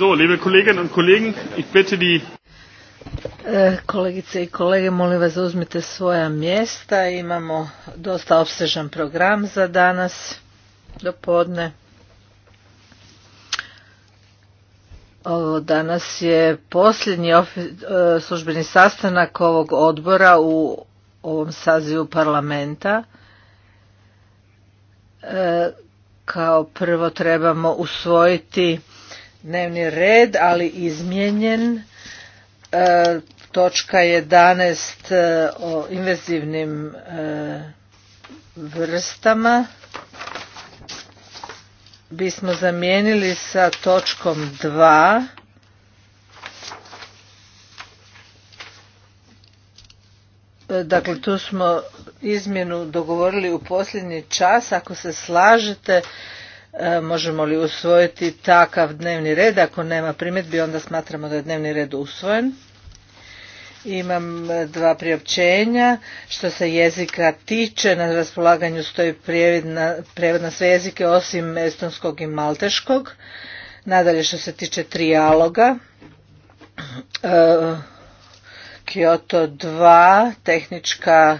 So, liebe Kolleginnen und Kollegen, ich bitte die e, Kolegice i kolege, molim vas uzmite svoja mjesta. Imamo dosta opsežan program za danas do podne. Ovo danas je posljednji e, službeni sastanak ovog odbora u ovom sazivu parlamenta. E, kao prvo trebamo usvojiti dnevni red, ali izmijenjen. E, točka 11 e, o invazivnim e, vrstama bismo zamijenili sa točkom 2 e, Dakle, tu smo izmjenu dogovorili u posljednji čas. Ako se slažete, E, možemo li usvojiti takav dnevni red. Ako nema primjedbi, onda smatramo da je dnevni red usvojen. Imam e, dva priopćenja. Što se jezika tiče, na raspolaganju stoji prijevod na sve jezike osim estonskog i malteškog. Nadalje što se tiče trijaloga, e, Kyoto 2, tehnička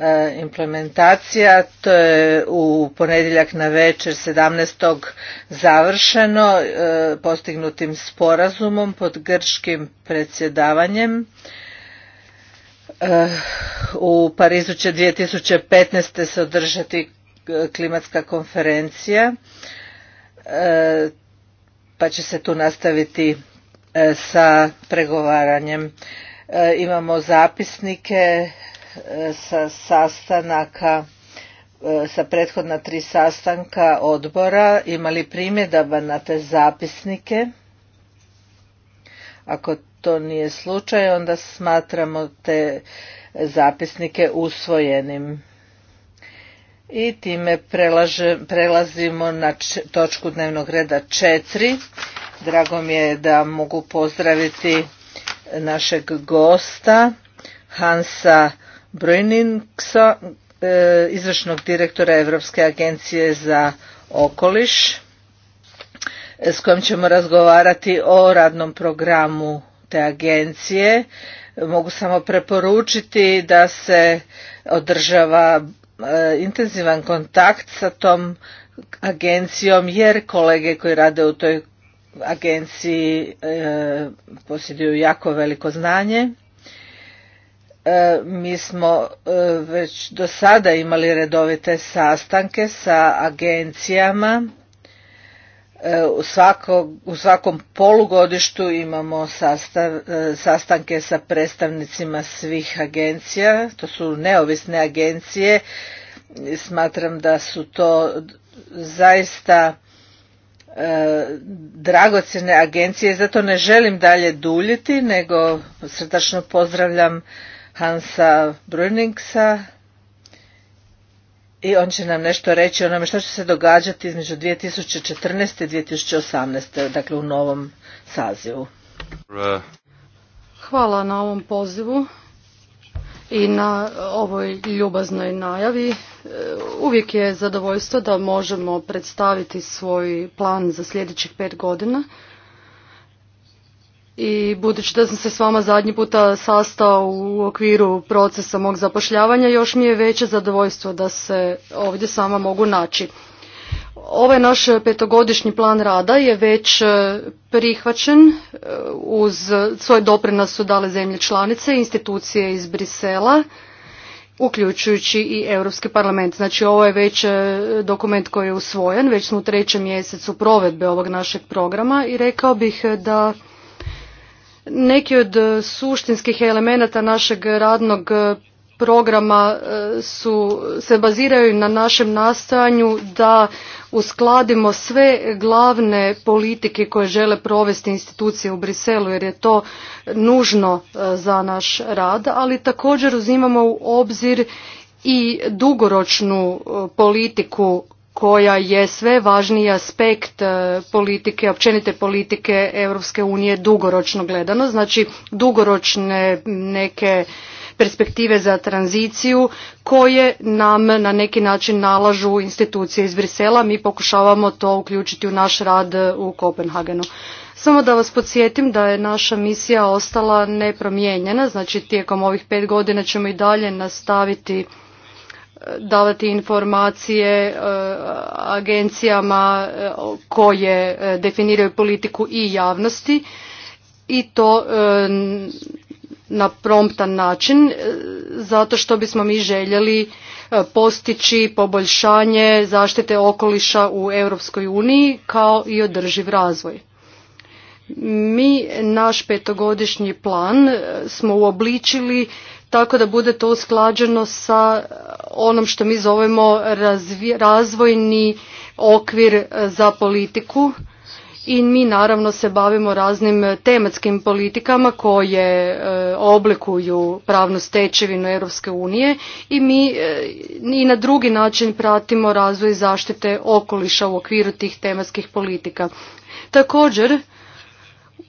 E, implementacija. To je u ponedjeljak na večer 17. završeno e, postignutim sporazumom pod grčkim predsjedavanjem. E, u Parizu će 2015. se održati klimatska konferencija pa će se tu nastaviti sa pregovaranjem. Imamo zapisnike sa sastanaka e, sa prethodna tri sastanka odbora imali primjedaba na te zapisnike. Ako to nije slučaj, onda smatramo te zapisnike usvojenim. I time prelazimo na točku dnevnog reda četiri Drago mi je da mogu pozdraviti našeg gosta Hansa Brojninksa, e, izvršnog direktora Europske agencije za okoliš, e, s kojim ćemo razgovarati o radnom programu te agencije. Mogu samo preporučiti da se održava e, intenzivan kontakt sa tom agencijom jer kolege koji rade u toj agenciji posjeduju jako veliko znanje E, mi smo e, već do sada imali redovite sastanke sa agencijama. E, u, u svakom polugodištu imamo sastanke sa predstavnicima svih agencija, to su neovisne agencije. Smatram da su to zaista dragocjene agencije, zato ne želim dalje duljiti, nego srdačno pozdravljam Hansa Brunningsa i on će nam nešto reći o onome što će se događati između 2014. i 2018. dakle u novom sazivu. Hvala na ovom pozivu i na ovoj ljubaznoj najavi. E, uvijek je zadovoljstvo da možemo predstaviti svoj plan za sljedećih pet godina i budući da sam se s vama zadnji puta sastao u okviru procesa mog zapošljavanja, još mi je veće zadovoljstvo da se ovdje sama mogu naći. Ovaj naš petogodišnji plan rada je već e, prihvaćen e, uz svoj doprinos su dale zemlje članice i institucije iz Brisela uključujući i Europski parlament. Znači ovo je već e, dokument koji je usvojen, već smo u trećem mjesecu provedbe ovog našeg programa i rekao bih da neki od e, suštinskih elemenata našeg radnog e, programa e, su, se baziraju na našem nastojanju da uskladimo sve glavne politike koje žele provesti institucije u Briselu jer je to nužno za naš rad, ali također uzimamo u obzir i dugoročnu politiku koja je sve važniji aspekt e, politike, općenite politike Europske unije dugoročno gledano, znači dugoročne neke perspektive za tranziciju koje nam na neki način nalažu institucije iz Brisela. Mi pokušavamo to uključiti u naš rad u Kopenhagenu. Samo da vas podsjetim da je naša misija ostala nepromijenjena, znači tijekom ovih pet godina ćemo i dalje nastaviti davati informacije e, agencijama e, koje e, definiraju politiku i javnosti i to na promptan način zato što bismo mi željeli postići poboljšanje zaštite okoliša u Europskoj uniji kao i održiv razvoj. Mi naš petogodišnji plan smo uobličili tako da bude to usklađeno sa eh, onom što mi zovemo razvojni okvir eh, za politiku i mi naravno se bavimo raznim eh, tematskim politikama koje oblikuju pravnu stečevinu Europske unije i mi i na drugi način pratimo razvoj zaštite okoliša u okviru tih tematskih politika. Također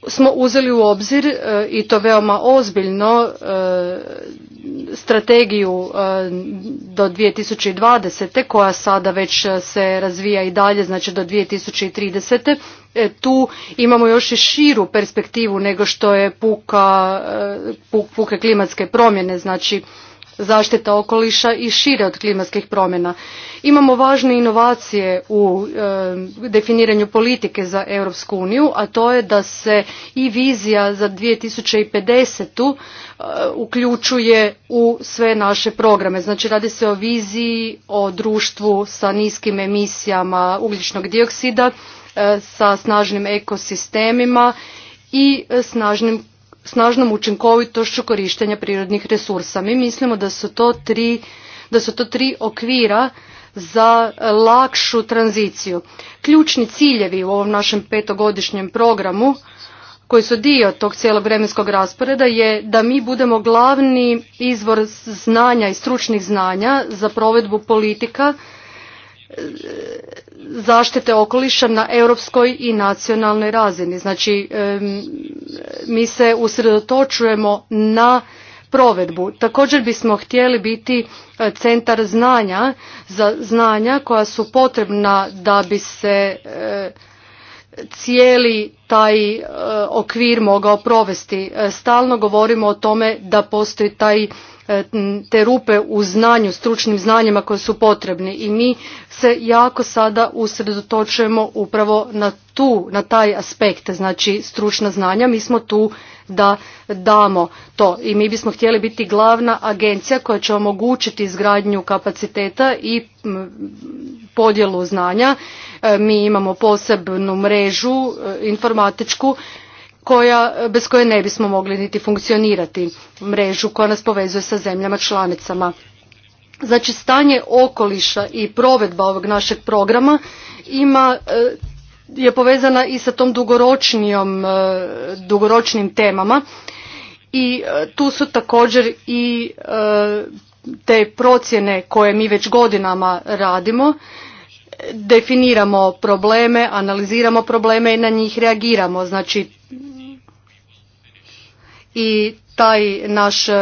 smo uzeli u obzir e, i to veoma ozbiljno e, strategiju e, do 2020. koja sada već se razvija i dalje, znači do 2030. Tu imamo još i širu perspektivu nego što je puka, puke klimatske promjene, znači zaštita okoliša i šire od klimatskih promjena. Imamo važne inovacije u eh, definiranju politike za Europsku uniju, a to je da se i vizija za 2050. Eh, uključuje u sve naše programe. Znači radi se o viziji, o društvu sa niskim emisijama ugljičnog dioksida, eh, sa snažnim ekosistemima i snažnim snažnom učinkovitošću korištenja prirodnih resursa. Mi mislimo da su to tri, da su to tri okvira za lakšu tranziciju. Ključni ciljevi u ovom našem petogodišnjem programu koji su dio tog cijelog vremenskog rasporeda je da mi budemo glavni izvor znanja i stručnih znanja za provedbu politika zaštite okoliša na europskoj i nacionalnoj razini. Znači, mi se usredotočujemo na provedbu. Također bismo htjeli biti e, centar znanja za znanja koja su potrebna da bi se e, cijeli taj e, okvir mogao provesti. Stalno govorimo o tome da postoji taj E, te rupe u znanju, stručnim znanjima koje su potrebni i mi se jako sada usredotočujemo upravo na tu, na taj aspekt, znači stručna znanja, mi smo tu da damo to i mi bismo htjeli biti glavna agencija koja će omogućiti izgradnju kapaciteta i podjelu znanja. E, mi imamo posebnu mrežu e, informatičku bez koje ne bismo mogli niti funkcionirati, mrežu koja nas povezuje sa zemljama članicama. Znači stanje okoliša i provedba ovog našeg programa ima eh, je povezana i sa tom dugoročnijom, eh, dugoročnim temama i eh, tu su također i te procjene koje mi već godinama radimo definiramo probleme, analiziramo probleme i na njih reagiramo. Znači i taj naš e,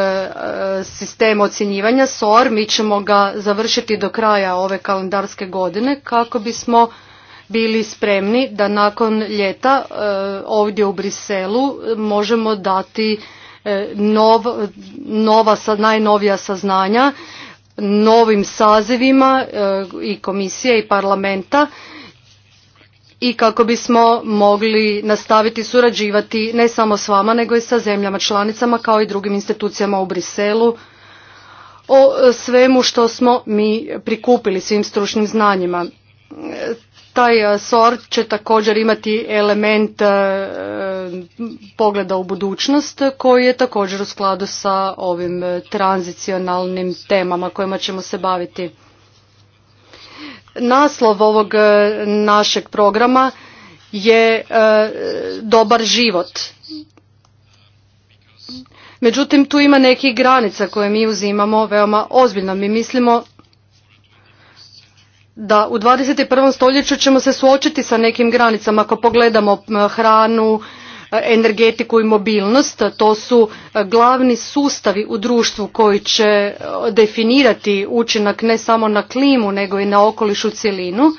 sistem ocjenjivanja SOR, mi ćemo ga završiti do kraja ove kalendarske godine kako bismo bili spremni da nakon ljeta e, ovdje u Briselu možemo dati e, nov, nova, najnovija saznanja novim sazivima i komisije i parlamenta i kako bismo mogli nastaviti surađivati ne samo s vama nego i sa zemljama članicama kao i drugim institucijama u Briselu o e, svemu što smo mi prikupili svim stručnim znanjima. E, taj e, SOR će također imati element pogleda u budućnost koji je također u skladu sa ovim tranzicionalnim temama kojima ćemo se baviti. Naslov ovog e, našeg programa je e, dobar život. Međutim, tu ima nekih granica koje mi uzimamo veoma ozbiljno. Mi mislimo da u 21. stoljeću ćemo se suočiti sa nekim granicama ako pogledamo hranu, E, energetiku i mobilnost. To su e, glavni sustavi u društvu koji će e, definirati učinak ne samo na klimu nego i na u cjelinu.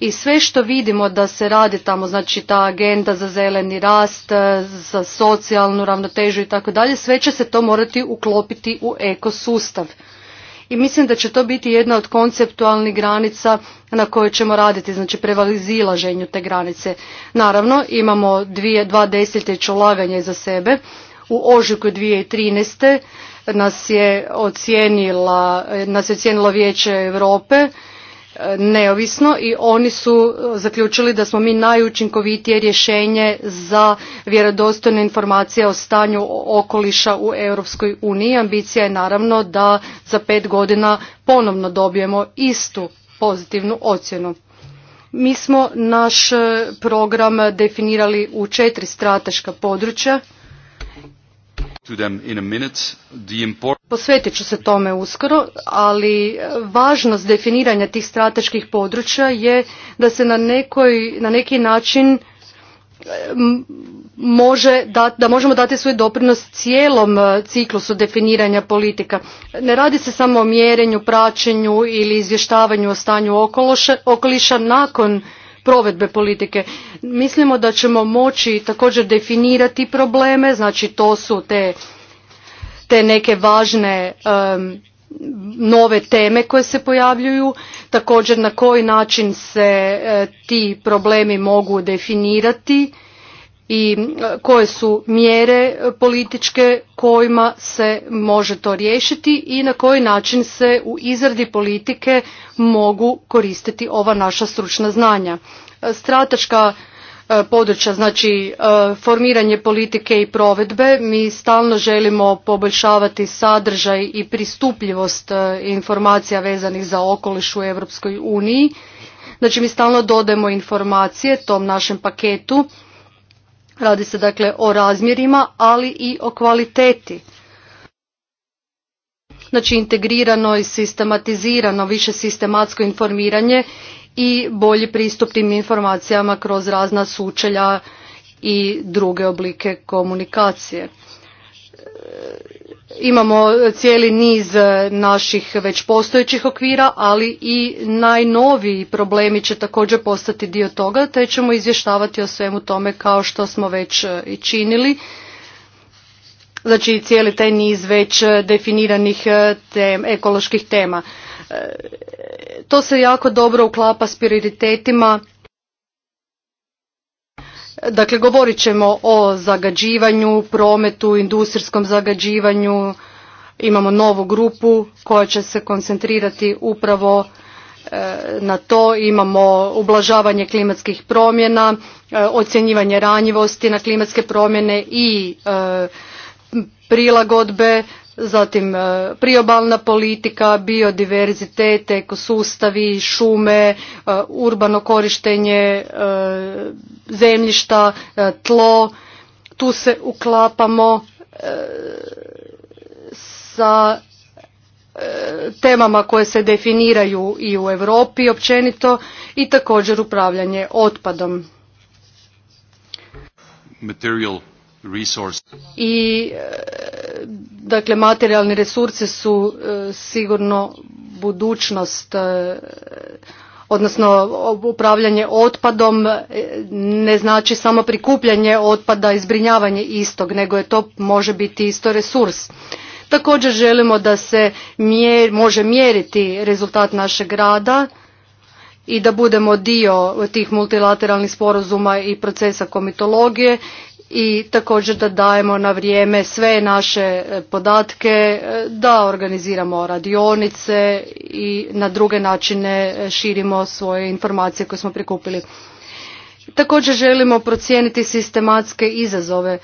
I sve što vidimo da se radi tamo, znači ta agenda za zeleni rast, za socijalnu ravnotežu i tako dalje, sve će se to morati uklopiti u ekosustav i mislim da će to biti jedna od konceptualnih granica na kojoj ćemo raditi, znači prevalizilaženju te granice. Naravno, imamo dvije, dva desetljeća ulaganja za sebe. U ožujku 2013. nas je ocijenila, nas je ocijenilo Vijeće Europe neovisno i oni su e, zaključili da smo mi najučinkovitije rješenje za vjerodostojne informacije o stanju okoliša u Europskoj uniji. Ambicija je naravno da za pet godina ponovno dobijemo istu pozitivnu ocjenu. Mi smo naš e, program definirali u četiri strateška područja Posvetit ću se tome uskoro, ali važnost definiranja tih strateških područja je da se na, nekoj, na neki način može da, možemo dati svoj doprinos cijelom e, ciklusu definiranja politika. Ne radi se samo o mjerenju, praćenju ili izvještavanju o stanju okoliša nakon provedbe politike. Mislimo da ćemo moći također definirati probleme, znači to su te, te neke važne nove teme koje se pojavljuju, također na koji način se e, ti problemi mogu definirati i koje su mjere političke kojima se može to riješiti i na koji način se u izradi politike mogu koristiti ova naša stručna znanja. Strateška e, područja, znači e, formiranje politike i provedbe. Mi stalno želimo poboljšavati sadržaj i pristupljivost e, informacija vezanih za okoliš u Europskoj uniji. Znači mi stalno dodajemo informacije tom našem paketu Radi se dakle o razmjerima, ali i o kvaliteti. Znači integrirano i sistematizirano, više sistematsko informiranje i bolji pristup tim informacijama kroz razna sučelja i druge oblike komunikacije Imamo cijeli niz e, naših već postojećih okvira, ali i najnoviji problemi će također postati dio toga, te ćemo izvještavati o svemu tome kao što smo već e, i činili. Znači cijeli taj niz već e, definiranih tem, ekoloških tema. To se jako dobro uklapa s prioritetima Dakle, govorit ćemo o zagađivanju, prometu, industrijskom zagađivanju. Imamo novu grupu koja će se koncentrirati upravo e, na to imamo ublažavanje klimatskih promjena, e, ocjenjivanje ranjivosti na klimatske promjene i e, prilagodbe zatim e, priobalna politika, biodiverzitet, ekosustavi, šume, e, urbano korištenje e, zemljišta, tlo. Tu se uklapamo sa temama koje se definiraju i u Europi općenito i također upravljanje otpadom i e, dakle materijalni resursi su e, sigurno budućnost e, odnosno upravljanje otpadom ne znači samo prikupljanje otpada i zbrinjavanje istog nego je to može biti isto resurs također želimo da se može mjeriti rezultat našeg rada i da budemo dio tih multilateralnih sporazuma i procesa komitologije i također da dajemo na vrijeme sve naše e, podatke, e, da organiziramo radionice i na druge načine e, širimo svoje informacije koje smo prikupili. Također želimo procijeniti sistematske izazove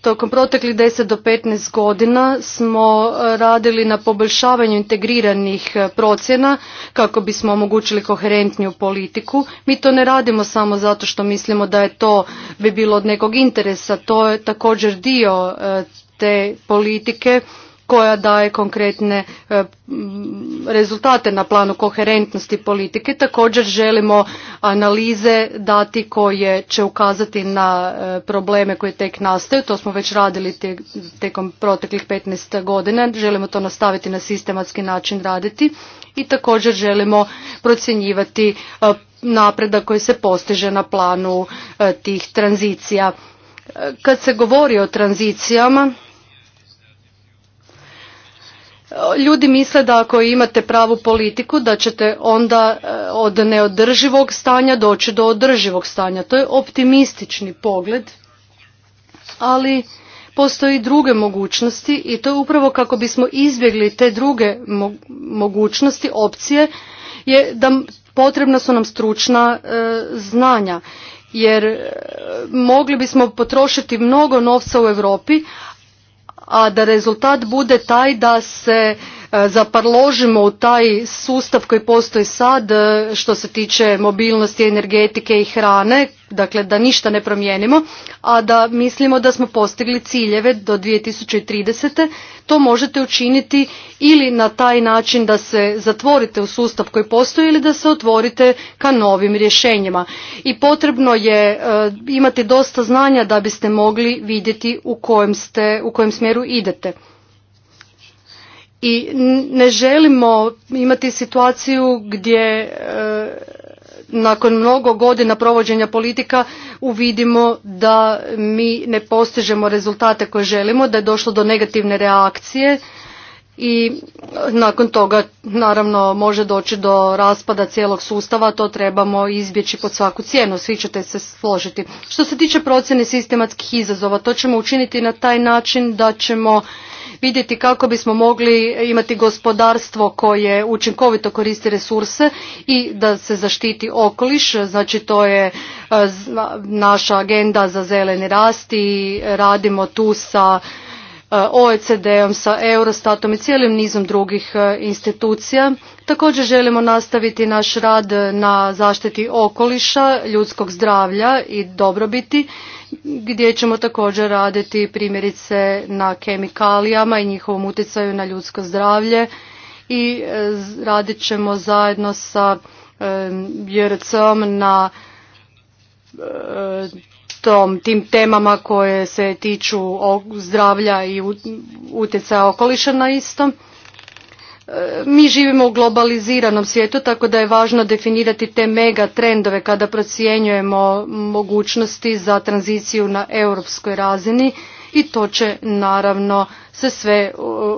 Tokom proteklih 10 do 15 godina smo e, radili na poboljšavanju integriranih e, procjena kako bismo omogućili koherentniju politiku. Mi to ne radimo samo zato što mislimo da je to bi bilo od nekog interesa, to je također dio e, te politike koja daje konkretne e, rezultate na planu koherentnosti politike. Također želimo analize dati koje će ukazati na e, probleme koje tek nastaju. To smo već radili tijekom proteklih 15 godina. Želimo to nastaviti na sistematski način raditi i također želimo procjenjivati e, napredak koji se postiže na planu tih tranzicija. Kad se govori o tranzicijama, Ljudi misle da ako imate pravu politiku da ćete onda e, od neodrživog stanja doći do održivog stanja. To je optimistični pogled, ali postoji druge mogućnosti i to je upravo kako bismo izbjegli te druge mogućnosti, opcije, je da potrebna su nam stručna e, znanja jer e, mogli bismo potrošiti mnogo novca u Europi a da rezultat bude taj da se E, zaparložimo u taj sustav koji postoji sad e, što se tiče mobilnosti, energetike i hrane, dakle da ništa ne promijenimo, a da mislimo da smo postigli ciljeve do 2030. To možete učiniti ili na taj način da se zatvorite u sustav koji postoji ili da se otvorite ka novim rješenjima. I potrebno je e, imati dosta znanja da biste mogli vidjeti u kojem, ste, u kojem smjeru idete i ne želimo imati situaciju gdje e, nakon mnogo godina provođenja politika uvidimo da mi ne postižemo rezultate koje želimo, da je došlo do negativne reakcije i nakon toga naravno može doći do raspada cijelog sustava, to trebamo izbjeći pod svaku cijenu, svi ćete se složiti. Što se tiče procjene sistematskih izazova, to ćemo učiniti na taj način da ćemo vidjeti kako bismo mogli imati gospodarstvo koje učinkovito koristi resurse i da se zaštiti okoliš, znači to je e, naša agenda za zeleni rast i radimo tu sa e, OECD-om, sa Eurostatom i cijelim nizom drugih e, institucija. Također želimo nastaviti naš rad na zaštiti okoliša, ljudskog zdravlja i dobrobiti gdje ćemo također raditi primjerice na kemikalijama i njihovom utjecaju na ljudsko zdravlje i e, radit ćemo zajedno sa e, JRC-om na e, tom, tim temama koje se tiču zdravlja i utjecaja okoliša na istom mi živimo u globaliziranom svijetu tako da je važno definirati te mega trendove kada procjenjujemo mogućnosti za tranziciju na europskoj razini i to će naravno se sve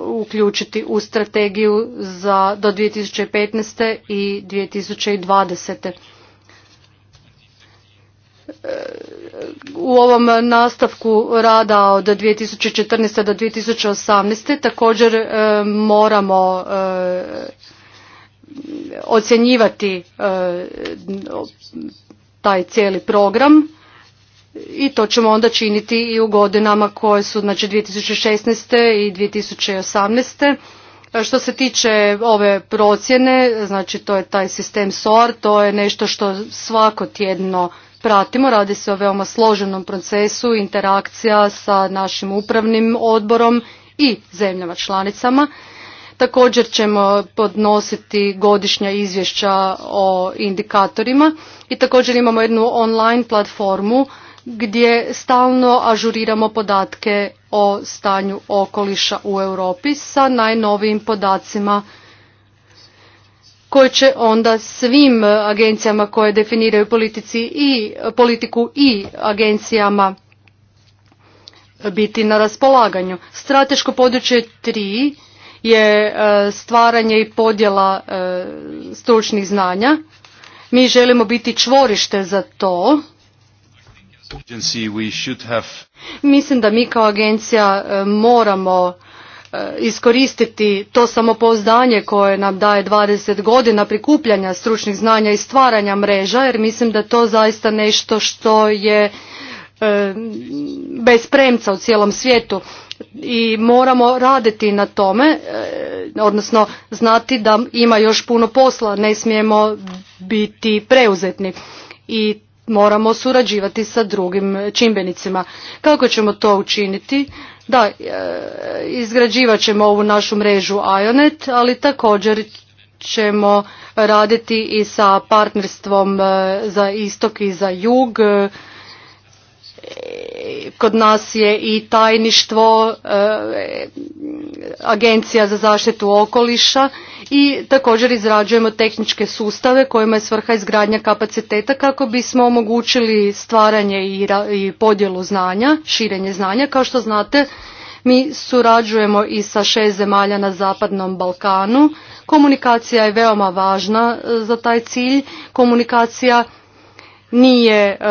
uključiti u strategiju za do 2015. i 2020 u ovom nastavku rada od 2014. do 2018. također e, moramo e, ocjenjivati e, taj cijeli program i to ćemo onda činiti i u godinama koje su znači 2016. i 2018. Što se tiče ove procjene, znači to je taj sistem SOAR, to je nešto što svako tjedno pratimo. Radi se o veoma složenom procesu interakcija sa našim upravnim odborom i zemljama članicama. Također ćemo podnositi godišnja izvješća o indikatorima i također imamo jednu online platformu gdje stalno ažuriramo podatke o stanju okoliša u Europi sa najnovijim podacima koje će onda svim e, agencijama koje definiraju i e, politiku i agencijama e, biti na raspolaganju. Strateško područje 3 je stvaranje i podjela stručnih znanja. Mi želimo biti čvorište za to. Mislim da mi kao agencija moramo E, iskoristiti to samopouzdanje koje nam daje 20 godina prikupljanja stručnih znanja i stvaranja mreža jer mislim da to zaista nešto što je e, bez premca u cijelom svijetu i moramo raditi na tome, e, odnosno znati da ima još puno posla, ne smijemo biti preuzetni i moramo surađivati sa drugim čimbenicima. Kako ćemo to učiniti? Da, e, izgrađivat ćemo ovu našu mrežu IONET, ali također ćemo raditi i sa partnerstvom e, za istok i za jug kod nas je i tajništvo e, agencija za zaštitu okoliša i također izrađujemo tehničke sustave kojima je svrha izgradnja kapaciteta kako bismo omogućili stvaranje i podjelu znanja širenje znanja kao što znate mi surađujemo i sa šest zemalja na zapadnom balkanu komunikacija je veoma važna e, za taj cilj komunikacija nije e,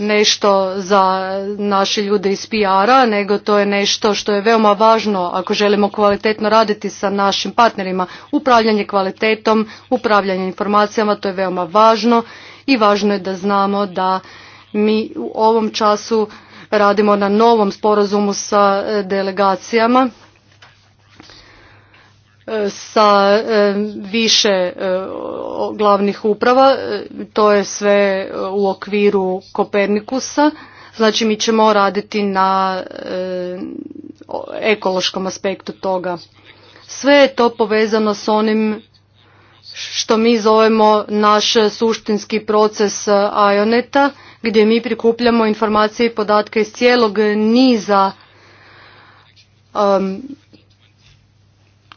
nešto za naše ljude iz PR-a, nego to je nešto što je veoma važno ako želimo kvalitetno raditi sa našim partnerima. Upravljanje kvalitetom, upravljanje informacijama, to je veoma važno i važno je da znamo da mi u ovom času radimo na novom sporazumu sa delegacijama sa e, više e, glavnih uprava. E, to je sve u okviru Kopernikusa. Znači mi ćemo raditi na ekološkom aspektu toga. Sve je to povezano s onim što mi zovemo naš suštinski proces Ioneta gdje mi prikupljamo informacije i podatke iz cijelog niza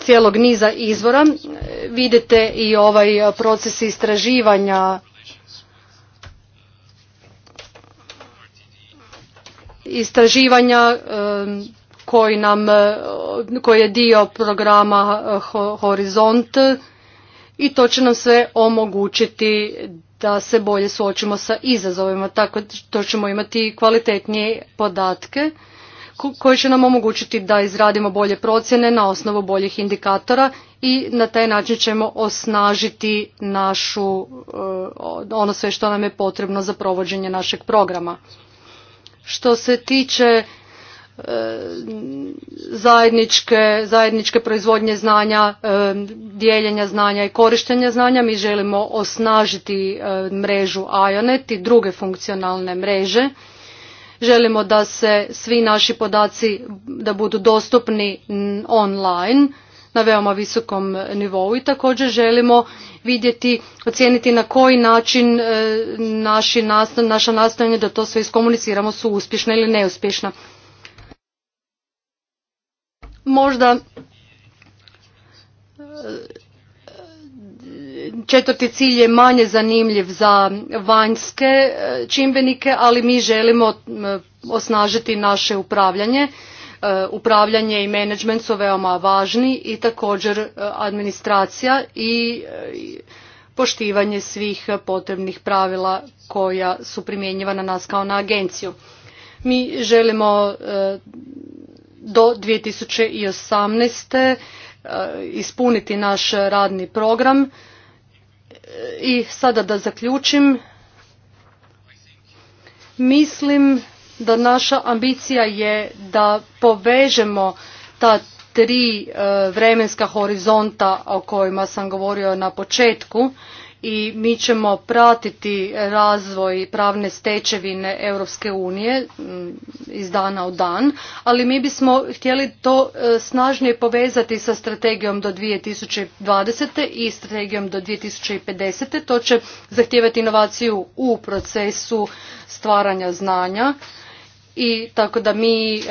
cijelog niza izvora. E, vidite i ovaj proces istraživanja istraživanja e, koji nam e, koji je dio programa Horizont i to će nam sve omogućiti da se bolje suočimo sa izazovima, tako to ćemo imati kvalitetnije podatke koje će nam omogućiti da izradimo bolje procjene na osnovu boljih indikatora i na taj način ćemo osnažiti našu, eh, ono sve što nam je potrebno za provođenje našeg programa. Što se tiče eh, zajedničke, zajedničke proizvodnje znanja, eh, dijeljenja znanja i korištenja znanja. Mi želimo osnažiti mrežu IONET i druge funkcionalne mreže Želimo da se svi naši podaci da budu dostupni online na veoma visokom nivou i također želimo vidjeti, ocijeniti na koji način e, naši naša nastojanja da to sve iskomuniciramo su uspješna ili neuspješna. Možda e, Četvrti cilj je manje zanimljiv za vanjske e, čimbenike, ali mi želimo e, osnažiti naše upravljanje. E, upravljanje i menadžment su veoma važni i također administracija i poštivanje svih potrebnih pravila koja su primjenjiva na nas kao na agenciju. Mi želimo do 2018. ispuniti naš radni program i sada da zaključim, mislim da naša ambicija je da povežemo ta tri e, vremenska horizonta o kojima sam govorio na početku i mi ćemo pratiti razvoj pravne stečevine Europske unije mm, iz dana u dan, ali mi bismo htjeli to e, snažnije povezati sa strategijom do 2020. i strategijom do 2050. To će zahtijevati inovaciju u procesu stvaranja znanja i tako da mi e,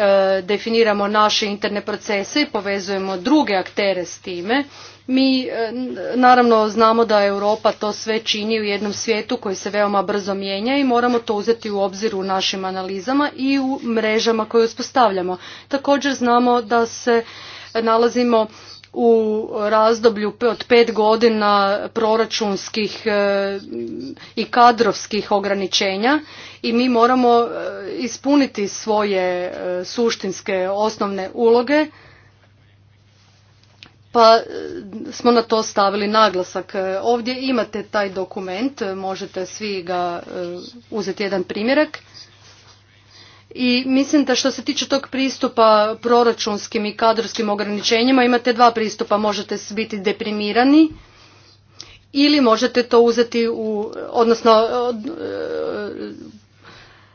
definiramo naše interne procese i povezujemo druge aktere s time. Mi e, naravno znamo da Europa to sve čini u jednom svijetu koji se veoma brzo mijenja i moramo to uzeti u obzir u našim analizama i u mrežama koje uspostavljamo. Također znamo da se nalazimo u razdoblju od pet godina proračunskih e, i kadrovskih ograničenja i mi moramo e, ispuniti svoje e, suštinske osnovne uloge pa smo na to stavili naglasak. Ovdje imate taj dokument, možete svi ga uzeti jedan primjerak i mislim da što se tiče tog pristupa proračunskim i kadrovskim ograničenjima imate dva pristupa, možete biti deprimirani ili možete to uzeti u, odnosno e,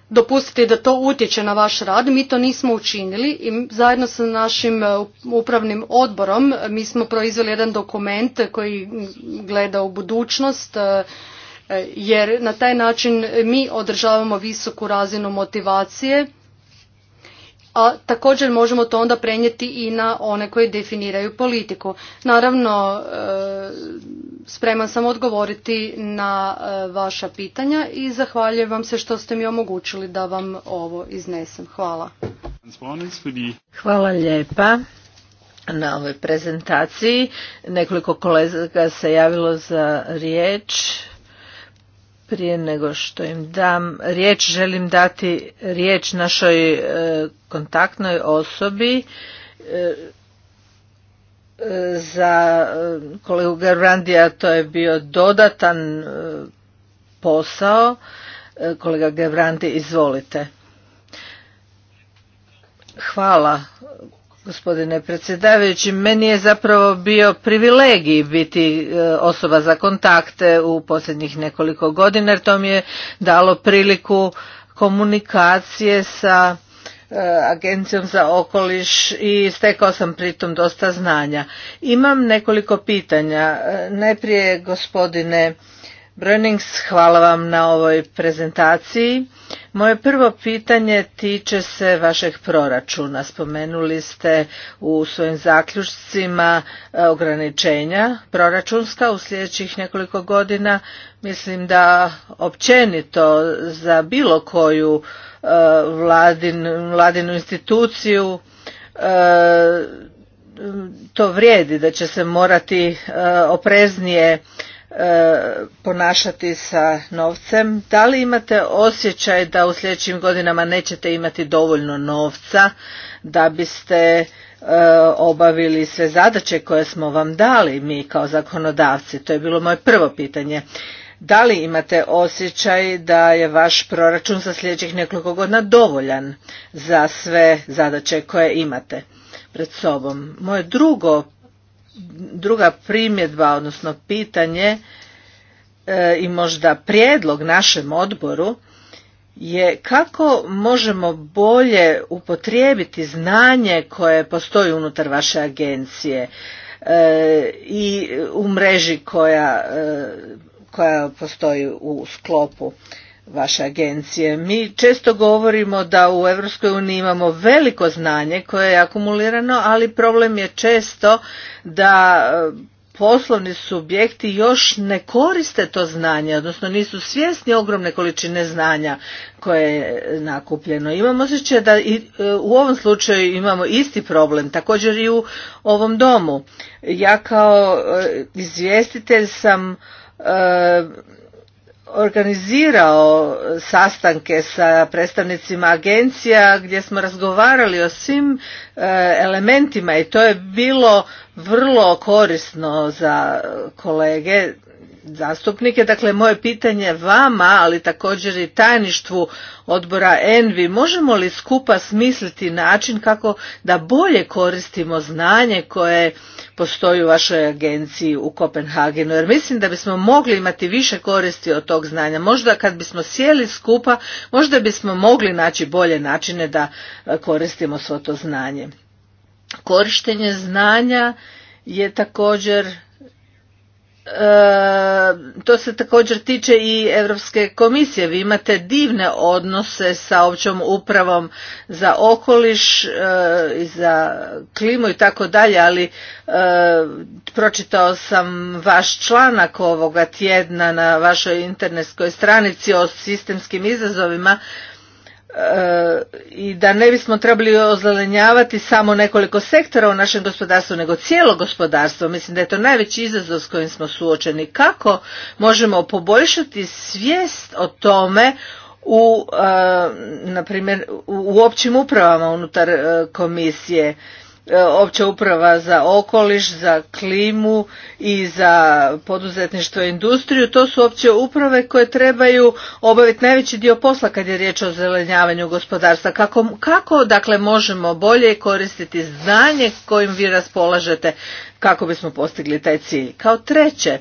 dopustiti da to utječe na vaš rad. Mi to nismo učinili i zajedno sa našim e, upravnim odborom mi smo proizveli jedan dokument koji gleda u budućnost e, jer na taj način mi održavamo visoku razinu motivacije, a također možemo to onda prenijeti i na one koji definiraju politiku. Naravno, e, spreman sam odgovoriti na e, vaša pitanja i zahvaljujem vam se što ste mi omogućili da vam ovo iznesem. Hvala. Hvala lijepa na ovoj prezentaciji. Nekoliko kolega se javilo za riječ. Prije nego što im dam riječ, želim dati riječ našoj e, kontaktnoj osobi e, e, za kolegu Gerbrandija to je bio dodatan posao. Kolega Gevrandi, izvolite. Hvala Gospodine predsjedavajući, meni je zapravo bio privilegij biti e, osoba za kontakte u posljednjih nekoliko godina jer to mi je dalo priliku komunikacije sa e, Agencijom za okoliš i stekao sam pritom dosta znanja. Imam nekoliko pitanja. E, najprije gospodine Brönings, hvala vam na ovoj prezentaciji. Moje prvo pitanje tiče se vašeg proračuna. Spomenuli ste u svojim zaključcima e, ograničenja proračunska u sljedećih nekoliko godina. Mislim da općenito za bilo koju e, vladin, vladinu instituciju e, to vrijedi da će se morati opreznije E, ponašati sa novcem. Da li imate osjećaj da u sljedećim godinama nećete imati dovoljno novca da biste e, obavili sve zadaće koje smo vam dali mi kao zakonodavci? To je bilo moje prvo pitanje. Da li imate osjećaj da je vaš proračun za sljedećih nekoliko godina dovoljan za sve zadaće koje imate pred sobom? Moje drugo druga primjedba, odnosno pitanje e, i možda prijedlog našem odboru je kako možemo bolje upotrijebiti znanje koje postoji unutar vaše agencije e, i u mreži koja, e, koja postoji u sklopu vaše agencije. Mi često govorimo da u Europskoj uniji imamo veliko znanje koje je akumulirano, ali problem je često da e, poslovni subjekti još ne koriste to znanje, odnosno nisu svjesni ogromne količine znanja koje je nakupljeno. Imamo osjećaj da i e, u ovom slučaju imamo isti problem, također i u ovom domu. Ja kao e, izvjestitelj sam organizirao sastanke sa predstavnicima agencija gdje smo razgovarali o svim e, elementima i to je bilo vrlo korisno za kolege zastupnike. Dakle, moje pitanje vama, ali također i tajništvu odbora Envi, možemo li skupa smisliti način kako da bolje koristimo znanje koje postoji u vašoj agenciji u Kopenhagenu, jer mislim da bismo mogli imati više koristi od tog znanja. Možda kad bismo sjeli skupa, možda bismo mogli naći bolje načine da e, koristimo svo to znanje. Korištenje znanja je također E, to se također tiče i Europske komisije. Vi imate divne odnose sa općom upravom za okoliš e, i za klimu i tako dalje, ali e, pročitao sam vaš članak ovoga tjedna na vašoj internetskoj stranici o sistemskim izazovima i da ne bismo trebali ozelenjavati samo nekoliko sektora u našem gospodarstvu, nego cijelo gospodarstvo. Mislim da je to najveći izazov s kojim smo suočeni. Kako možemo poboljšati svijest o tome u, e, na primjer, u općim upravama unutar e, komisije? E, opća uprava za okoliš, za klimu i za poduzetništvo i industriju. To su opće uprave koje trebaju obaviti najveći dio posla kad je riječ o zelenjavanju gospodarstva. Kako, kako dakle možemo bolje koristiti znanje kojim vi raspolažete kako bismo postigli taj cilj? Kao treće,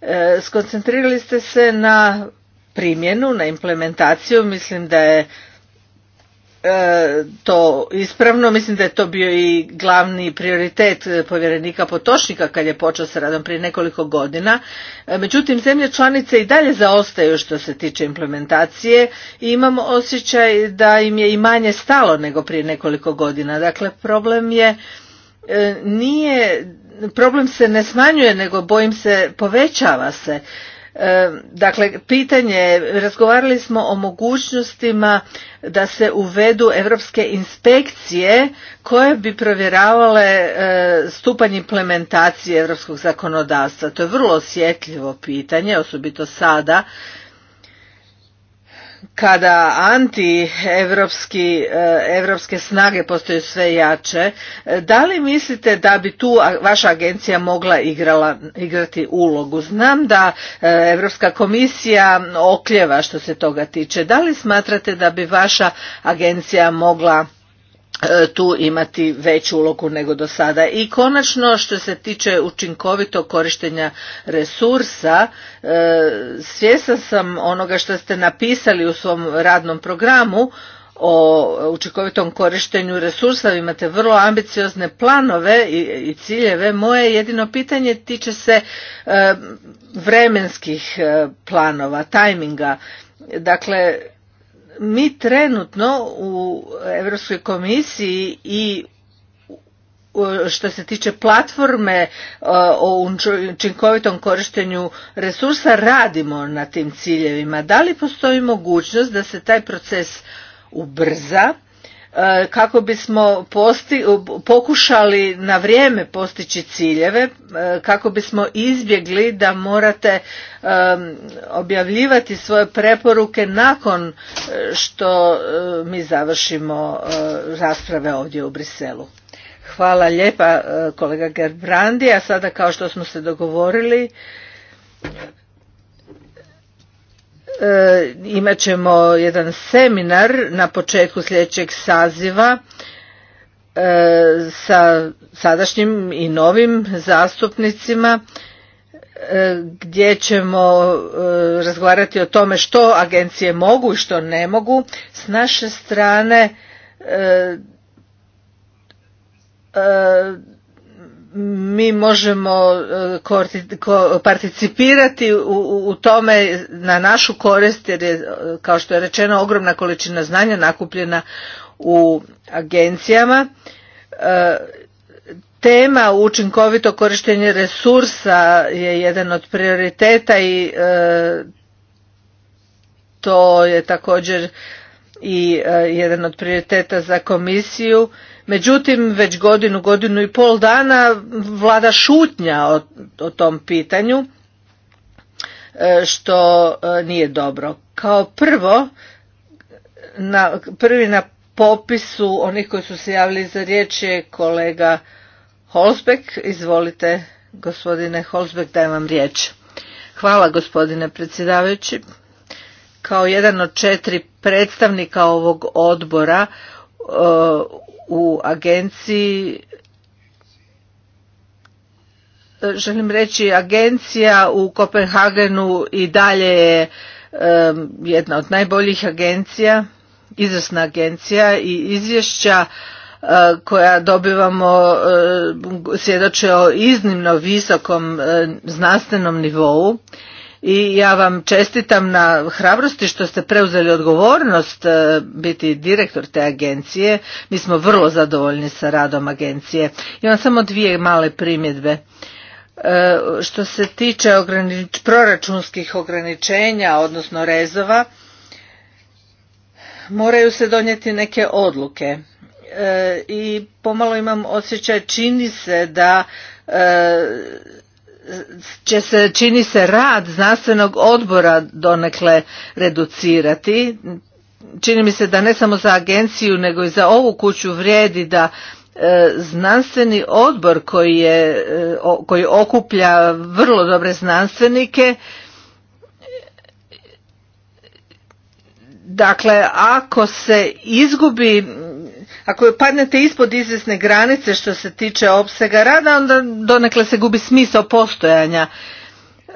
e, skoncentrirali ste se na primjenu, na implementaciju. Mislim da je E, to ispravno. Mislim da je to bio i glavni prioritet e, povjerenika Potočnika kad je počeo sa radom prije nekoliko godina. E, međutim, zemlje članice i dalje zaostaju što se tiče implementacije i imamo osjećaj da im je i manje stalo nego prije nekoliko godina. Dakle, problem je nije problem se ne smanjuje nego bojim se povećava se E, dakle, pitanje, razgovarali smo o mogućnostima da se uvedu europske inspekcije koje bi provjeravale e, stupanj implementacije europskog zakonodavstva. To je vrlo osjetljivo pitanje, osobito sada kada anti e, evropske snage postaju sve jače, e, da li mislite da bi tu vaša agencija mogla igrala, igrati ulogu? Znam da Europska komisija okljeva što se toga tiče. Da li smatrate da bi vaša agencija mogla E, tu imati veću ulogu nego do sada. I konačno što se tiče učinkovitog korištenja resursa, e, svjesna sam onoga što ste napisali u svom radnom programu o učinkovitom korištenju resursa, vi imate vrlo ambiciozne planove i ciljeve. Moje jedino pitanje tiče se e, vremenskih planova, tajminga. Dakle, mi trenutno u Europskoj komisiji i što se tiče platforme e, o učinkovitom korištenju resursa radimo na tim ciljevima. Da li postoji mogućnost da se taj proces ubrza E, kako bismo posti, pokušali na vrijeme postići ciljeve, e, kako bismo izbjegli da morate e, objavljivati svoje preporuke nakon što mi završimo rasprave ovdje u Briselu. Hvala lijepa kolega Gerbrandi, a sada kao što smo se dogovorili E, imat ćemo jedan seminar na početku sljedećeg saziva e, sa sadašnjim i novim zastupnicima e, gdje ćemo razgovarati o tome što agencije mogu i što ne mogu. S naše strane mi možemo e, participirati u tome na našu korist jer je e, kao što je rečeno ogromna količina znanja nakupljena u agencijama e, tema učinkovito korištenje resursa je jedan od prioriteta i to je također i jedan od prioriteta za komisiju Međutim, već godinu, godinu i pol dana vlada šutnja o, tom pitanju, e, što e, nije dobro. Kao prvo, na, prvi na popisu onih koji su se javili za riječ je kolega Holzbeck. Izvolite, gospodine Holzbeck, dajem vam riječ. Hvala, gospodine predsjedavajući. Kao jedan od četiri predstavnika ovog odbora e, u agenciji e, želim reći agencija u Kopenhagenu i dalje je e, jedna od najboljih agencija, izvrsna agencija i izvješća e, koja dobivamo svjedoče o iznimno visokom znanstvenom nivou i ja vam čestitam na hrabrosti što ste preuzeli odgovornost e, biti direktor te agencije. Mi smo vrlo zadovoljni sa radom agencije. Imam samo dvije male primjedbe. E, što se tiče ogranič, proračunskih ograničenja, odnosno rezova, moraju se donijeti neke odluke. E, I pomalo imam osjećaj, čini se da će se, čini se, rad znanstvenog odbora donekle reducirati. Čini mi se da ne samo za agenciju, nego i za ovu kuću vrijedi da e, znanstveni odbor koji, je, e, koji okuplja vrlo dobre znanstvenike, dakle ako se izgubi ako padnete ispod izvjesne granice što se tiče opsega rada, onda donekle se gubi smisao postojanja.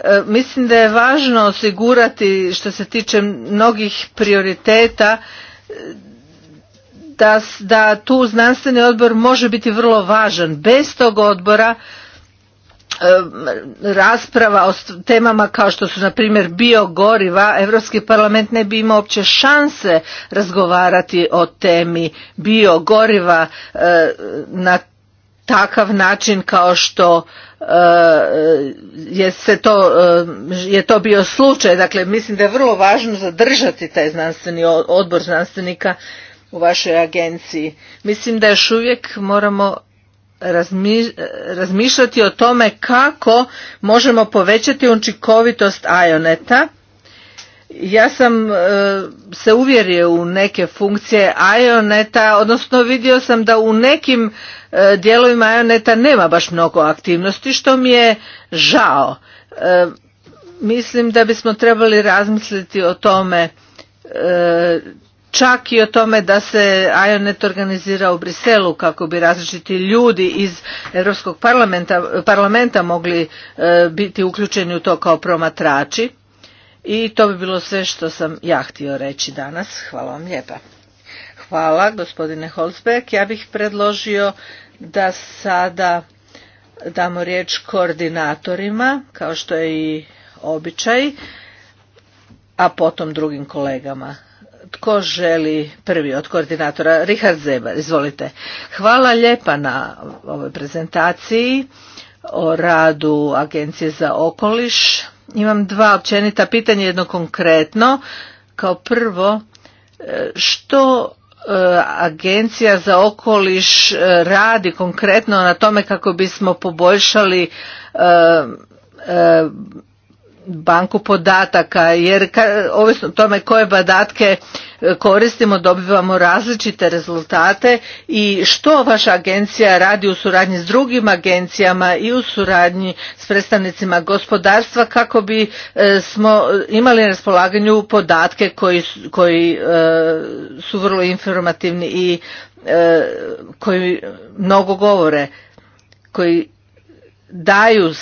E, mislim da je važno osigurati što se tiče mnogih prioriteta e, da, da tu znanstveni odbor može biti vrlo važan. Bez tog odbora rasprava o temama kao što su na primjer biogoriva, Europski parlament ne bi imao opće šanse razgovarati o temi biogoriva e, na takav način kao što e, je se to e, je to bio slučaj dakle mislim da je vrlo važno zadržati taj znanstveni odbor znanstvenika u vašoj agenciji mislim da još uvijek moramo razmišljati o tome kako možemo povećati učinkovitost Ioneta. Ja sam e, se uvjerio u neke funkcije Ioneta, odnosno vidio sam da u nekim e, dijelovima Ioneta nema baš mnogo aktivnosti, što mi je žao. E, mislim da bismo trebali razmisliti o tome čak i o tome da se IONET organizira u Briselu kako bi različiti ljudi iz Europskog parlamenta, parlamenta mogli e, biti uključeni u to kao promatrači. I to bi bilo sve što sam ja htio reći danas. Hvala vam lijepa. Hvala gospodine Holzberg. Ja bih predložio da sada damo riječ koordinatorima, kao što je i običaj, a potom drugim kolegama. Tko želi prvi od koordinatora? Richard zeba izvolite. Hvala lijepa na ovoj prezentaciji o radu Agencije za okoliš. Imam dva općenita pitanja, jedno konkretno. Kao prvo, e, što e, Agencija za okoliš e, radi konkretno na tome kako bismo poboljšali banku podataka jer ovisno tome koje podatke e, koristimo dobivamo različite rezultate i što vaša agencija radi u suradnji s drugim agencijama i u suradnji s predstavnicima gospodarstva kako bi e, smo imali na raspolaganju podatke koji, koji e, su vrlo informativni i koji mnogo govore koji daju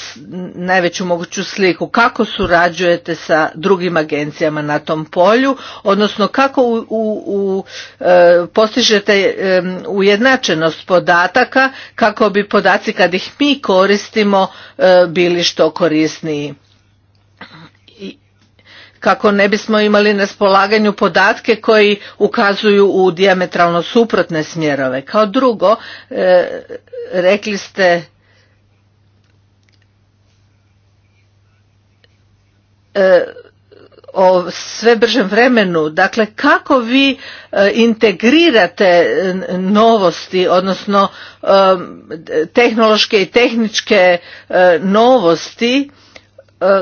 najveću moguću sliku kako surađujete sa drugim agencijama na tom polju odnosno kako u, u, e, postižete ujednačenost podataka kako bi podaci kad ih mi koristimo e, bili što korisniji I kako ne bismo imali na spolaganju podatke koji ukazuju u diametralno suprotne smjerove kao drugo e, rekli ste E, o sve bržem vremenu dakle kako vi e, integrirate novosti odnosno e, tehnološke i tehničke novosti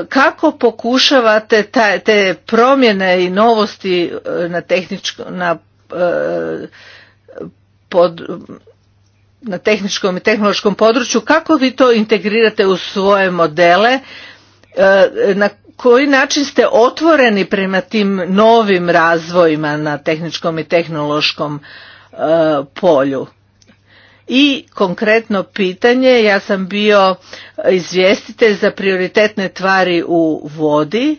kako pokušavate te promjene i novosti na tehničko, na, pod, na tehničkom i tehnološkom području kako vi to integrirate u svoje modele na koji način ste otvoreni prema tim novim razvojima na tehničkom i tehnološkom e, polju? I konkretno pitanje, ja sam bio izvjestitelj za prioritetne tvari u vodi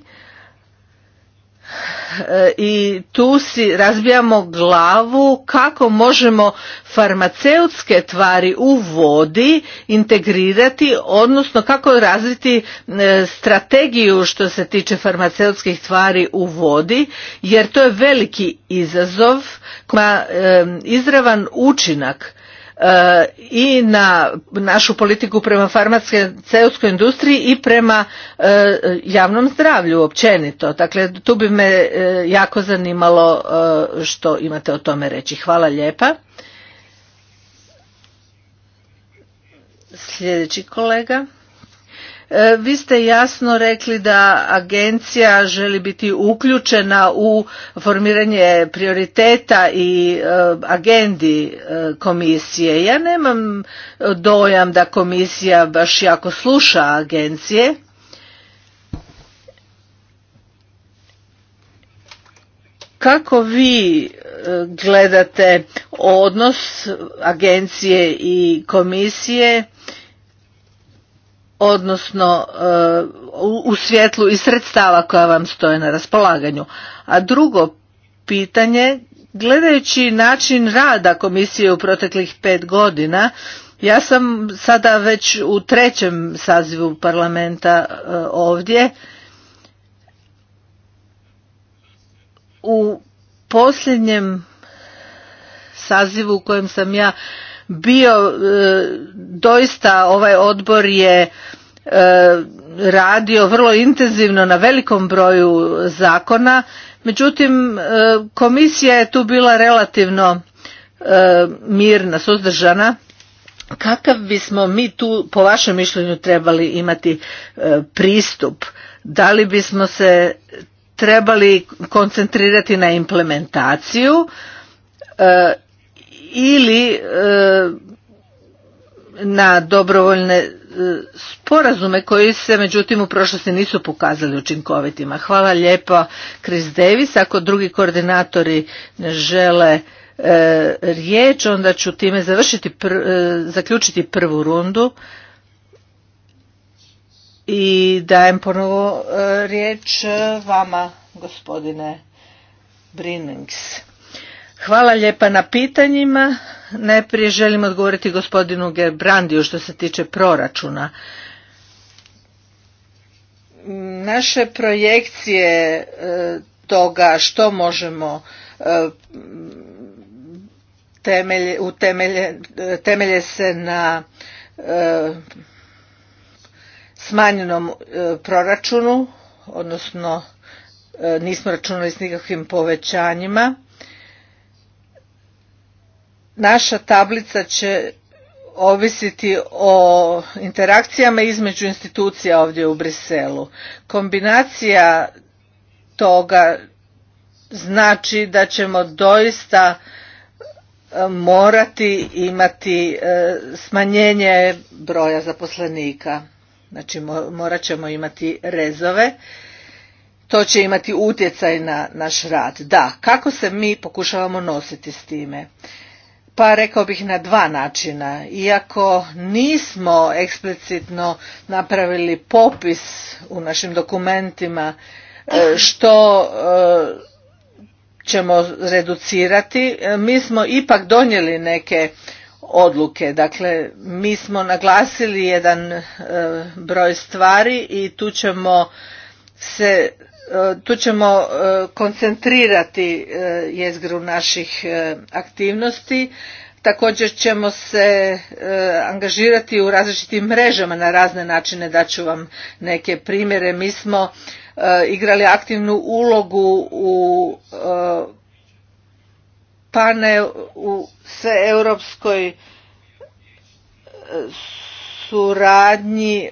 E, i tu si razbijamo glavu kako možemo farmaceutske tvari u vodi integrirati, odnosno kako razviti e, strategiju što se tiče farmaceutskih tvari u vodi, jer to je veliki izazov, ima e, izravan učinak E, i na našu politiku prema farmaceutskoj industriji i prema e, javnom zdravlju općenito. Dakle, tu bi me e, jako zanimalo što imate o tome reći. Hvala lijepa. Sljedeći kolega. E, vi ste jasno rekli da agencija želi biti uključena u formiranje prioriteta i e, agendi e, komisije. Ja nemam dojam da komisija baš jako sluša agencije. Kako vi gledate odnos agencije i komisije odnosno e, u svjetlu i sredstava koja vam stoje na raspolaganju. A drugo pitanje, gledajući način rada komisije u proteklih pet godina, ja sam sada već u trećem sazivu parlamenta e, ovdje. U posljednjem sazivu u kojem sam ja bio e, doista ovaj odbor je e, radio vrlo intenzivno na velikom broju zakona međutim e, komisija je tu bila relativno mirna suzdržana kakav bismo mi tu po vašem mišljenju trebali imati pristup da li bismo se trebali koncentrirati na implementaciju ili e, na dobrovoljne e, sporazume koji se međutim u prošlosti nisu pokazali učinkovitima. Hvala lijepo Chris Davis. Ako drugi koordinatori ne žele e, riječ, onda ću time zaključiti prvu rundu i dajem ponovo riječ vama gospodine Brinings. Hvala lijepa na pitanjima. Najprije želim odgovoriti gospodinu Gerbrandiju što se tiče proračuna. Naše projekcije e, toga što možemo e, temelje, temelje se na e, smanjenom proračunu, odnosno nismo računali s nikakvim povećanjima naša tablica će ovisiti o interakcijama između institucija ovdje u Briselu. Kombinacija toga znači da ćemo doista e, morati imati e, smanjenje broja zaposlenika. Znači morat ćemo imati rezove. To će imati utjecaj na naš rad. Da, kako se mi pokušavamo nositi s time? pa rekao bih na dva načina. Iako nismo eksplicitno napravili popis u našim dokumentima e, što e, ćemo reducirati, e, mi smo ipak donijeli neke odluke. Dakle, mi smo naglasili jedan broj stvari i tu ćemo se E, tu ćemo e, koncentrirati e, jezgru naših aktivnosti. Također ćemo se angažirati u različitim mrežama na razne načine, daću vam neke primjere. Mi smo igrali aktivnu ulogu u pane u sveeuropskoj suradnji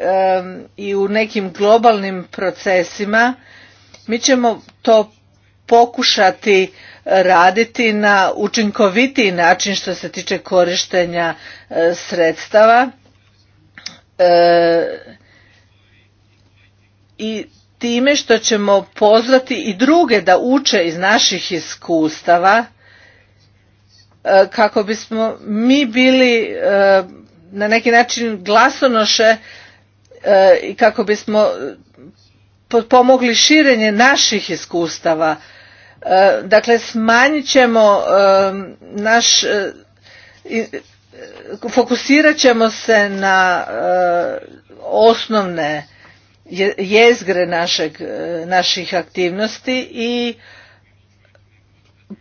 i u nekim globalnim procesima mi ćemo to pokušati raditi na učinkovitiji način što se tiče korištenja e, sredstava e, i time što ćemo pozvati i druge da uče iz naših iskustava e, kako bismo mi bili na neki način glasonoše i kako bismo pomogli širenje naših iskustava. E, dakle, smanjit ćemo e, naš, e, fokusirat ćemo se na osnovne jezgre naših aktivnosti i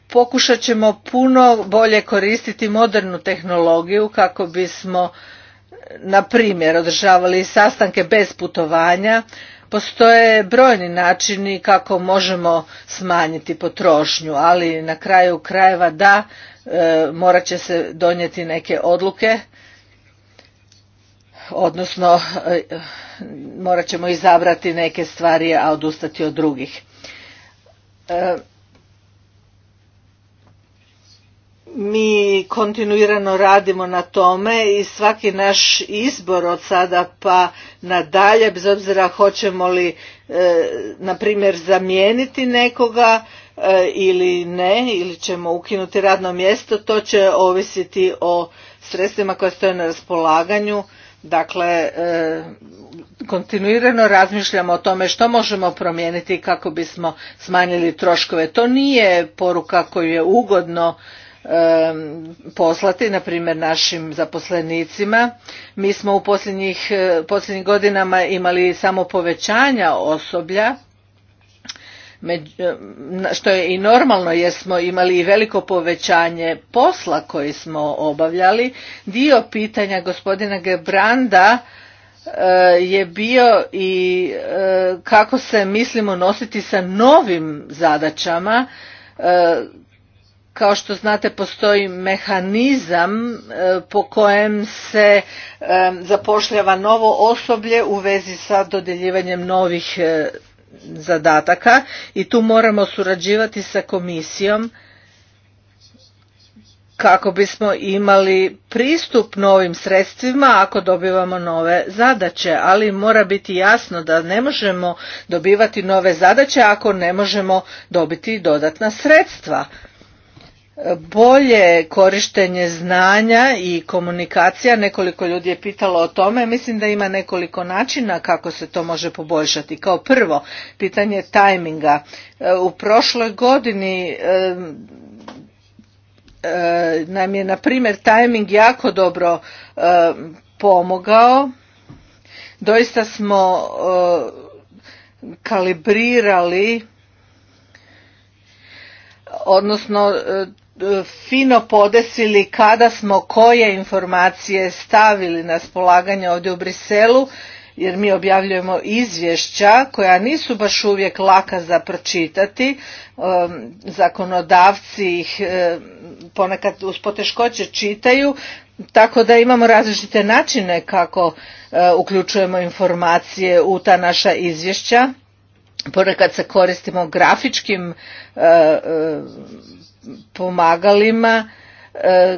pokušat ćemo puno bolje koristiti modernu tehnologiju kako bismo na primjer održavali sastanke bez putovanja Postoje brojni načini kako možemo smanjiti potrošnju, ali na kraju krajeva da e, morat će se donijeti neke odluke, odnosno e, morat ćemo izabrati neke stvari, a odustati od drugih. E, mi kontinuirano radimo na tome i svaki naš izbor od sada pa nadalje bez obzira hoćemo li e, na primjer zamijeniti nekoga e, ili ne ili ćemo ukinuti radno mjesto to će ovisiti o sredstvima koja stoje na raspolaganju dakle e, kontinuirano razmišljamo o tome što možemo promijeniti kako bismo smanjili troškove to nije poruka koju je ugodno poslati, na primjer našim zaposlenicima. Mi smo u posljednjih, e, godinama imali samo povećanja osoblja, što je i normalno jer smo imali i veliko povećanje posla koji smo obavljali. Dio pitanja gospodina Gebranda e, je bio i e, kako se mislimo nositi sa novim zadaćama kao što znate postoji mehanizam e, po kojem se e, zapošljava novo osoblje u vezi sa dodjeljivanjem novih e, zadataka i tu moramo surađivati sa komisijom kako bismo imali pristup novim sredstvima ako dobivamo nove zadaće, ali mora biti jasno da ne možemo dobivati nove zadaće ako ne možemo dobiti dodatna sredstva bolje korištenje znanja i komunikacija. Nekoliko ljudi je pitalo o tome. Mislim da ima nekoliko načina kako se to može poboljšati. Kao prvo, pitanje tajminga. E, u prošloj godini e, e, nam je, na primjer, tajming jako dobro pomogao. Doista smo kalibrirali odnosno fino podesili kada smo koje informacije stavili na spolaganje ovdje u Briselu, jer mi objavljujemo izvješća koja nisu baš uvijek laka za pročitati. Zakonodavci ih e, ponekad uz poteškoće čitaju, tako da imamo različite načine kako e, uključujemo informacije u ta naša izvješća. Ponekad se koristimo grafičkim e, pomagalima e,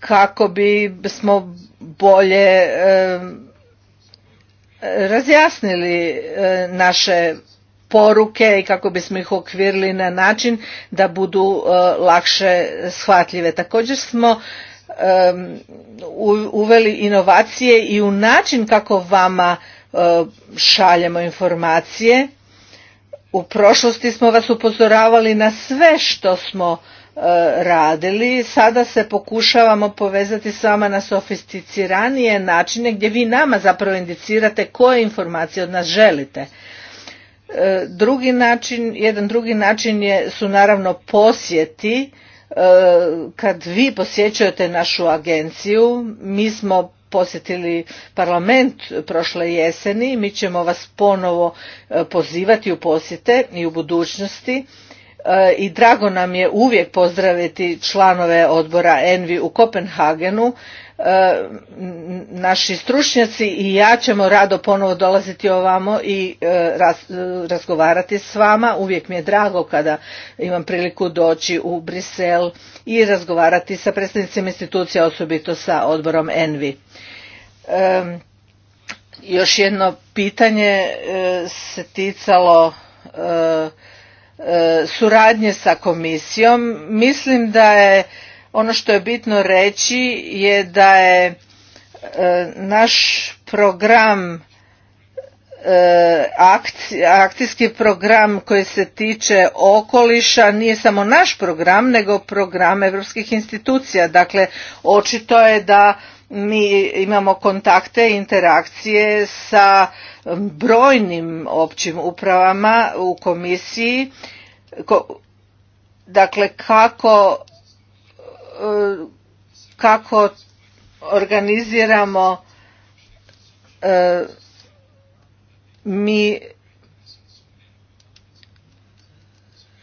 kako bi smo bolje e, razjasnili e, naše poruke i kako bismo ih okvirili na način da budu lakše shvatljive. Također smo uveli inovacije i u način kako vama šaljemo informacije u prošlosti smo vas upozoravali na sve što smo e, radili, sada se pokušavamo povezati s vama na sofisticiranije načine gdje vi nama zapravo indicirate koje informacije od nas želite. E, drugi način, jedan drugi način je, su naravno posjeti, e, kad vi posjećujete našu agenciju, mi smo posjetili parlament prošle jeseni. Mi ćemo vas ponovo e, pozivati u posjete i u budućnosti e, i drago nam je uvijek pozdraviti članove odbora Envi u Kopenhagenu. E, naši stručnjaci i ja ćemo rado ponovo dolaziti ovamo i razgovarati s vama. Uvijek mi je drago kada imam priliku doći u Brisel i razgovarati sa predstavnicima institucija, osobito sa odborom Envi. Još jedno pitanje e, se ticalo e, e, suradnje sa komisijom. Mislim da je ono što je bitno reći je da je naš program akcijski program koji se tiče okoliša nije samo naš program nego program europskih institucija dakle očito je da mi imamo kontakte i interakcije sa brojnim općim upravama u komisiji dakle kako e, kako organiziramo e, mi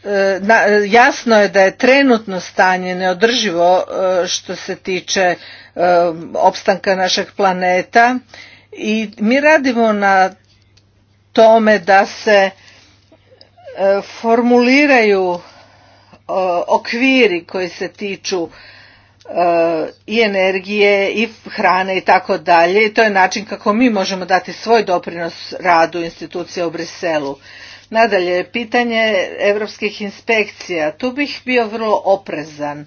e, jasno je da je trenutno stanje neodrživo što se tiče Eh, opstanka našeg planeta i mi radimo na tome da se eh, formuliraju eh, okviri koji se tiču i energije i hrane i tako dalje i to je način kako mi možemo dati svoj doprinos radu institucija u Briselu. Nadalje, pitanje europskih inspekcija. Tu bih bio vrlo oprezan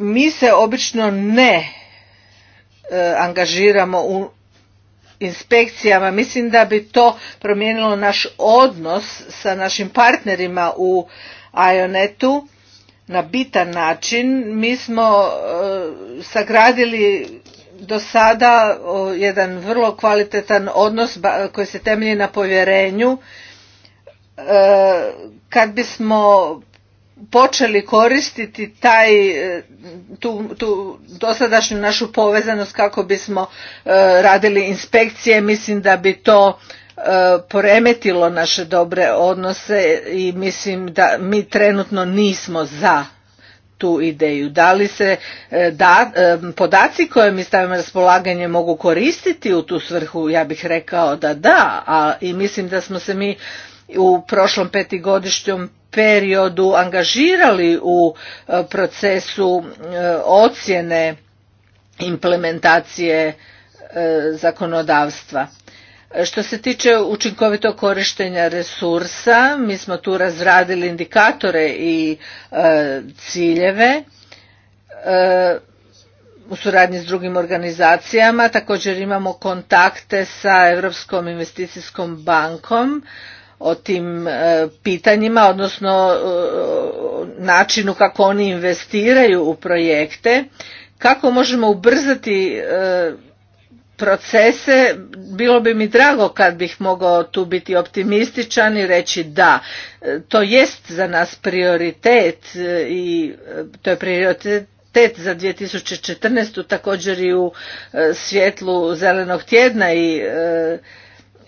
mi se obično ne e, angažiramo u inspekcijama mislim da bi to promijenilo naš odnos sa našim partnerima u Ionetu na bitan način mi smo e, sagradili do sada jedan vrlo kvalitetan odnos koji se temelji na povjerenju e, kad bismo počeli koristiti taj, e, tu, tu dosadašnju našu povezanost kako bismo e, radili inspekcije, mislim da bi to e, poremetilo naše dobre odnose i mislim da mi trenutno nismo za tu ideju. Da li se da, podaci koje mi stavimo raspolaganje mogu koristiti u tu svrhu? Ja bih rekao da da, a i mislim da smo se mi u prošlom petigodišnjem periodu angažirali u e, procesu e, ocjene implementacije e, zakonodavstva. Što se tiče učinkovitog korištenja resursa, mi smo tu razradili indikatore i ciljeve u suradnji s drugim organizacijama. Također imamo kontakte sa Europskom investicijskom bankom o tim e, pitanjima, odnosno e, načinu kako oni investiraju u projekte, kako možemo ubrzati e, procese, bilo bi mi drago kad bih mogao tu biti optimističan i reći da, to jest za nas prioritet i to je prioritet tet za 2014. također i u svjetlu zelenog tjedna i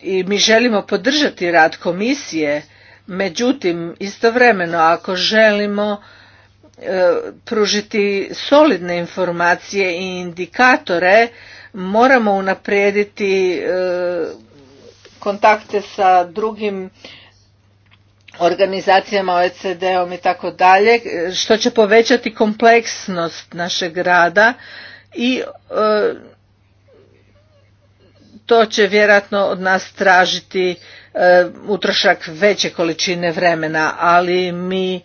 i mi želimo podržati rad komisije, međutim istovremeno ako želimo e, pružiti solidne informacije i indikatore moramo unaprijediti e, kontakte sa drugim organizacijama OECD-om i tako dalje što će povećati kompleksnost našeg rada i e, to će vjerojatno od nas tražiti e, utrošak veće količine vremena, ali mi e,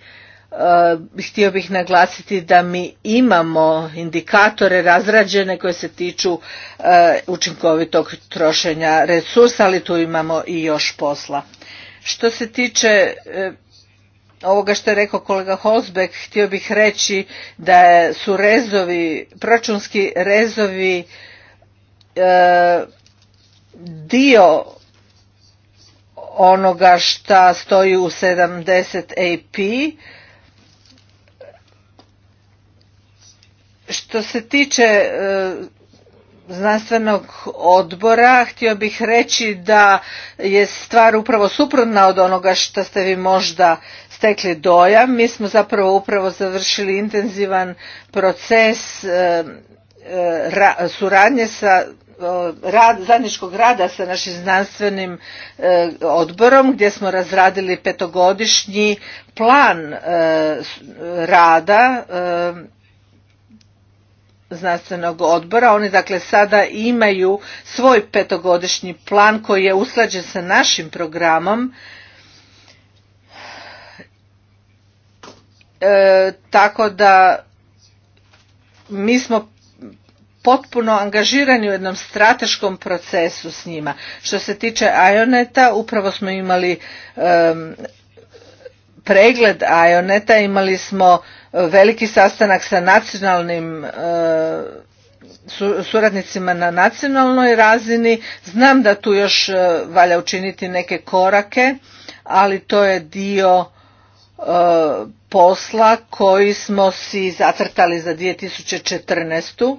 htio bih naglasiti da mi imamo indikatore razrađene koje se tiču e, učinkovitog trošenja resursa, ali tu imamo i još posla. Što se tiče ovoga što je rekao kolega Holzbeck, htio bih reći da su rezovi, proračunski rezovi dio onoga šta stoji u 70 AP. Što se tiče e, znanstvenog odbora htio bih reći da je stvar upravo suprotna od onoga što ste vi možda stekli dojam. Mi smo zapravo upravo završili intenzivan proces e, e, suradnje sa rad, zajedničkog rada sa našim znanstvenim e, odborom gdje smo razradili petogodišnji plan e, rada e, znanstvenog odbora. Oni dakle sada imaju svoj petogodišnji plan koji je usklađen sa našim programom. E, tako da mi smo potpuno angažirani u jednom strateškom procesu s njima. Što se tiče Ioneta, upravo smo imali pregled Ioneta, imali smo e, veliki sastanak sa nacionalnim e, suradnicima na nacionalnoj razini. Znam da tu još e, valja učiniti neke korake, ali to je dio posla koji smo si zacrtali za 2014.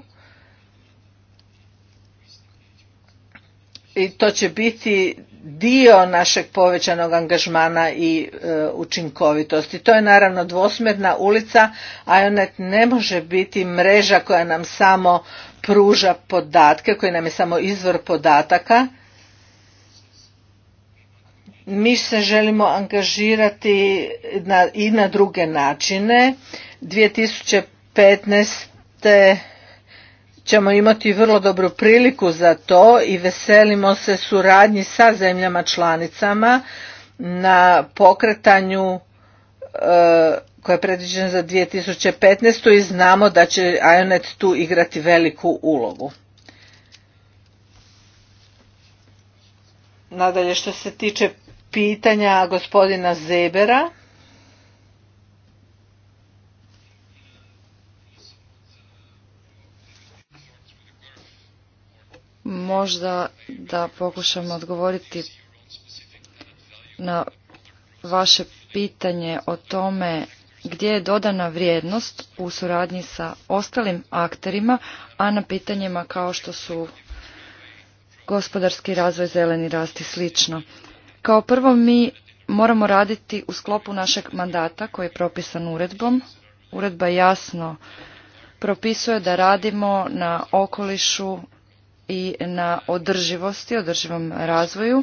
i to će biti dio našeg povećanog angažmana i e, učinkovitosti. To je naravno dvosmjerna ulica, IONET ne može biti mreža koja nam samo pruža podatke, koji nam je samo izvor podataka. Mi se želimo angažirati na, i na druge načine. 2015 ćemo imati vrlo dobru priliku za to i veselimo se suradnji sa zemljama članicama na pokretanju e, koja je predviđena za 2015. i znamo da će IONET tu igrati veliku ulogu. Nadalje što se tiče pitanja gospodina Zebera, Možda da pokušamo odgovoriti na vaše pitanje o tome gdje je dodana vrijednost u suradnji sa ostalim akterima, a na pitanjima kao što su gospodarski razvoj, zeleni rast i slično. Kao prvo mi moramo raditi u sklopu našeg mandata koji je propisan uredbom. Uredba jasno propisuje da radimo na okolišu i na održivosti, održivom razvoju.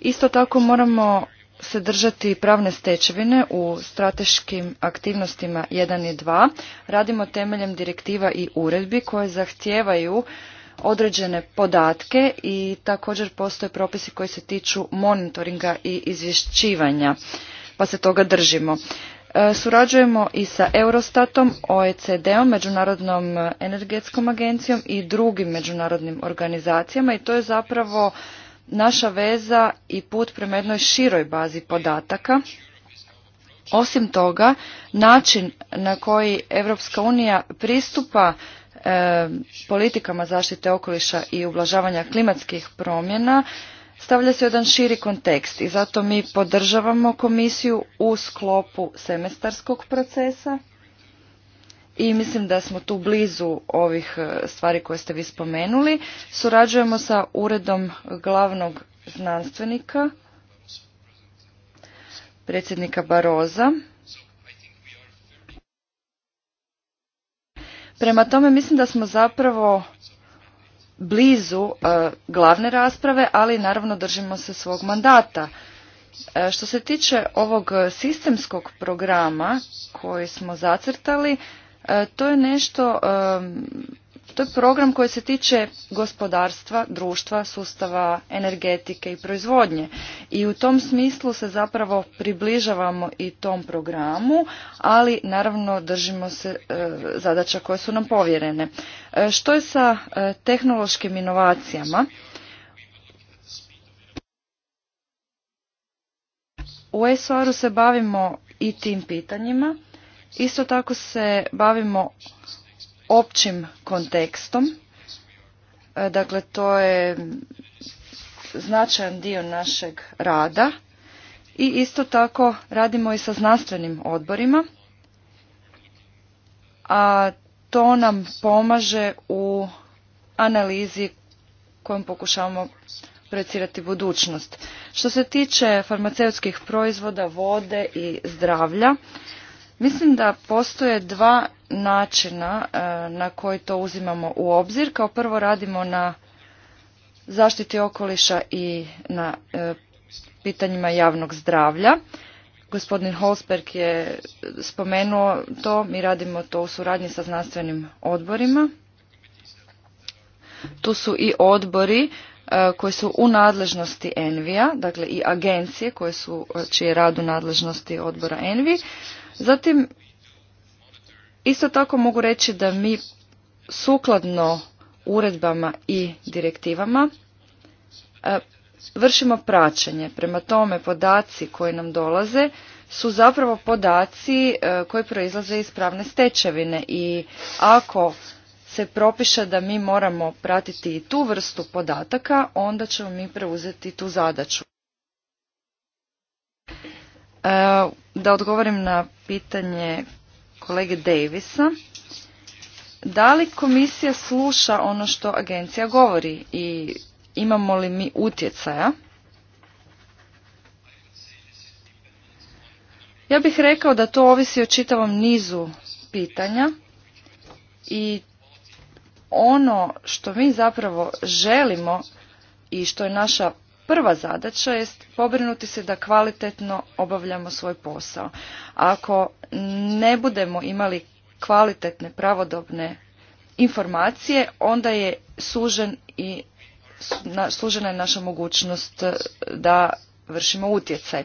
Isto tako moramo se držati pravne stečevine u strateškim aktivnostima 1 i 2. Radimo temeljem direktiva i uredbi koje zahtijevaju određene podatke i također postoje propisi koji se tiču monitoringa i izvješćivanja, pa se toga držimo. E, surađujemo i sa Eurostatom, OECD-om, Međunarodnom energetskom agencijom i drugim međunarodnim organizacijama i to je zapravo naša veza i put prema jednoj široj bazi podataka. Osim toga, način na koji Europska unija pristupa e, politikama zaštite okoliša i ublažavanja klimatskih promjena stavlja se u jedan širi kontekst i zato mi podržavamo komisiju u sklopu semestarskog procesa i mislim da smo tu blizu ovih e, stvari koje ste vi spomenuli. Surađujemo sa uredom glavnog znanstvenika, predsjednika Baroza. Prema tome mislim da smo zapravo blizu e, glavne rasprave, ali naravno držimo se svog mandata. E, što se tiče ovog sistemskog programa koji smo zacrtali, e, to je nešto to je program koji se tiče gospodarstva, društva, sustava energetike i proizvodnje. I u tom smislu se zapravo približavamo i tom programu, ali naravno držimo se e, zadaća koje su nam povjerene. E, što je sa e, tehnološkim inovacijama? U SOR-u se bavimo i tim pitanjima. Isto tako se bavimo općim kontekstom. E, dakle, to je značajan dio našeg rada i isto tako radimo i sa znanstvenim odborima, a to nam pomaže u analizi kojom pokušavamo projecirati budućnost. Što se tiče farmaceutskih proizvoda, vode i zdravlja, Mislim da postoje dva načina e, na koji to uzimamo u obzir. Kao prvo radimo na zaštiti okoliša i na e, pitanjima javnog zdravlja. Gospodin Holsberg je spomenuo to, mi radimo to u suradnji sa znanstvenim odborima. Tu su i odbori e, koji su u nadležnosti Envija, dakle i agencije koje su, čije rad u nadležnosti odbora Envija. Zatim, isto tako mogu reći da mi sukladno uredbama i direktivama e, vršimo praćenje. Prema tome, podaci koji nam dolaze su zapravo podaci e, koji proizlaze iz pravne stečevine i ako se propiše da mi moramo pratiti i tu vrstu podataka, onda ćemo mi preuzeti tu zadaću. E, da odgovorim na pitanje kolege Davisa. Da li komisija sluša ono što agencija govori i imamo li mi utjecaja? Ja bih rekao da to ovisi o čitavom nizu pitanja i ono što mi zapravo želimo i što je naša prva zadaća jest pobrinuti se da kvalitetno obavljamo svoj posao. Ako ne budemo imali kvalitetne, pravodobne informacije, onda je sužen i sužena je naša mogućnost eh, da vršimo utjecaj.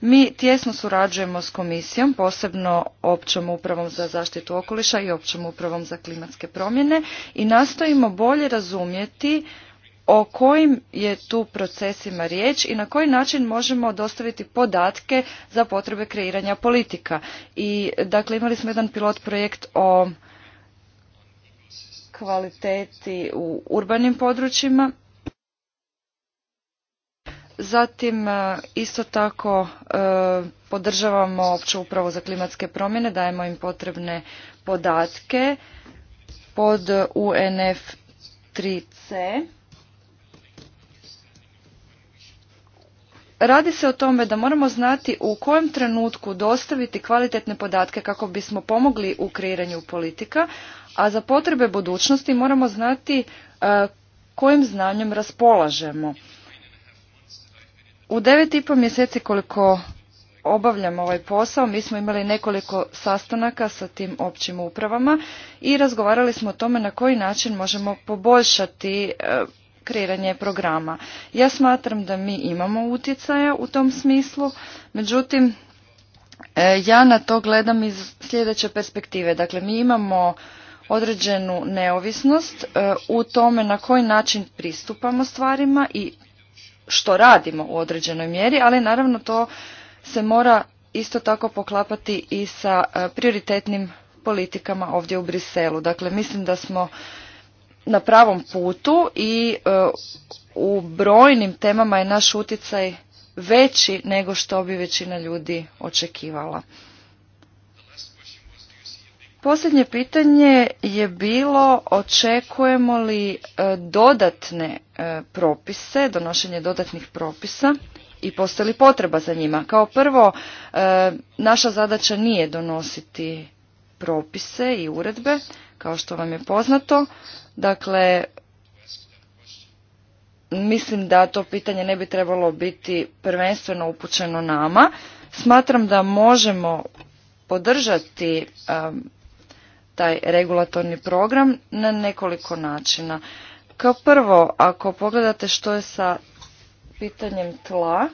Mi tjesno surađujemo s komisijom, posebno općom upravom za zaštitu okoliša i općom upravom za klimatske promjene i nastojimo bolje razumjeti o kojim je tu procesima riječ i na koji način možemo dostaviti podatke za potrebe kreiranja politika. I dakle imali smo jedan pilot projekt o kvaliteti u urbanim područjima. Zatim e, isto tako e, podržavamo opću upravo za klimatske promjene, dajemo im potrebne podatke pod UNF 3C. Radi se o tome da moramo znati u kojem trenutku dostaviti kvalitetne podatke kako bismo pomogli u kreiranju politika, a za potrebe budućnosti moramo znati e, kojim znanjem raspolažemo. U devet i pol mjeseci koliko obavljamo ovaj posao, mi smo imali nekoliko sastanaka sa tim općim upravama i razgovarali smo o tome na koji način možemo poboljšati e, kreiranje programa. Ja smatram da mi imamo utjecaja u tom smislu, međutim e, ja na to gledam iz sljedeće perspektive. Dakle, mi imamo određenu neovisnost e, u tome na koji način pristupamo stvarima i što radimo u određenoj mjeri, ali naravno to se mora isto tako poklapati i sa e, prioritetnim politikama ovdje u Briselu. Dakle, mislim da smo na pravom putu i e, u brojnim temama je naš utjecaj veći nego što bi većina ljudi očekivala. Posljednje pitanje je bilo očekujemo li e, dodatne e, propise, donošenje dodatnih propisa i postoji li potreba za njima. Kao prvo, naša zadaća nije donositi propise i uredbe, kao što vam je poznato. Dakle, mislim da to pitanje ne bi trebalo biti prvenstveno upućeno nama. Smatram da možemo podržati um, taj regulatorni program na nekoliko načina. Kao prvo, ako pogledate što je sa pitanjem tla,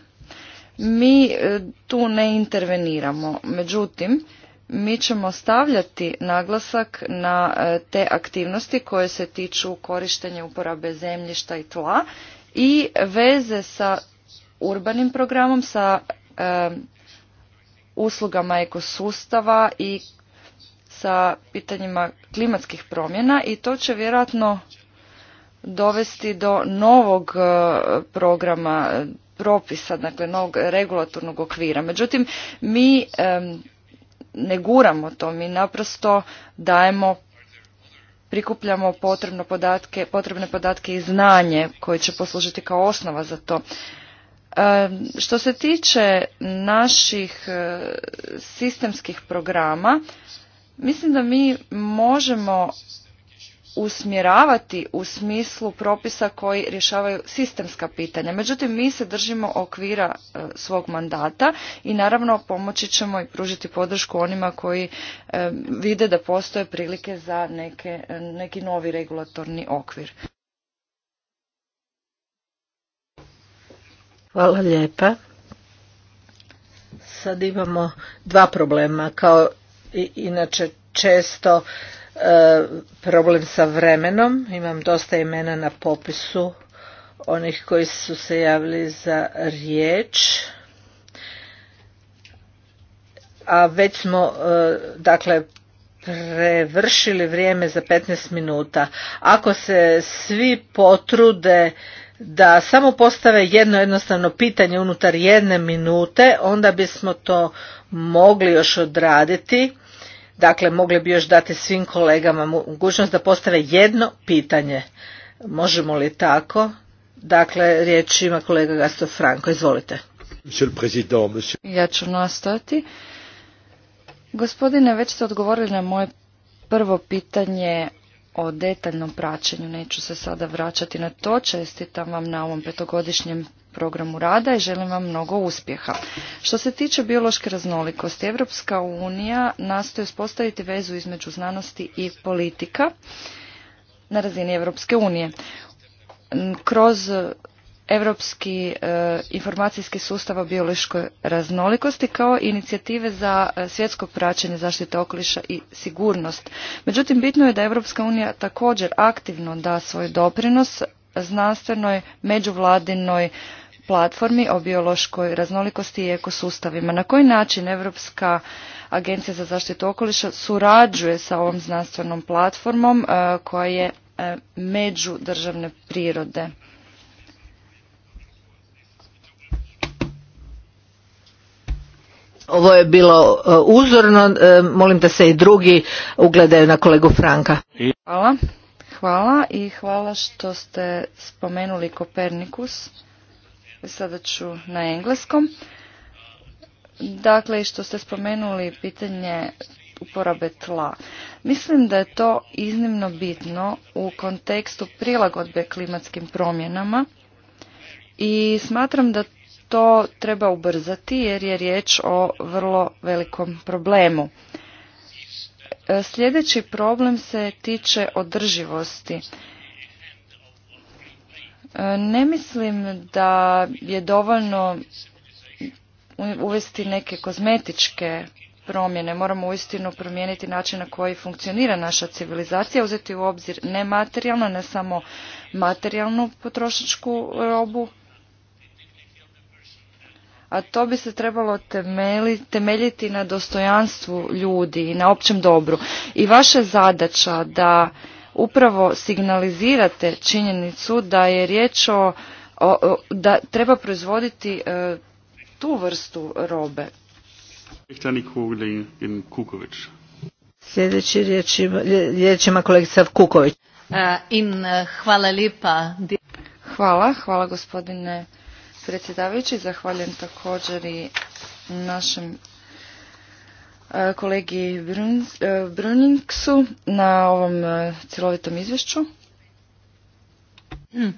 mi eh, tu ne interveniramo. Međutim, mi ćemo stavljati naglasak na e, te aktivnosti koje se tiču korištenja uporabe zemljišta i tla i veze sa urbanim programom, sa e, uslugama ekosustava i sa pitanjima klimatskih promjena i to će vjerojatno dovesti do novog e, programa e, propisa, dakle novog regulatornog okvira. Međutim, mi ne guramo to, mi naprosto dajemo, prikupljamo potrebne podatke, potrebne podatke i znanje koje će poslužiti kao osnova za to. E, što se tiče naših e, sistemskih programa, mislim da mi možemo usmjeravati u smislu propisa koji rješavaju sistemska pitanja. Međutim, mi se držimo okvira e, svog mandata i naravno pomoći ćemo i pružiti podršku onima koji e, vide da postoje prilike za neke, e, neki novi regulatorni okvir. Hvala lijepa. Sad imamo dva problema. Kao i inače često E, problem sa vremenom. Imam dosta imena na popisu onih koji su se javili za riječ. A već smo, e, dakle, prevršili vrijeme za 15 minuta. Ako se svi potrude da samo postave jedno jednostavno pitanje unutar jedne minute, onda bismo to mogli još odraditi. Dakle, mogli bi još dati svim kolegama mogućnost da postave jedno pitanje. Možemo li tako? Dakle, riječ ima kolega Gasto Franko. Izvolite. Ja ću nastojati. Gospodine, već ste odgovorili na moje prvo pitanje o detaljnom praćenju. Neću se sada vraćati na to. Čestitam vam na ovom petogodišnjem programu rada i želim vam mnogo uspjeha. Što se tiče biološke raznolikosti, Europska unija nastoje uspostaviti vezu između znanosti i politika na razini Europske unije. Kroz Europski e, informacijski sustav o biološkoj raznolikosti kao inicijative za e, svjetsko praćenje zaštite okoliša i sigurnost. Međutim, bitno je da Europska unija također aktivno da svoj doprinos znanstvenoj međuvladinoj platformi o biološkoj raznolikosti i ekosustavima. Na koji način Europska agencija za zaštitu okoliša surađuje sa ovom znanstvenom platformom e, koja je e, međudržavne prirode? Ovo je bilo e, uzorno, molim da se i drugi ugledaju na kolegu Franka. Hvala. Hvala i hvala što ste spomenuli Kopernikus. Sada ću na engleskom. Dakle, što ste spomenuli pitanje uporabe tla. Mislim da je to iznimno bitno u kontekstu prilagodbe klimatskim promjenama i smatram da to treba ubrzati jer je riječ o vrlo velikom problemu. Sljedeći problem se tiče održivosti. Ne mislim da je dovoljno uvesti neke kozmetičke promjene. Moramo uistinu promijeniti način na koji funkcionira naša civilizacija, uzeti u obzir materijalno, ne samo materijalnu potrošačku robu, a to bi se trebalo temeljiti na dostojanstvu ljudi i na općem dobru. I vaša je zadaća da upravo signalizirate činjenicu da je riječ o, da treba proizvoditi e, tu vrstu robe. Sljedeći riječ ima kolegica Kuković. E, in, e, hvala lipa. Hvala, hvala gospodine predsjedavajući. Zahvaljujem također i našem e, kolegi e, Bruningsu na ovom e, cjelovitom izvješću. Hmm.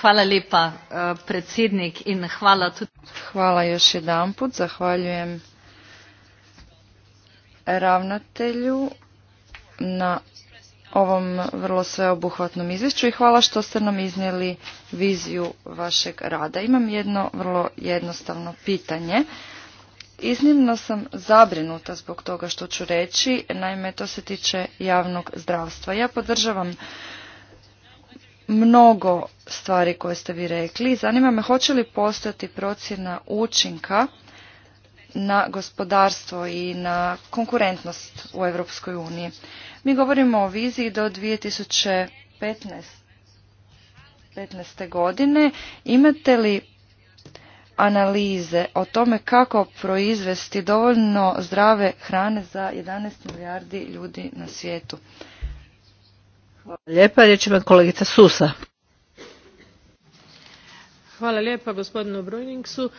Hvala lijepa predsjednik in hvala tudi. Hvala još jedanput, zahvaljujem ravnatelju na ovom vrlo sveobuhvatnom izvješću i hvala što ste nam iznijeli viziju vašeg rada. Imam jedno vrlo jednostavno pitanje. Iznimno sam zabrinuta zbog toga što ću reći, naime to se tiče javnog zdravstva. Ja podržavam mnogo stvari koje ste vi rekli. Zanima me hoće li postojati procjena učinka na gospodarstvo i na konkurentnost u Europskoj uniji. Mi govorimo o viziji do 2015. 15. godine. Imate li analize o tome kako proizvesti dovoljno zdrave hrane za 11 milijardi ljudi na svijetu? Hvala lijepa, riječ ima kolegica Susa. Hvala lijepa gospodinu Brojningsu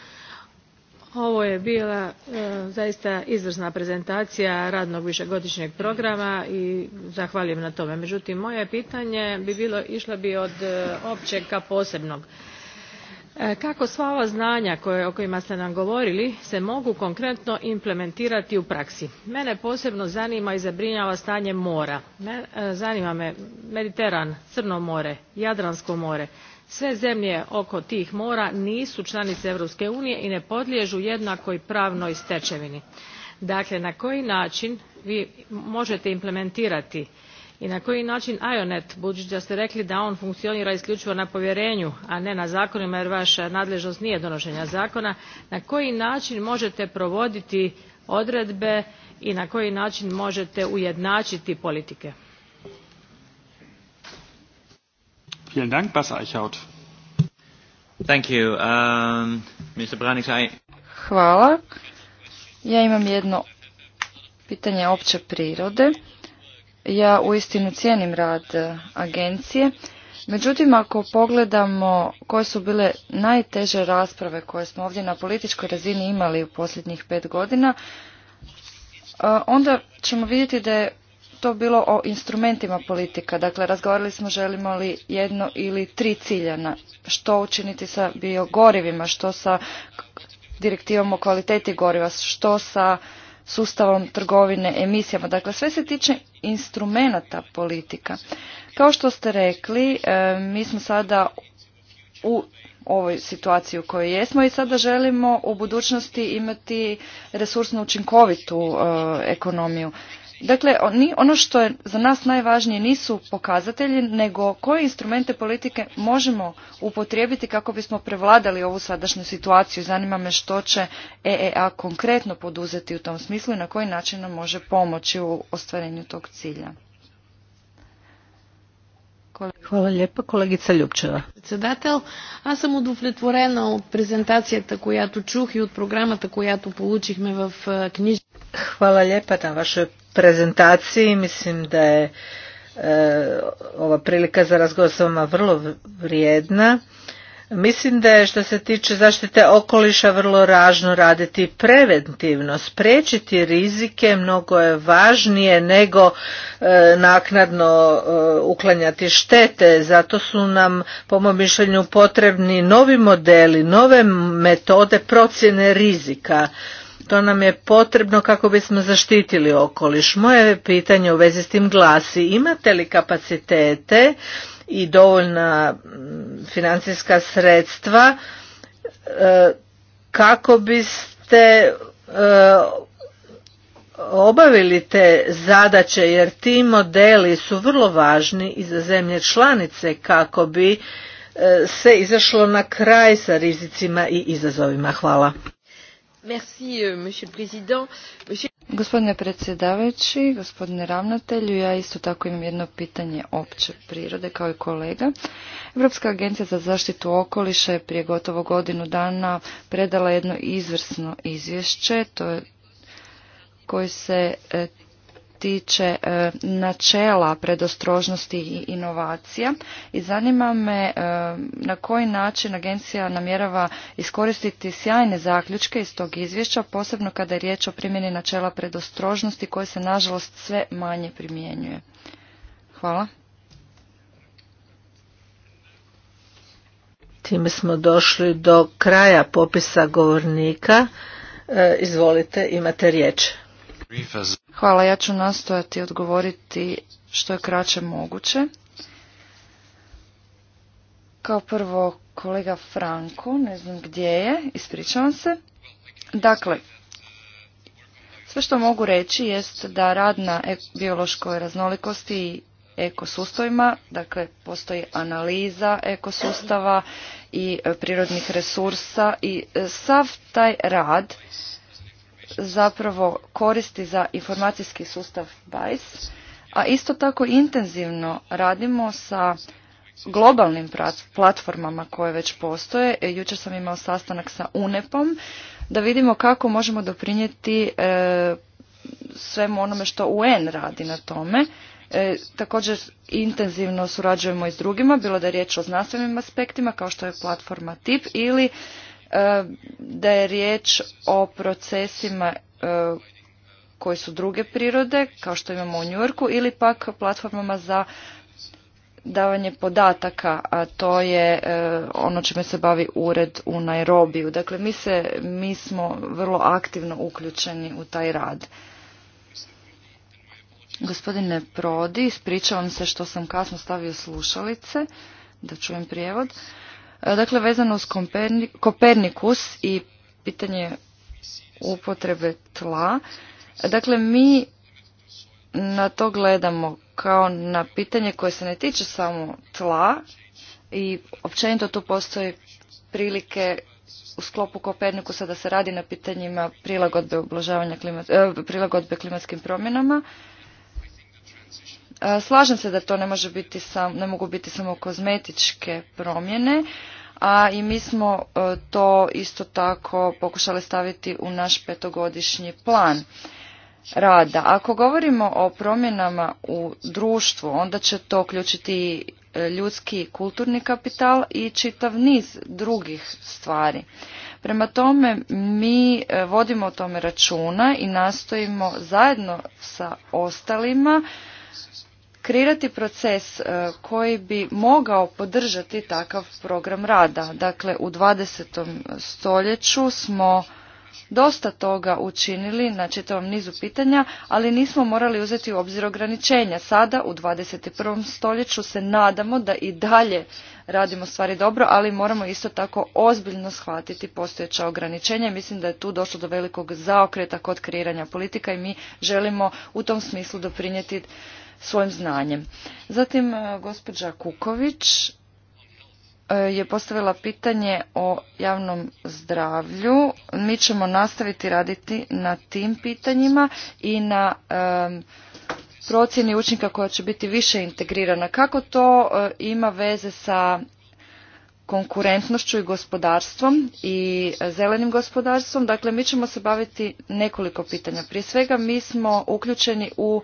ovo je bila e, zaista izvrsna prezentacija radnog višegodišnjeg programa i zahvaljujem na tome. međutim moje pitanje bi bilo išlo bi od e, općeg ka posebnom e, kako sva ova znanja o kojima ste nam govorili se mogu konkretno implementirati u praksi? mene posebno zanima i zabrinjava stanje mora. zanima me mediteran crno more jadransko more sve zemlje oko tih mora nisu članice europske unije i ne podliježu jednakoj pravnoj stečevini. dakle na koji način vi možete implementirati i na koji način ionet budući da ste rekli da on funkcionira isključivo na povjerenju a ne na zakonima jer vaša nadležnost nije donošenje zakona na koji način možete provoditi odredbe i na koji način možete ujednačiti politike? Um, Hvala. Ja imam jedno pitanje opće prirode. Ja uistinu cijenim rad e, agencije. Međutim, ako pogledamo koje su bile najteže rasprave koje smo ovdje na političkoj razini imali u posljednjih pet godina, e, onda ćemo vidjeti da je to bilo o instrumentima politika. Dakle, razgovarali smo želimo li jedno ili tri ciljana. Što učiniti sa biogorivima, što sa direktivom o kvaliteti goriva, što sa sustavom trgovine emisijama. Dakle, sve se tiče instrumenata politika. Kao što ste rekli, e, mi smo sada u ovoj situaciji u kojoj jesmo i sada želimo u budućnosti imati resursno učinkovitu e, ekonomiju. Dakle, ono što je za nas najvažnije nisu pokazatelji, nego koje instrumente politike možemo upotrijebiti kako bismo prevladali ovu sadašnju situaciju. Zanima me što će EEA konkretno poduzeti u tom smislu i na koji način nam može pomoći u ostvarenju tog cilja. Hvala lijepa. kolegica sam Председател, аз съм удовлетворена от презентацията, čuh i od от програмата, която получихме в книжа. Hvala lijepa na vašoj prezentaciji. Mislim da je e, ova prilika za razgovor s vama vrlo vrijedna. Mislim da je što se tiče zaštite okoliša vrlo ražno raditi preventivno. Spriječiti rizike mnogo je važnije nego e, naknadno e, uklanjati štete. Zato su nam, po mom mišljenju, potrebni novi modeli, nove metode procjene rizika. To nam je potrebno kako bismo zaštitili okoliš. Moje pitanje u vezi s tim glasi imate li kapacitete i dovoljna mm, financijska sredstva e, kako biste e, obavili te zadaće jer ti modeli su vrlo važni i za zemlje članice kako bi e, se izašlo na kraj sa rizicima i izazovima. Hvala. Euh, gospodine predsjedavajući, gospodine ravnatelju, ja isto tako imam jedno pitanje opće prirode kao i kolega. Europska agencija za zaštitu okoliša je prije gotovo godinu dana predala jedno izvrsno izvješće, to je koji se e, tiče e, načela predostrožnosti i inovacija i zanima me e, na koji način agencija namjerava iskoristiti sjajne zaključke iz tog izvješća, posebno kada je riječ o primjeni načela predostrožnosti koje se nažalost sve manje primjenjuje. Hvala. Time smo došli do kraja popisa govornika. E, izvolite, imate riječ. Hvala, ja ću nastojati odgovoriti što je kraće moguće. Kao prvo, kolega Franko, ne znam gdje je, ispričavam se. Dakle, sve što mogu reći jest da rad na e- biološkoj raznolikosti i ekosustavima, dakle postoji analiza ekosustava i e, prirodnih resursa i e, sav taj rad zapravo koristi za informacijski sustav BAIS, a isto tako intenzivno radimo sa globalnim platformama koje već postoje. E, jučer sam imao sastanak sa UNEP-om da vidimo kako možemo doprinijeti e, svemu onome što UN radi na tome. E, također intenzivno surađujemo i s drugima, bilo da je riječ o znanstvenim aspektima kao što je platforma TIP ili da je riječ o procesima e, koji su druge prirode, kao što imamo u Njurku, ili pak platformama za davanje podataka, a to je e, ono čime se bavi ured u Nairobiju. Dakle, mi, se, mi smo vrlo aktivno uključeni u taj rad. Gospodine Prodi, ispričavam se što sam kasno stavio slušalice, da čujem prijevod. E, dakle, vezano uz Kopernikus i pitanje upotrebe tla, dakle, mi na to gledamo kao na pitanje koje se ne tiče samo tla i općenito tu postoje prilike u sklopu Kopernikusa da se radi na pitanjima prilagodbe e, prilagodbe klimatskim promjenama Slažem se da to ne, može biti sam, ne mogu biti samo kozmetičke promjene, a i mi smo e, to isto tako pokušali staviti u naš petogodišnji plan rada. Ako govorimo o promjenama u društvu, onda će to uključiti e, ljudski kulturni kapital i čitav niz drugih stvari. Prema tome mi e, vodimo o tome računa i nastojimo zajedno sa ostalima kreirati proces e, koji bi mogao podržati takav program rada. Dakle, u 20. stoljeću smo dosta toga učinili na čitavom nizu pitanja, ali nismo morali uzeti u obzir ograničenja. Sada, u 21. stoljeću, se nadamo da i dalje radimo stvari dobro, ali moramo isto tako ozbiljno shvatiti postojeća ograničenja. Mislim da je tu došlo do velikog zaokreta kod kreiranja politika i mi želimo u tom smislu doprinijeti svojim znanjem. Zatim e, gospođa Kuković e, je postavila pitanje o javnom zdravlju. Mi ćemo nastaviti raditi na tim pitanjima i na procjeni učinka koja će biti više integrirana. Kako to e, ima veze sa konkurentnošću i gospodarstvom i zelenim gospodarstvom. Dakle, mi ćemo se baviti nekoliko pitanja. Prije svega, mi smo uključeni u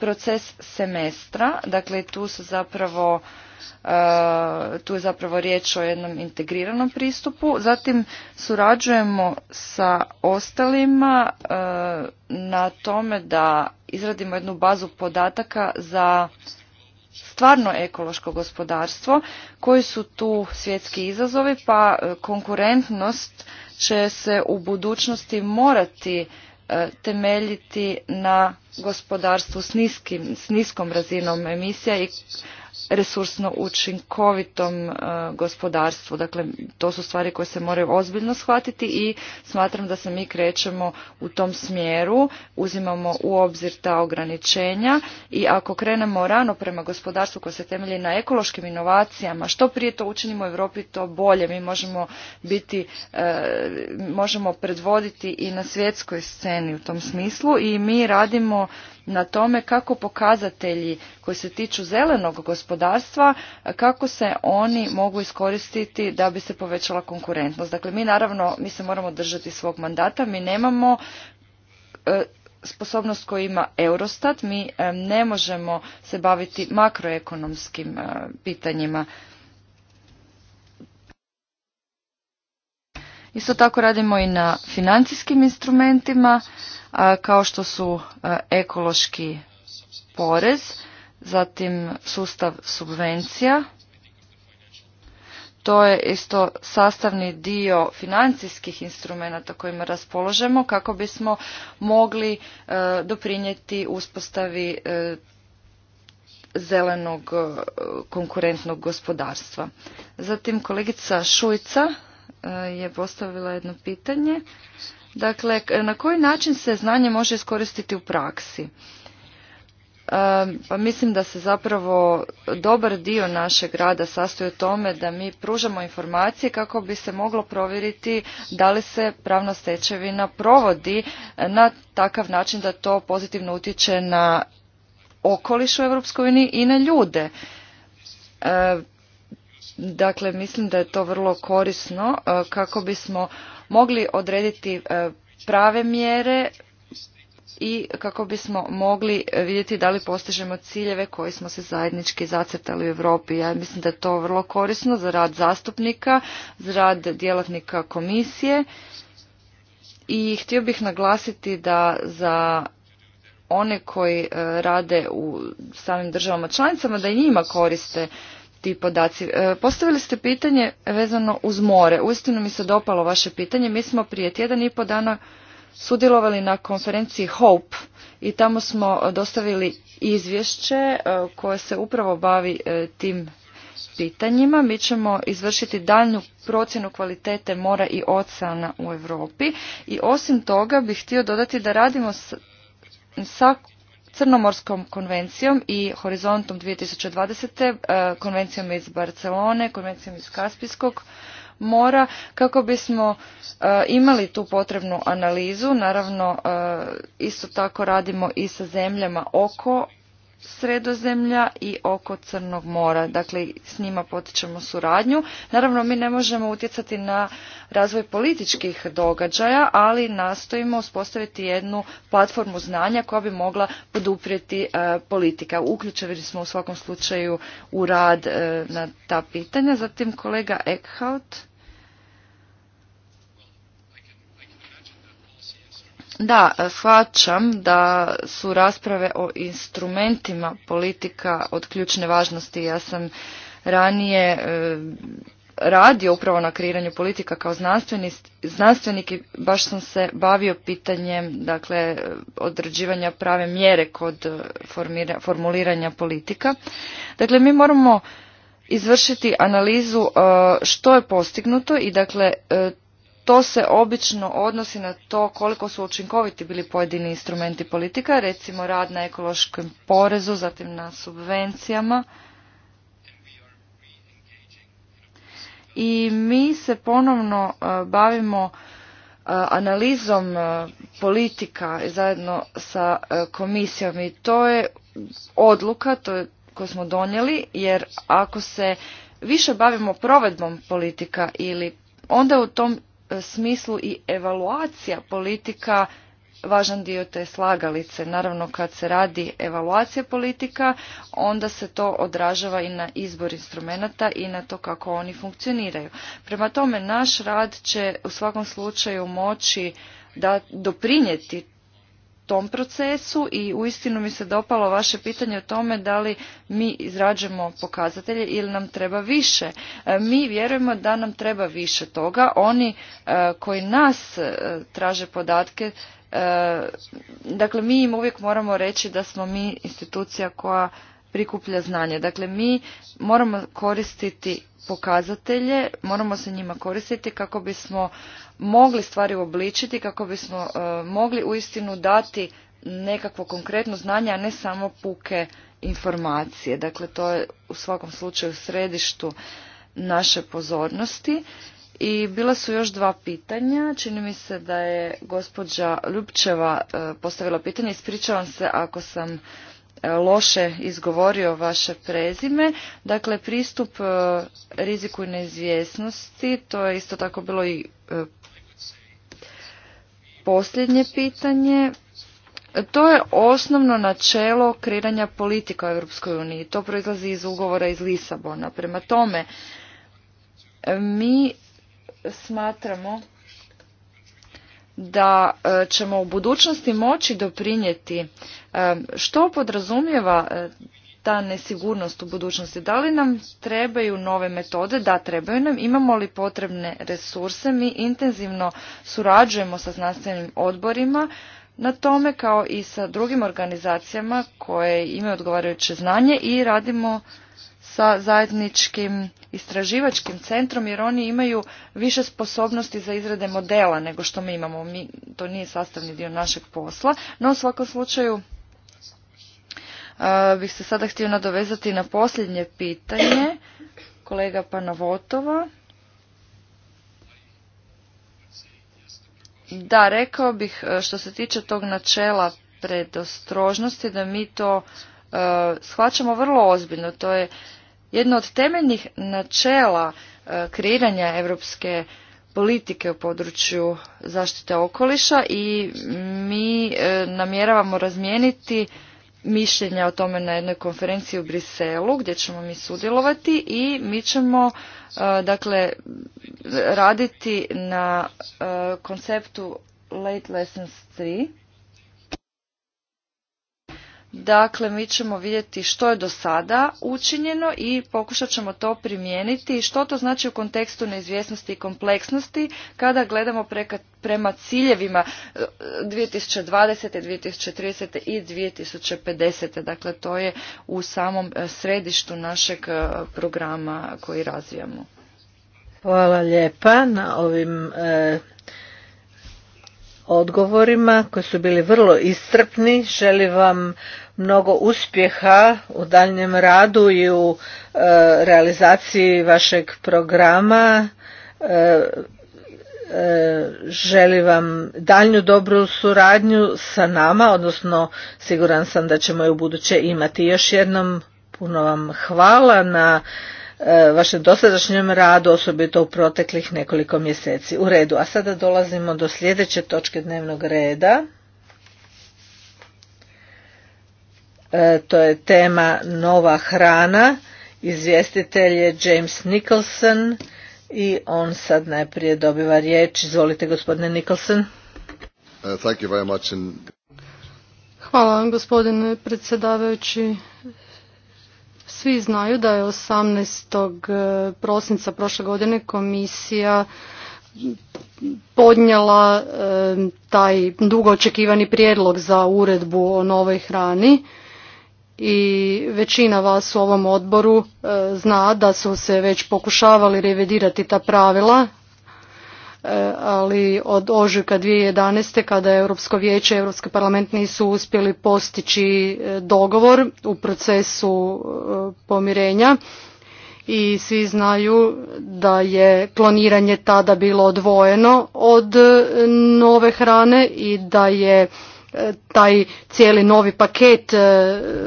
proces semestra. Dakle, tu se zapravo e, tu je zapravo riječ o jednom integriranom pristupu. Zatim surađujemo sa ostalima e, na tome da izradimo jednu bazu podataka za stvarno ekološko gospodarstvo, koji su tu svjetski izazovi, pa e, konkurentnost će se u budućnosti morati e, temeljiti na gospodarstvu s, niskim, s niskom razinom emisija i resursno učinkovitom e, gospodarstvu. Dakle, to su stvari koje se moraju ozbiljno shvatiti i smatram da se mi krećemo u tom smjeru, uzimamo u obzir ta ograničenja i ako krenemo rano prema gospodarstvu koje se temelji na ekološkim inovacijama, što prije to učinimo u Europi to bolje. Mi možemo biti, e, možemo predvoditi i na svjetskoj sceni u tom smislu i mi radimo na tome kako pokazatelji koji se tiču zelenog gospodarstva, kako se oni mogu iskoristiti da bi se povećala konkurentnost. Dakle, mi naravno, mi se moramo držati svog mandata, mi nemamo e, sposobnost koju ima Eurostat, mi e, ne možemo se baviti makroekonomskim e, pitanjima. Isto tako radimo i na financijskim instrumentima kao što su e, ekološki porez, zatim sustav subvencija. To je isto sastavni dio financijskih instrumenata kojima raspoložemo kako bismo mogli e, doprinijeti uspostavi e, zelenog konkurentnog gospodarstva. Zatim kolegica Šujca je postavila jedno pitanje Dakle, na koji način se znanje može iskoristiti u praksi? Pa mislim da se zapravo dobar dio našeg rada sastoji u tome da mi pružamo informacije kako bi se moglo provjeriti da li se pravna stečevina provodi na takav način da to pozitivno utječe na okoliš u EU i na ljude. Dakle, mislim da je to vrlo korisno e, kako bismo mogli odrediti e, prave mjere i kako bismo mogli vidjeti da li postižemo ciljeve koje smo se zajednički zacrtali u Europi. Ja mislim da je to vrlo korisno za rad zastupnika, za rad djelatnika komisije i htio bih naglasiti da za one koji e, rade u samim državama članicama da i njima koriste ti podaci. E, postavili ste pitanje vezano uz more. Uistinu mi se dopalo vaše pitanje. Mi smo prije tjedan i po dana sudjelovali na konferenciji HOPE i tamo smo dostavili izvješće e, koje se upravo bavi e, tim pitanjima. Mi ćemo izvršiti daljnju procjenu kvalitete mora i oceana u Europi i osim toga bih htio dodati da radimo sa Crnomorskom konvencijom i Horizontom 2020. E, konvencijom iz Barcelone, konvencijom iz Kaspijskog mora, kako bismo e, imali tu potrebnu analizu. Naravno, e, isto tako radimo i sa zemljama oko sredozemlja i oko Crnog mora. Dakle, s njima potičemo suradnju. Naravno, mi ne možemo utjecati na razvoj političkih događaja, ali nastojimo uspostaviti jednu platformu znanja koja bi mogla poduprijeti e, politika. Uključili smo u svakom slučaju u rad e, na ta pitanja. Zatim kolega Eckhout. Da, shvaćam da su rasprave o instrumentima politika od ključne važnosti. Ja sam ranije e, radio upravo na kreiranju politika kao znanstvenik i baš sam se bavio pitanjem dakle, određivanja prave mjere kod formira, formuliranja politika. Dakle, mi moramo izvršiti analizu e, što je postignuto i dakle e, to se obično odnosi na to koliko su učinkoviti bili pojedini instrumenti politika, recimo rad na ekološkom porezu, zatim na subvencijama. I mi se ponovno e, bavimo e, analizom e, politika zajedno sa komisijom i to je odluka to je, koju smo donijeli jer ako se više bavimo provedbom politika ili onda u tom smislu i evaluacija politika važan dio te slagalice. Naravno kad se radi evaluacija politika, onda se to odražava i na izbor instrumenata i na to kako oni funkcioniraju. Prema tome, naš rad će u svakom slučaju moći da doprinijeti tom procesu i uistinu mi se dopalo vaše pitanje o tome da li mi izrađujemo pokazatelje ili nam treba više. E, mi vjerujemo da nam treba više toga. Oni e, koji nas e, traže podatke, dakle mi im uvijek moramo reći da smo mi institucija koja prikuplja znanje. Dakle, mi moramo koristiti pokazatelje, moramo se njima koristiti kako bismo mogli stvari uobličiti, kako bismo e, mogli uistinu dati nekakvo konkretno znanje, a ne samo puke informacije. Dakle, to je u svakom slučaju središtu naše pozornosti. I bila su još dva pitanja. Čini mi se da je gospođa Ljubčeva e, postavila pitanje. Ispričavam se ako sam e, loše izgovorio vaše prezime. Dakle, pristup riziku i neizvjesnosti, to je isto tako bilo i posljednje pitanje. To je osnovno načelo kreiranja politika u Europskoj uniji. To proizlazi iz ugovora iz Lisabona. Prema tome, mi smatramo da e, ćemo u budućnosti moći doprinijeti e, što podrazumijeva e, ta nesigurnost u budućnosti. Da li nam trebaju nove metode? Da, trebaju nam. Imamo li potrebne resurse? Mi intenzivno surađujemo sa znanstvenim odborima na tome kao i sa drugim organizacijama koje imaju odgovarajuće znanje i radimo sa zajedničkim istraživačkim centrom jer oni imaju više sposobnosti za izrade modela nego što mi imamo. Mi, to nije sastavni dio našeg posla, no u svakom slučaju bih se sada htio nadovezati na posljednje pitanje kolega Panovotova. Da, rekao bih e, što se tiče tog načela predostrožnosti da mi to e, shvaćamo vrlo ozbiljno. To je jedno od temeljnih načela e, kreiranja europske politike u području zaštite okoliša i mi namjeravamo razmijeniti mišljenja o tome na jednoj konferenciji u Briselu gdje ćemo mi sudjelovati i mi ćemo e, dakle raditi na e, konceptu Late Lessons 3 Dakle, mi ćemo vidjeti što je do sada učinjeno i pokušat ćemo to primijeniti i što to znači u kontekstu neizvjesnosti i kompleksnosti kada gledamo prema ciljevima 2020. E, 2030. i 2050. Dakle, to je u samom e, središtu našeg e, programa koji razvijamo. Hvala lijepa na ovim odgovorima koji su bili vrlo iscrpni. Želim vam mnogo uspjeha u daljnjem radu i u e, realizaciji vašeg programa. E, e, želim vam daljnju dobru suradnju sa nama, odnosno siguran sam da ćemo i u buduće imati. Još jednom puno vam hvala na E, vašem dosadašnjem radu, osobito u proteklih nekoliko mjeseci. U redu, a sada dolazimo do sljedeće točke dnevnog reda. E, to je tema nova hrana. Izvjestitelj je James Nicholson i on sad najprije dobiva riječ. Izvolite gospodine Nicholson. Uh, Hvala vam gospodine predsjedavajući svi znaju da je 18. E, prosinca prošle godine komisija podnjela e, taj dugo očekivani prijedlog za uredbu o novoj hrani i većina vas u ovom odboru e, zna da su se već pokušavali revidirati ta pravila E, ali od ožujka 2011. kada je Europsko vijeće i Europski parlament nisu uspjeli postići e, dogovor u procesu e, pomirenja i svi znaju da je kloniranje tada bilo odvojeno od nove hrane i da je taj cijeli novi paket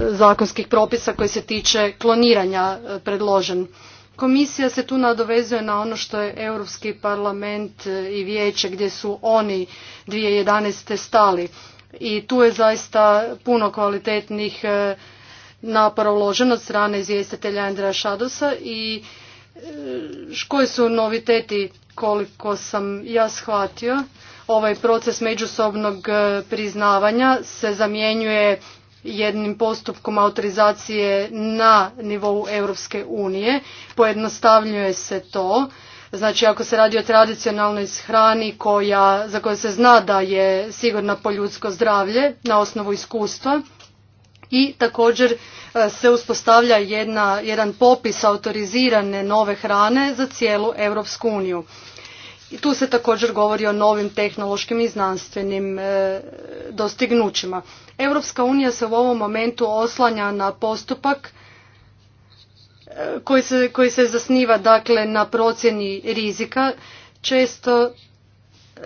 zakonskih propisa koji se tiče kloniranja predložen. Komisija se tu nadovezuje na ono što je Europski parlament e, i vijeće gdje su oni 2011. stali i tu je zaista puno kvalitetnih e, napora uloženo od strane izvjestitelja Andreja Šadosa i e, koji su noviteti koliko sam ja shvatio. Ovaj proces međusobnog priznavanja se zamjenjuje jednim postupkom autorizacije na nivou Europske unije. Pojednostavljuje se to. Znači ako se radi o tradicionalnoj hrani koja, za koju se zna da je sigurna po ljudsko zdravlje na osnovu iskustva i također e, se uspostavlja jedna, jedan popis autorizirane nove hrane za cijelu Europsku uniju tu se također govori o novim tehnološkim i znanstvenim e, dostignućima. Europska unija se u ovom momentu oslanja na postupak e, koji se, koji se zasniva dakle na procjeni rizika. Često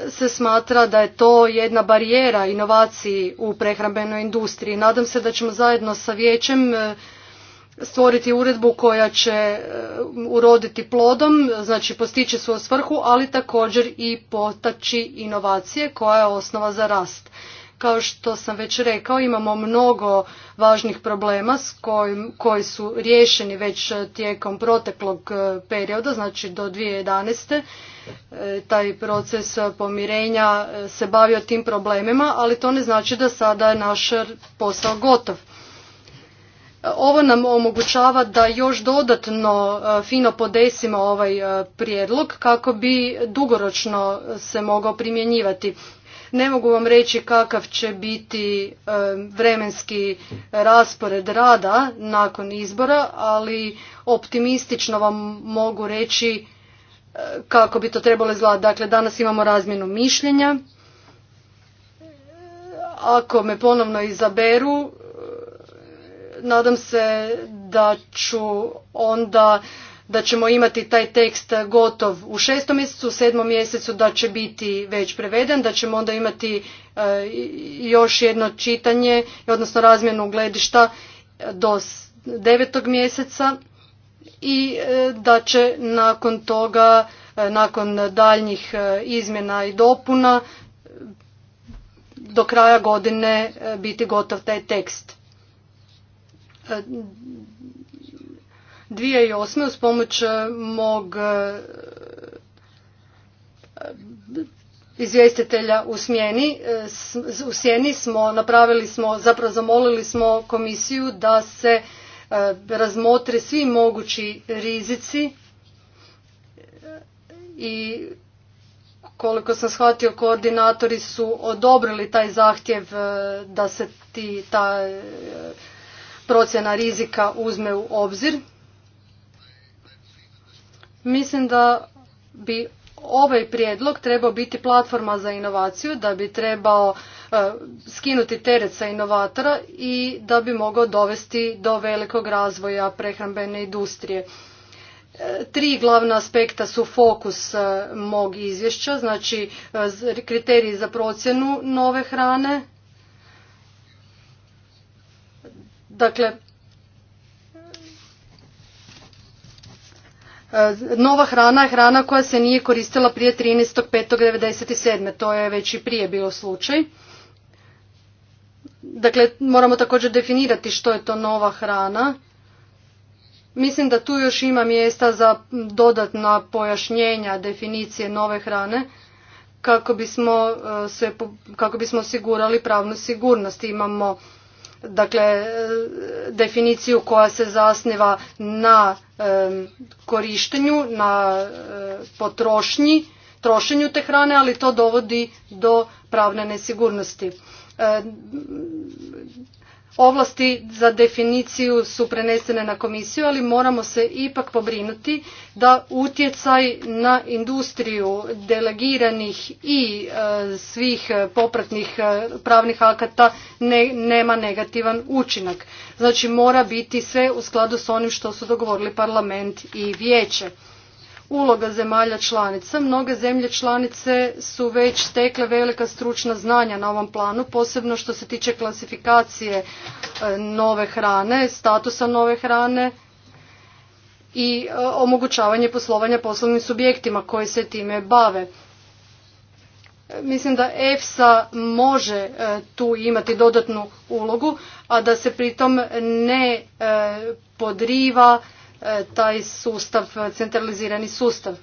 se smatra da je to jedna barijera inovaciji u prehrambenoj industriji. Nadam se da ćemo zajedno sa vijećem e, stvoriti uredbu koja će e, uroditi plodom, znači postići svoju svrhu, ali također i potaći inovacije koja je osnova za rast. Kao što sam već rekao, imamo mnogo važnih problema s kojim, koji su riješeni već tijekom proteklog e, perioda, znači do 2011. E, taj proces pomirenja se bavio tim problemima, ali to ne znači da sada je naš posao gotov. Ovo nam omogućava da još dodatno e, fino podesimo ovaj e, prijedlog kako bi dugoročno se mogao primjenjivati. Ne mogu vam reći kakav će biti e, vremenski raspored rada nakon izbora, ali optimistično vam mogu reći kako bi to trebalo izgledati. Dakle, danas imamo razmjenu mišljenja. Ako me ponovno izaberu, nadam se da ću onda da ćemo imati taj tekst gotov u šestom mjesecu, u sedmom mjesecu da će biti već preveden, da ćemo onda imati e, još jedno čitanje, odnosno razmjenu gledišta do devetog mjeseca i e, da će nakon toga, e, nakon daljnjih izmjena i dopuna, do kraja godine biti gotov taj tekst. 2008. uz pomoć e, mog e, izvjestitelja u smjeni e, u sjeni smo napravili smo zapravo zamolili smo komisiju da se razmotre svi mogući rizici i koliko sam shvatio koordinatori su odobrili taj zahtjev da se ti ta procjena rizika uzme u obzir. Mislim da bi ovaj prijedlog trebao biti platforma za inovaciju, da bi trebao e, skinuti teret sa inovatora i da bi mogao dovesti do velikog razvoja prehrambene industrije. E, tri glavna aspekta su fokus e, mog izvješća, znači kriteriji za procjenu nove hrane, Dakle, e, nova hrana je hrana koja se nije koristila prije 13.5.1997. To je već i prije bilo slučaj. Dakle, moramo također definirati što je to nova hrana. Mislim da tu još ima mjesta za dodatna pojašnjenja definicije nove hrane kako bismo, e, se, kako bismo osigurali pravnu sigurnost. Imamo dakle e, definiciju koja se zasniva na e, korištenju, na e, potrošnji, trošenju te hrane, ali to dovodi do pravne nesigurnosti. Ovlasti za definiciju su prenesene na komisiju, ali moramo se ipak pobrinuti da utjecaj na industriju delegiranih i e, svih popratnih e, pravnih akata nema negativan učinak. Znači mora biti sve u skladu s onim što su dogovorili parlament i vijeće uloga zemalja članica. Mnoge zemlje članice su već stekle velika stručna znanja na ovom planu, posebno što se tiče klasifikacije e, nove hrane, statusa nove hrane i e, omogućavanje poslovanja poslovnim subjektima koji se time bave. E, mislim da EFSA može tu imati dodatnu ulogu, a da se pritom ne podriva E, taj sustav, centralizirani sustav.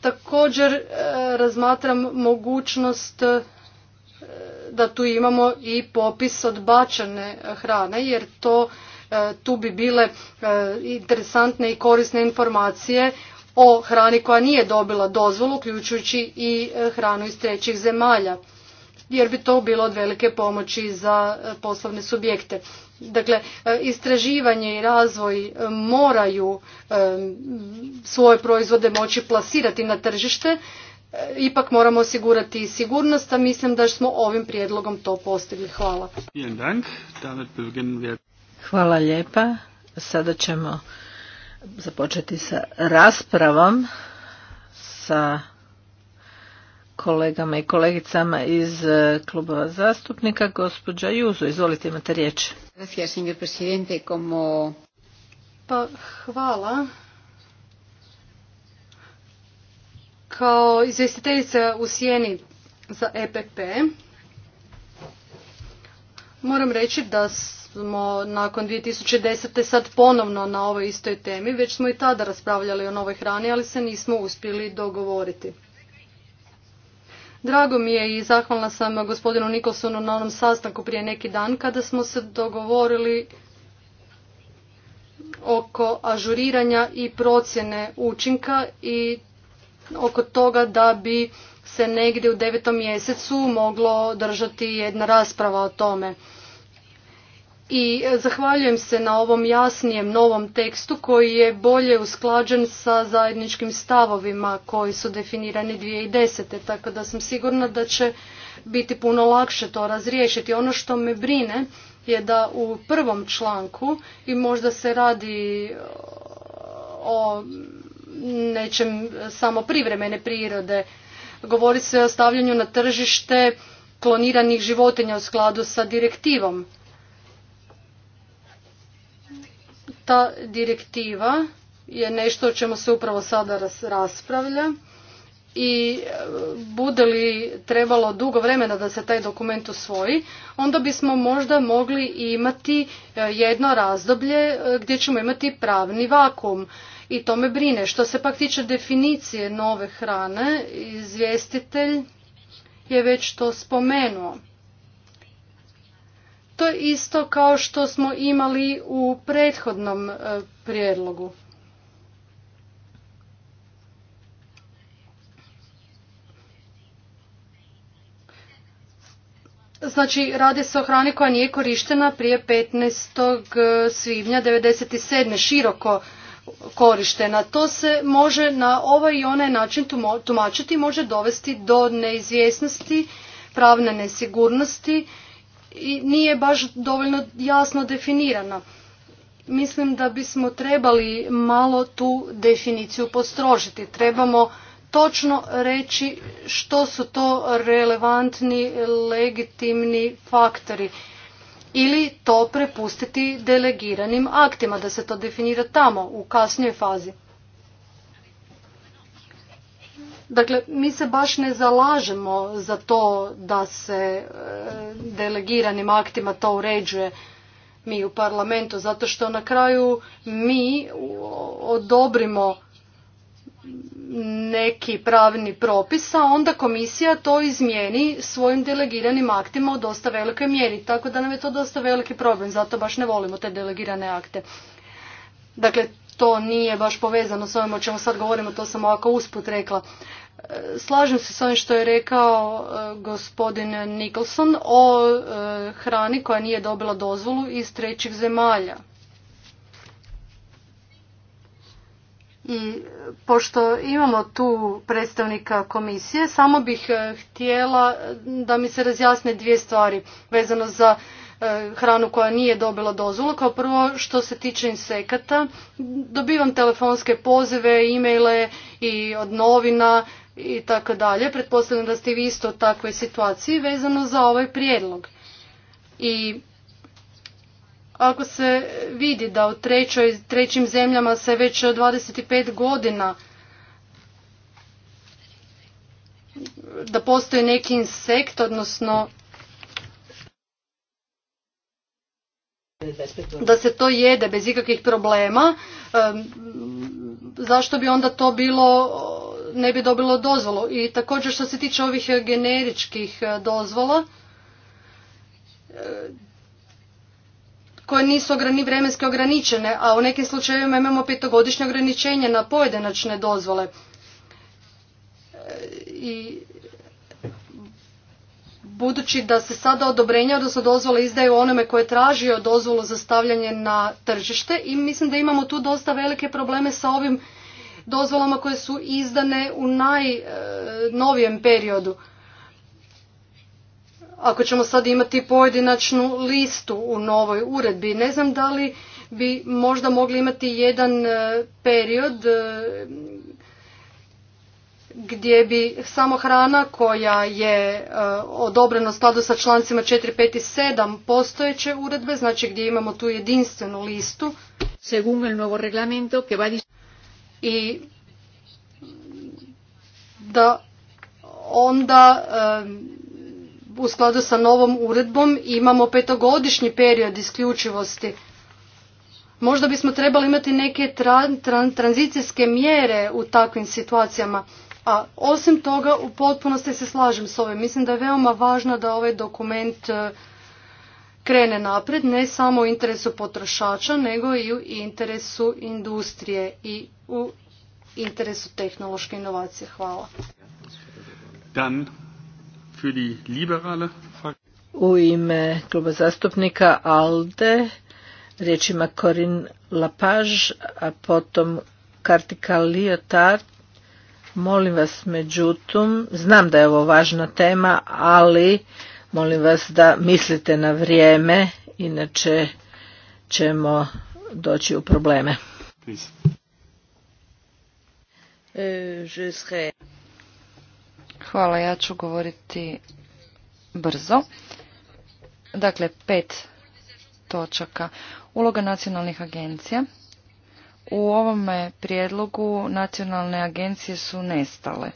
Također e, razmatram mogućnost e, da tu imamo i popis odbačene hrane jer to tu bi bile interesantne i korisne informacije o hrani koja nije dobila dozvolu, uključujući i hranu iz trećih zemalja, jer bi to bilo od velike pomoći za poslovne subjekte. Dakle, e, istraživanje i razvoj e, moraju e, svoje proizvode moći plasirati na tržište, ipak moramo osigurati i sigurnost, a mislim da smo ovim prijedlogom to postigli. Hvala. Hvala lijepa. Sada ćemo započeti sa raspravom sa kolegama i kolegicama iz klubova zastupnika. Gospođa Juzo, izvolite imate riječ. Pa, hvala. Kao izvjestiteljica u sjeni za EPP, moram reći da smo nakon 2010. sad ponovno na ovoj istoj temi, već smo i tada raspravljali o novoj hrani, ali se nismo uspjeli dogovoriti. Drago mi je i zahvalna sam gospodinu Nikolsonu na onom sastanku prije neki dan kada smo se dogovorili oko ažuriranja i procjene učinka i oko toga da bi se negdje u devetom mjesecu moglo držati jedna rasprava o tome i e, zahvaljujem se na ovom jasnijem novom tekstu koji je bolje usklađen sa zajedničkim stavovima koji su definirani 2010. Tako da sam sigurna da će biti puno lakše to razriješiti. Ono što me brine je da u prvom članku i možda se radi o nečem samo privremene prirode. Govori se o stavljanju na tržište kloniranih životinja u skladu sa direktivom. Ta direktiva je nešto o čemu se upravo sada raspravlja i e, bude li trebalo dugo vremena da se taj dokument usvoji, onda bismo možda mogli imati e, jedno razdoblje e, gdje ćemo imati pravni vakum. I to me brine. Što se pak tiče definicije nove hrane, izvjestitelj je već to spomenuo. To je isto kao što smo imali u prethodnom e, prijedlogu. Znači, radi se o hrani koja nije korištena prije 15. E, svibnja 1997. široko korištena. To se može na ovaj i onaj način tumačiti može dovesti do neizvjesnosti, pravne nesigurnosti i nije baš dovoljno jasno definirana. Mislim da bismo trebali malo tu definiciju postrožiti. Trebamo točno reći što su to relevantni legitimni faktori ili to prepustiti delegiranim aktima da se to definira tamo u kasnijoj fazi. Dakle, mi se baš ne zalažemo za to da se e, delegiranim aktima to uređuje mi u parlamentu, zato što na kraju mi odobrimo neki pravni propis, a onda komisija to izmijeni svojim delegiranim aktima u dosta velikoj mjeri. Tako da nam je to dosta veliki problem, zato baš ne volimo te delegirane akte. Dakle, to nije baš povezano s ovim o čemu sad govorimo, to sam ovako usput rekla. Slažem se s ovim što je rekao e, gospodin Nicholson o e, hrani koja nije dobila dozvolu iz trećih zemalja. I e, pošto imamo tu predstavnika komisije, samo bih htjela da mi se razjasne dvije stvari vezano za hranu koja nije dobila dozvolu. Kao prvo što se tiče insekata, dobivam telefonske pozive, e-maile i od novina i tako dalje. Pretpostavljam da ste vi isto u takvoj situaciji vezano za ovaj prijedlog. I ako se vidi da u trećoj, trećim zemljama se već 25 godina da postoji neki insekt, odnosno da se to jede bez ikakvih problema, zašto bi onda to bilo ne bi dobilo dozvolu. I također što se tiče ovih e, generičkih e, dozvola, e, koje nisu ograni, vremenski ograničene, a u nekim slučajevima imamo petogodišnje ograničenje na pojedinačne dozvole. I budući da se sada odobrenja, odnosno dozvole izdaju onome koje je tražio dozvolu za stavljanje na tržište i mislim da imamo tu dosta velike probleme sa ovim dozvolama koje su izdane u najnovijem e, periodu. Ako ćemo sad imati pojedinačnu listu u novoj uredbi, ne znam da li bi možda mogli imati jedan e, period e, gdje bi samo hrana koja je odobrena u skladu sa člancima 4, 5 i 7 postojeće uredbe, znači gdje imamo tu jedinstvenu listu. Según el nuevo reglamento que i da onda u skladu sa novom uredbom imamo petogodišnji period isključivosti. Možda bismo trebali imati neke tranzicijske mjere u takvim situacijama. A osim toga u potpunosti se slažem s ovim. Mislim da je veoma važno da ovaj dokument e, krene napred, ne samo u interesu potrošača nego i u interesu industrije i u interesu tehnološke inovacije. Hvala. Dan für die liberale u ime kluba zastupnika ALDE riječ ima Korin Lapaž, a potom Kartika Liotard, Molim vas međutim, znam da je ovo važna tema, ali molim vas da mislite na vrijeme, inače ćemo doći u probleme. Euh, Hvala, ja ću govoriti brzo. Dakle, pet točaka. Uloga nacionalnih agencija. U ovome prijedlogu nacionalne agencije su nestale.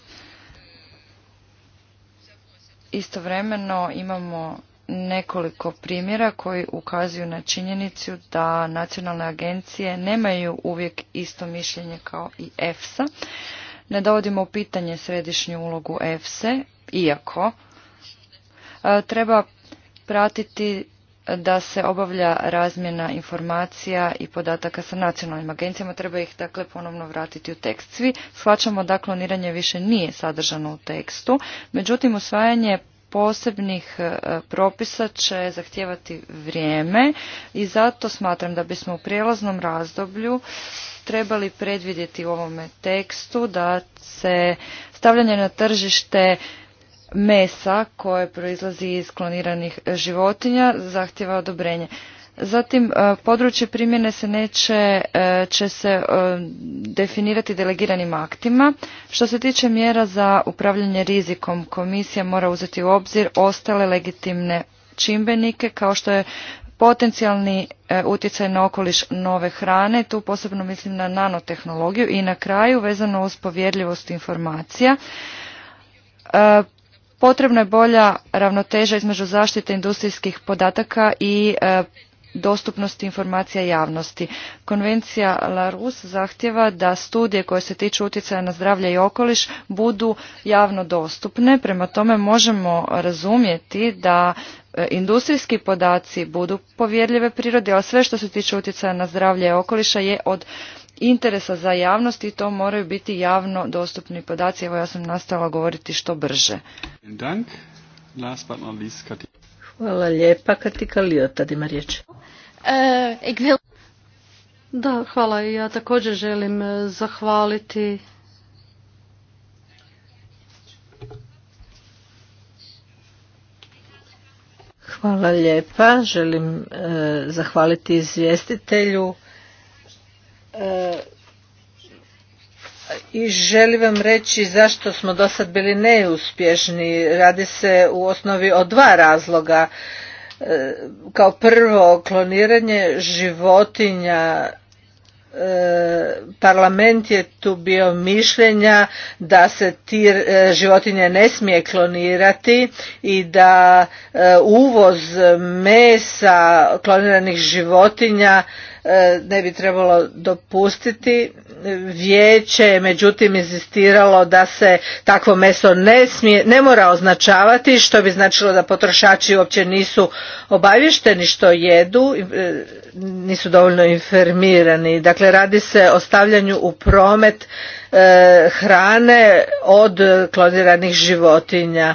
Istovremeno imamo nekoliko primjera koji ukazuju na činjenicu da nacionalne agencije nemaju uvijek isto mišljenje kao i EFSA. Ne dovodimo u pitanje središnju ulogu EFSA, iako e, treba pratiti da se obavlja razmjena informacija i podataka sa nacionalnim agencijama, treba ih dakle ponovno vratiti u tekst. Svi shvaćamo da kloniranje više nije sadržano u tekstu, međutim usvajanje posebnih e, propisa će zahtijevati vrijeme i zato smatram da bismo u prijelaznom razdoblju trebali predvidjeti u ovome tekstu da se stavljanje na tržište mesa koje proizlazi iz kloniranih životinja zahtjeva odobrenje. Zatim, e, područje primjene se neće, e, će se e, definirati delegiranim aktima. Što se tiče mjera za upravljanje rizikom, komisija mora uzeti u obzir ostale legitimne čimbenike kao što je potencijalni utjecaj na okoliš nove hrane, tu posebno mislim na nanotehnologiju i na kraju vezano uz povjerljivost informacija. Potrebna je bolja ravnoteža između zaštite industrijskih podataka i dostupnosti informacija javnosti. Konvencija Larus zahtjeva da studije koje se tiču utjecaja na zdravlje i okoliš budu javno dostupne. Prema tome možemo razumjeti da e, industrijski podaci budu povjerljive prirode, ali sve što se tiče utjecaja na zdravlje i okoliša je od interesa za javnost i to moraju biti javno dostupni podaci. Evo ja sam nastala govoriti što brže. Hvala lijepa. ima riječ. Eh, da, hvala. Ja također želim eh, zahvaliti Hvala lijepa. Želim eh, zahvaliti izvjestitelju i želim vam reći zašto smo do sad bili neuspješni. Radi se u osnovi o dva razloga. E, kao prvo, kloniranje životinja e, parlament je tu bio mišljenja da se ti e, životinje ne smije klonirati i da uvoz mesa kloniranih životinja E, ne bi trebalo dopustiti. Vijeće je međutim inzistiralo da se takvo meso ne, smije, ne mora označavati što bi značilo da potrošači uopće nisu obavješteni što jedu, e, nisu dovoljno informirani. Dakle radi se o stavljanju u promet e, hrane od kloniranih životinja.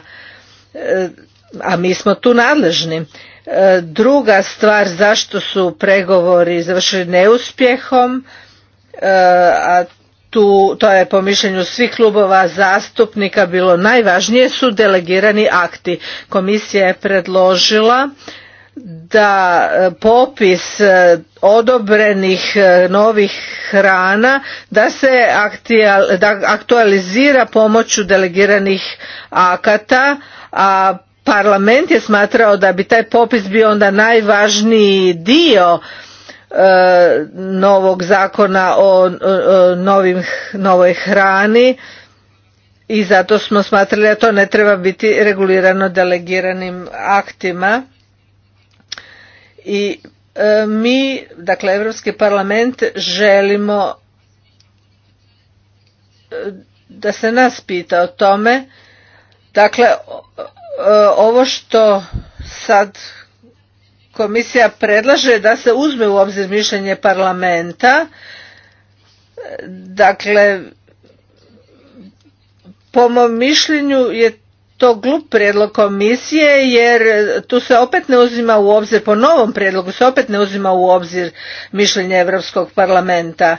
a mi smo tu nadležni E, druga stvar zašto su pregovori završili neuspjehom, e, a tu, to je po mišljenju svih klubova zastupnika bilo najvažnije su delegirani akti. Komisija je predložila da e, popis odobrenih novih hrana da se aktualizira pomoću delegiranih akata, a parlament je smatrao da bi taj popis bio onda najvažniji dio e, novog zakona o, novim, novoj hrani i zato smo smatrali da to ne treba biti regulirano delegiranim aktima i e, mi dakle europski parlament želimo e, da se nas pita o tome dakle E, ovo što sad komisija predlaže da se uzme u obzir mišljenje parlamenta dakle po mom mišljenju je to glup prijedlog komisije jer tu se opet ne uzima u obzir po novom prijedlogu se opet ne uzima u obzir mišljenje europskog parlamenta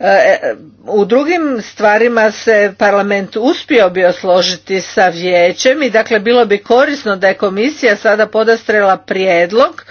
E, e, u drugim stvarima se parlament uspio bio složiti sa vijećem i dakle bilo bi korisno da je komisija sada podastrela prijedlog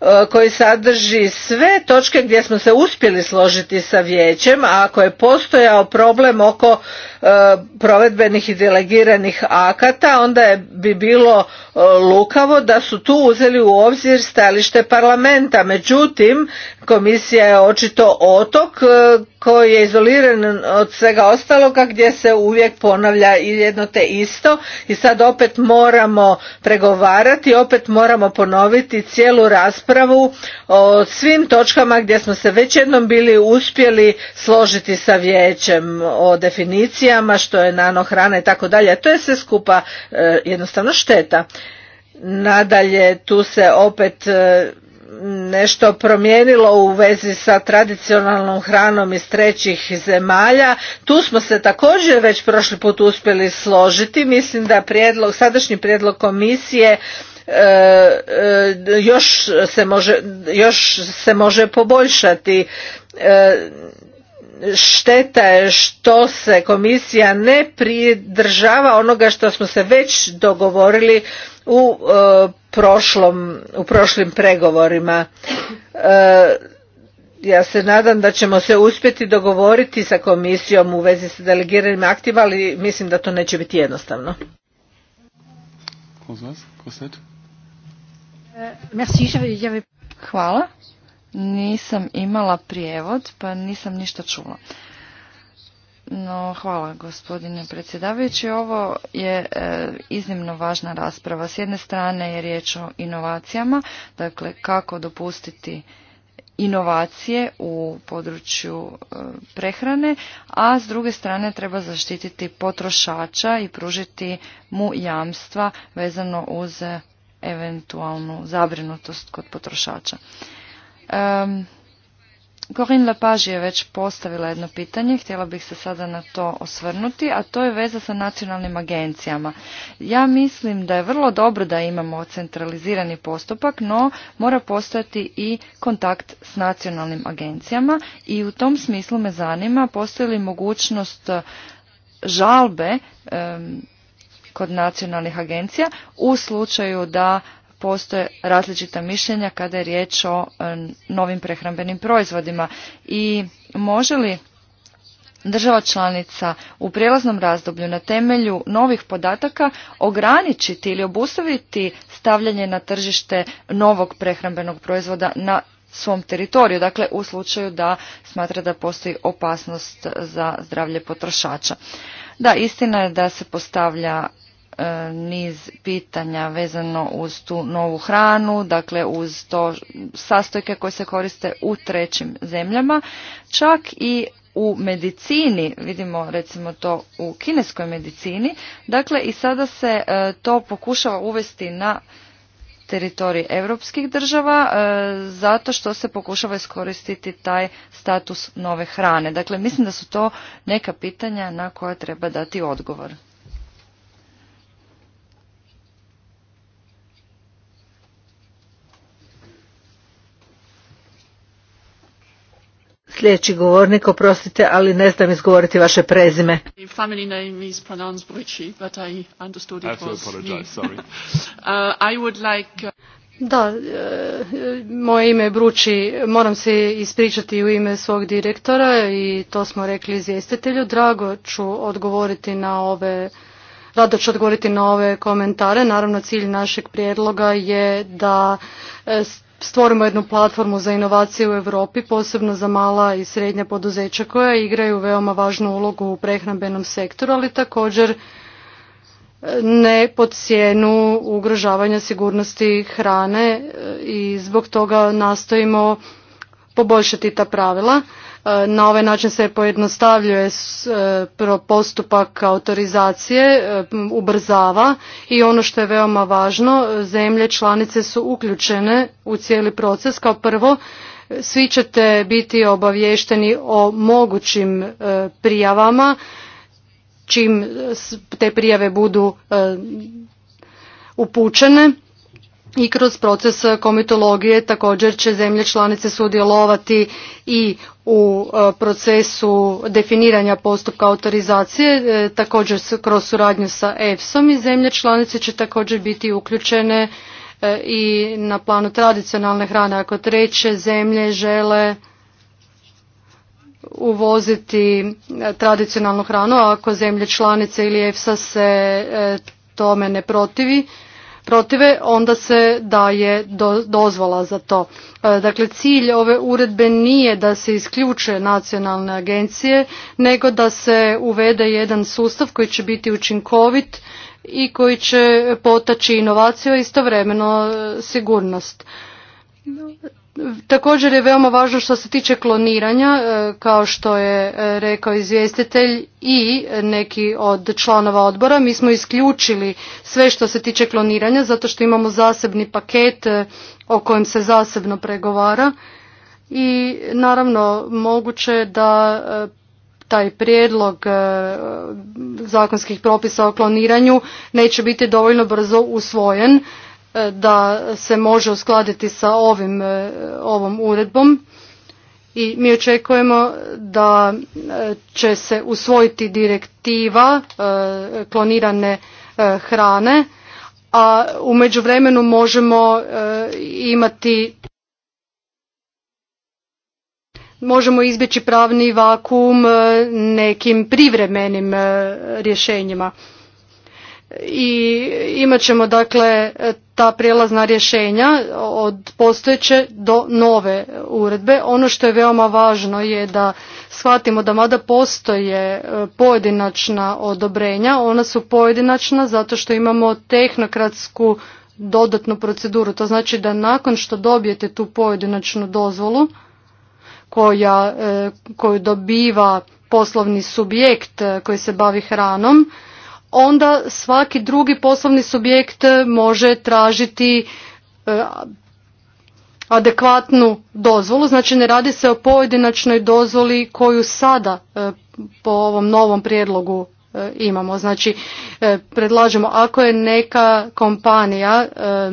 e, koji sadrži sve točke gdje smo se uspjeli složiti sa vijećem a ako je postojao problem oko E, provedbenih i delegiranih akata onda je, bi bilo e, lukavo da su tu uzeli u obzir stajalište parlamenta međutim komisija je očito otok e, koji je izoliran od svega ostaloga gdje se uvijek ponavlja jedno te isto i sad opet moramo pregovarati opet moramo ponoviti cijelu raspravu o svim točkama gdje smo se već jednom bili uspjeli složiti sa vijećem o definiciji kemikalijama, što je nanohrana i tako dalje. To je sve skupa e, jednostavno šteta. Nadalje, tu se opet e, nešto promijenilo u vezi sa tradicionalnom hranom iz trećih zemalja. Tu smo se također već prošli put uspjeli složiti. Mislim da prijedlog, sadašnji prijedlog komisije e, još se može, još se može poboljšati šteta je što se komisija ne pridržava onoga što smo se već dogovorili u e, u prošlim pregovorima e, ja se nadam da ćemo se uspjeti dogovoriti sa komisijom u vezi s delegiranim aktima ali mislim da to neće biti jednostavno hvala nisam imala prijevod, pa nisam ništa čula. No, hvala gospodine predsjedavajući. Ovo je e, iznimno važna rasprava. S jedne strane je riječ o inovacijama, dakle kako dopustiti inovacije u području e, prehrane, a s druge strane treba zaštititi potrošača i pružiti mu jamstva vezano uz eventualnu zabrinutost kod potrošača. Um, Corinne je već postavila jedno pitanje, htjela bih se sada na to osvrnuti, a to je veza sa nacionalnim agencijama. Ja mislim da je vrlo dobro da imamo centralizirani postupak, no mora postojati i kontakt s nacionalnim agencijama i u tom smislu me zanima postoji li mogućnost eh, žalbe kod nacionalnih agencija u slučaju da postoje različita mišljenja kada je riječ o e, novim prehrambenim proizvodima i može li država članica u prijelaznom razdoblju na temelju novih podataka ograničiti ili obustaviti stavljanje na tržište novog prehrambenog proizvoda na svom teritoriju, dakle u slučaju da smatra da postoji opasnost za zdravlje potrošača. Da, istina je da se postavlja E, niz pitanja vezano uz tu novu hranu, dakle uz to sastojke koje se koriste u trećim zemljama, čak i u medicini, vidimo recimo to u kineskoj medicini, dakle i sada se e, to pokušava uvesti na teritoriji europskih država e, zato što se pokušava iskoristiti taj status nove hrane. Dakle, mislim da su to neka pitanja na koja treba dati odgovor. Sljedeći govornik, oprostite, ali ne znam izgovoriti vaše prezime. family Da, moje ime je Bruči, moram se ispričati u ime svog direktora i to smo rekli izvjestitelju. Drago ću odgovoriti na ove, rado ću odgovoriti na ove komentare. Naravno cilj našeg prijedloga je da e, stvorimo jednu platformu za inovacije u Europi, posebno za mala i srednja poduzeća koja igraju veoma važnu ulogu u prehrambenom sektoru, ali također e, ne pod cijenu ugrožavanja sigurnosti hrane e, i zbog toga nastojimo poboljšati ta pravila. Na ovaj način se pojednostavljuje e, postupak autorizacije, e, ubrzava i ono što je veoma važno, zemlje članice su uključene u cijeli proces. Kao prvo, svi ćete biti obavješteni o mogućim e, prijavama, čim te prijave budu upućene i kroz proces e, komitologije također će zemlje članice sudjelovati i u e, procesu definiranja postupka autorizacije, e, također kroz suradnju sa EFSom i zemlje članice će također biti uključene i na planu tradicionalne hrane. Ako treće zemlje žele uvoziti tradicionalnu hranu, ako zemlje članice ili EFSA se tome ne protivi, protive, onda se daje dozvola za to. E, dakle, cilj ove uredbe nije da se isključe nacionalne agencije, nego da se uvede jedan sustav koji će biti učinkovit i koji će potaći inovaciju, a istovremeno e, sigurnost. Također je veoma važno što se tiče kloniranja, e, kao što je e, rekao izvjestitelj i neki od članova odbora. Mi smo isključili sve što se tiče kloniranja zato što imamo zasebni paket e, o kojem se zasebno pregovara i naravno moguće da taj prijedlog zakonskih propisa o kloniranju neće biti dovoljno brzo usvojen da se može uskladiti sa ovim, e, ovom uredbom i mi očekujemo da e, će se usvojiti direktiva e, klonirane hrane, a u međuvremenu možemo imati možemo izbjeći pravni vakuum nekim privremenim rješenjima i imat ćemo dakle ta prijelazna rješenja od postojeće do nove uredbe. Ono što je veoma važno je da shvatimo da mada postoje e, pojedinačna odobrenja, ona su pojedinačna zato što imamo tehnokratsku dodatnu proceduru. To znači da nakon što dobijete tu pojedinačnu dozvolu koja, e, koju dobiva poslovni subjekt e, koji se bavi hranom, onda svaki drugi poslovni subjekt eh, može tražiti eh, adekvatnu dozvolu, znači ne radi se o pojedinačnoj dozvoli koju sada eh, po ovom novom prijedlogu imamo. Znači predlažemo ako je neka kompanija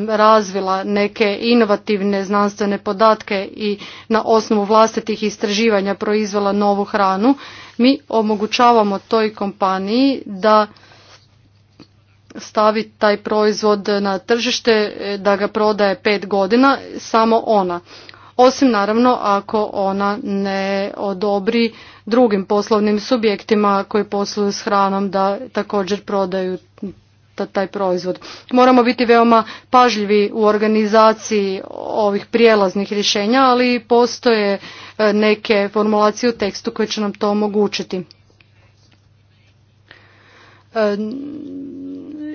razvila neke inovativne znanstvene podatke i na osnovu vlastitih istraživanja proizvela novu hranu, mi omogućavamo toj kompaniji da stavi taj proizvod na tržište e, da ga prodaje pet godina, samo ona. Osim naravno ako ona ne odobri drugim poslovnim subjektima koji posluju s hranom da također prodaju taj proizvod. Moramo biti veoma pažljivi u organizaciji ovih prijelaznih rješenja, ali postoje e, neke formulacije u tekstu koje će nam to omogućiti. E,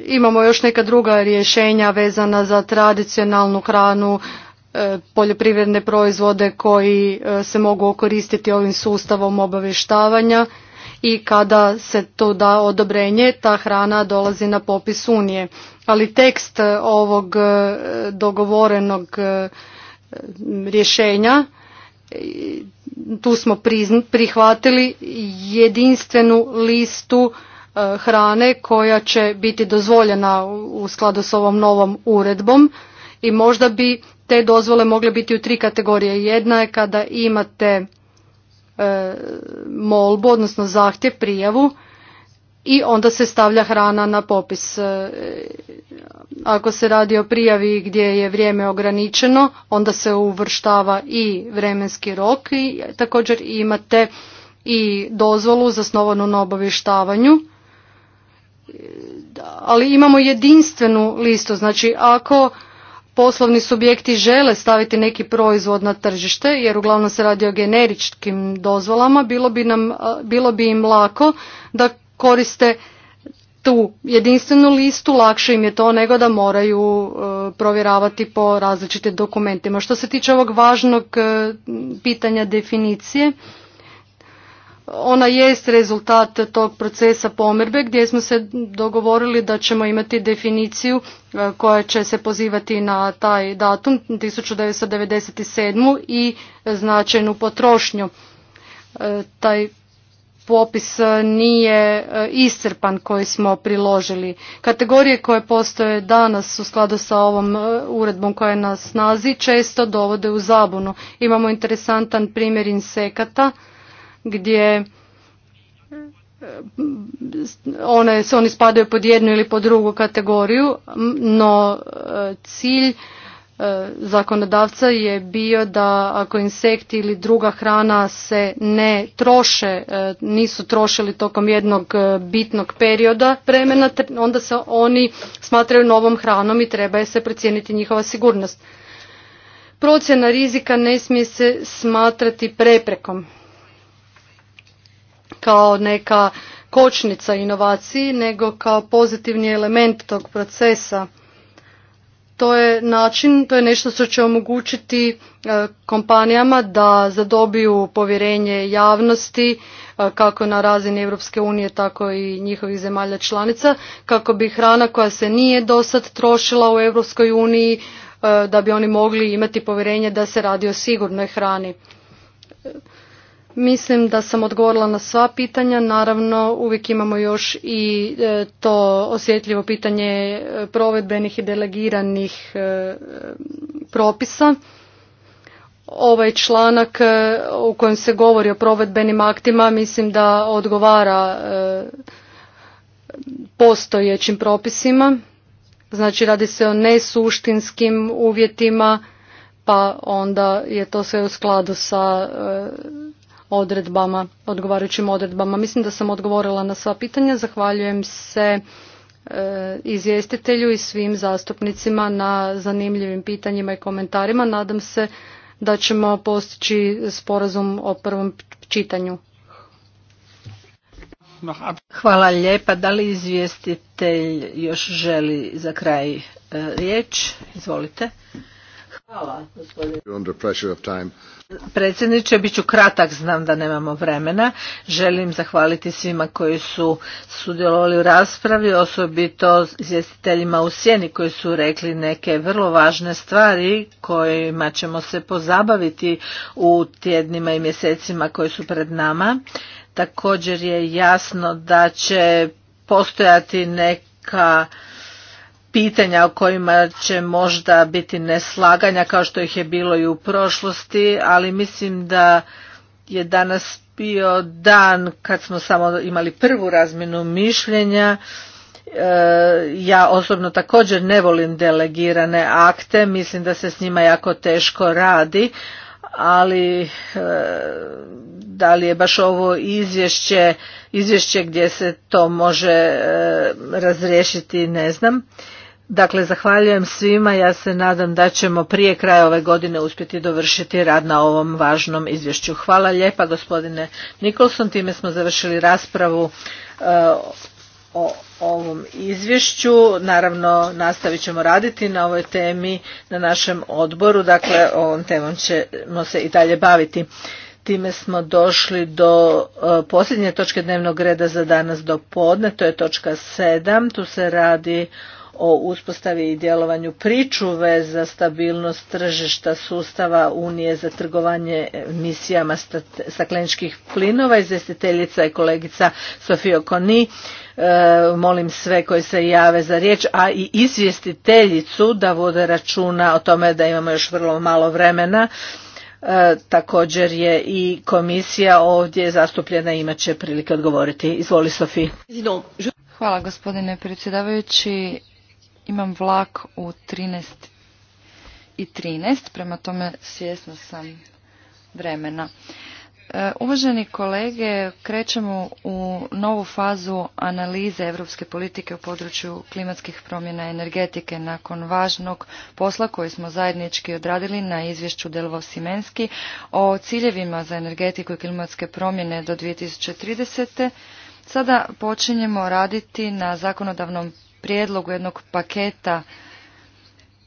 imamo još neka druga rješenja vezana za tradicionalnu hranu, e, poljoprivredne proizvode koji e, se mogu okoristiti ovim sustavom obavještavanja i kada se to da odobrenje, ta hrana dolazi na popis Unije. Ali tekst e, ovog dogovorenog rješenja tu smo prihvatili jedinstvenu listu E, hrane koja će biti dozvoljena u skladu s ovom novom uredbom i možda bi te dozvole mogle biti u tri kategorije. Jedna je kada imate e, molbu, odnosno zahtjev, prijavu i onda se stavlja hrana na popis. E, ako se radi o prijavi gdje je vrijeme ograničeno, onda se uvrštava i vremenski rok i također imate i dozvolu zasnovanu na obavještavanju ali imamo jedinstvenu listu. Znači ako poslovni subjekti žele staviti neki proizvod na tržište, jer uglavnom se radi o generičkim dozvolama, bilo bi, nam, bilo bi im lako da koriste tu jedinstvenu listu, lakše im je to nego da moraju e, provjeravati po različitim dokumentima. Što se tiče ovog važnog e, pitanja definicije, ona jest rezultat tog procesa pomerbe gdje smo se dogovorili da ćemo imati definiciju e, koja će se pozivati na taj datum 1997. i značajnu potrošnju. E, taj popis nije e, iscrpan koji smo priložili. Kategorije koje postoje danas u skladu sa ovom uredbom koja je na snazi često dovode u zabunu. Imamo interesantan primjer insekata gdje e, one, oni spadaju pod jednu ili pod drugu kategoriju, no e, cilj e, zakonodavca je bio da ako insekti ili druga hrana se ne troše, nisu trošili tokom jednog bitnog perioda vremena, onda se oni smatraju novom hranom i treba je se procijeniti njihova sigurnost. Procjena rizika ne smije se smatrati preprekom kao neka kočnica inovaciji, nego kao pozitivni element tog procesa. To je način, to je nešto što će omogućiti e, kompanijama da zadobiju povjerenje javnosti e, kako na razini Europske unije tako i njihovih zemalja članica kako bi hrana koja se nije dosad trošila u Europskoj uniji e, da bi oni mogli imati povjerenje da se radi o sigurnoj hrani. Mislim da sam odgovorila na sva pitanja. Naravno, uvijek imamo još i e, to osjetljivo pitanje e, provedbenih i delegiranih e, propisa. Ovaj članak u kojem se govori o provedbenim aktima mislim da odgovara postojećim propisima. Znači radi se o nesuštinskim uvjetima pa onda je to sve u skladu sa odredbama, odgovarajućim odredbama. Mislim da sam odgovorila na sva pitanja. Zahvaljujem se e, izvjestitelju i svim zastupnicima na zanimljivim pitanjima i komentarima. Nadam se da ćemo postići sporazum o prvom čitanju. Hvala lijepa. Da li izvjestitelj još želi za kraj e, riječ? Izvolite. Predsjedniče, bit ću kratak, znam da nemamo vremena. Želim zahvaliti svima koji su sudjelovali u raspravi, osobito izvjestiteljima u sjeni koji su rekli neke vrlo važne stvari kojima ćemo se pozabaviti u tjednima i mjesecima koji su pred nama. Također je jasno da će postojati neka pitanja o kojima će možda biti neslaganja kao što ih je bilo i u prošlosti, ali mislim da je danas bio dan kad smo samo imali prvu razminu mišljenja. E, ja osobno također ne volim delegirane akte, mislim da se s njima jako teško radi, ali e, da li je baš ovo izvješće, izvješće gdje se to može e, razriješiti ne znam. Dakle, zahvaljujem svima, ja se nadam da ćemo prije kraja ove godine uspjeti dovršiti rad na ovom važnom izvješću. Hvala lijepa gospodine Nikolson, time smo završili raspravu e, o ovom izvješću. Naravno, nastavit ćemo raditi na ovoj temi na našem odboru, dakle ovom temom ćemo se i dalje baviti. Time smo došli do e, posljednje točke dnevnog reda za danas do podne, to je točka sedam. tu se radi o uspostavi i djelovanju pričuve za stabilnost tržišta sustava Unije za trgovanje misijama stakleničkih plinova. Izvjestiteljica je kolegica Sofio Koni. E, molim sve koji se jave za riječ, a i izvjestiteljicu da vode računa o tome da imamo još vrlo malo vremena. E, također je i komisija ovdje zastupljena i imat će prilike odgovoriti. Izvoli Sofi. Hvala gospodine predsjedavajući imam vlak u 13 i 13, prema tome svjesna sam vremena. E, uvaženi kolege, krećemo u novu fazu analize europske politike u području klimatskih promjena i energetike nakon važnog posla koji smo zajednički odradili na izvješću Delvo Simenski o ciljevima za energetiku i klimatske promjene do 2030. Sada počinjemo raditi na zakonodavnom prijedlogu jednog paketa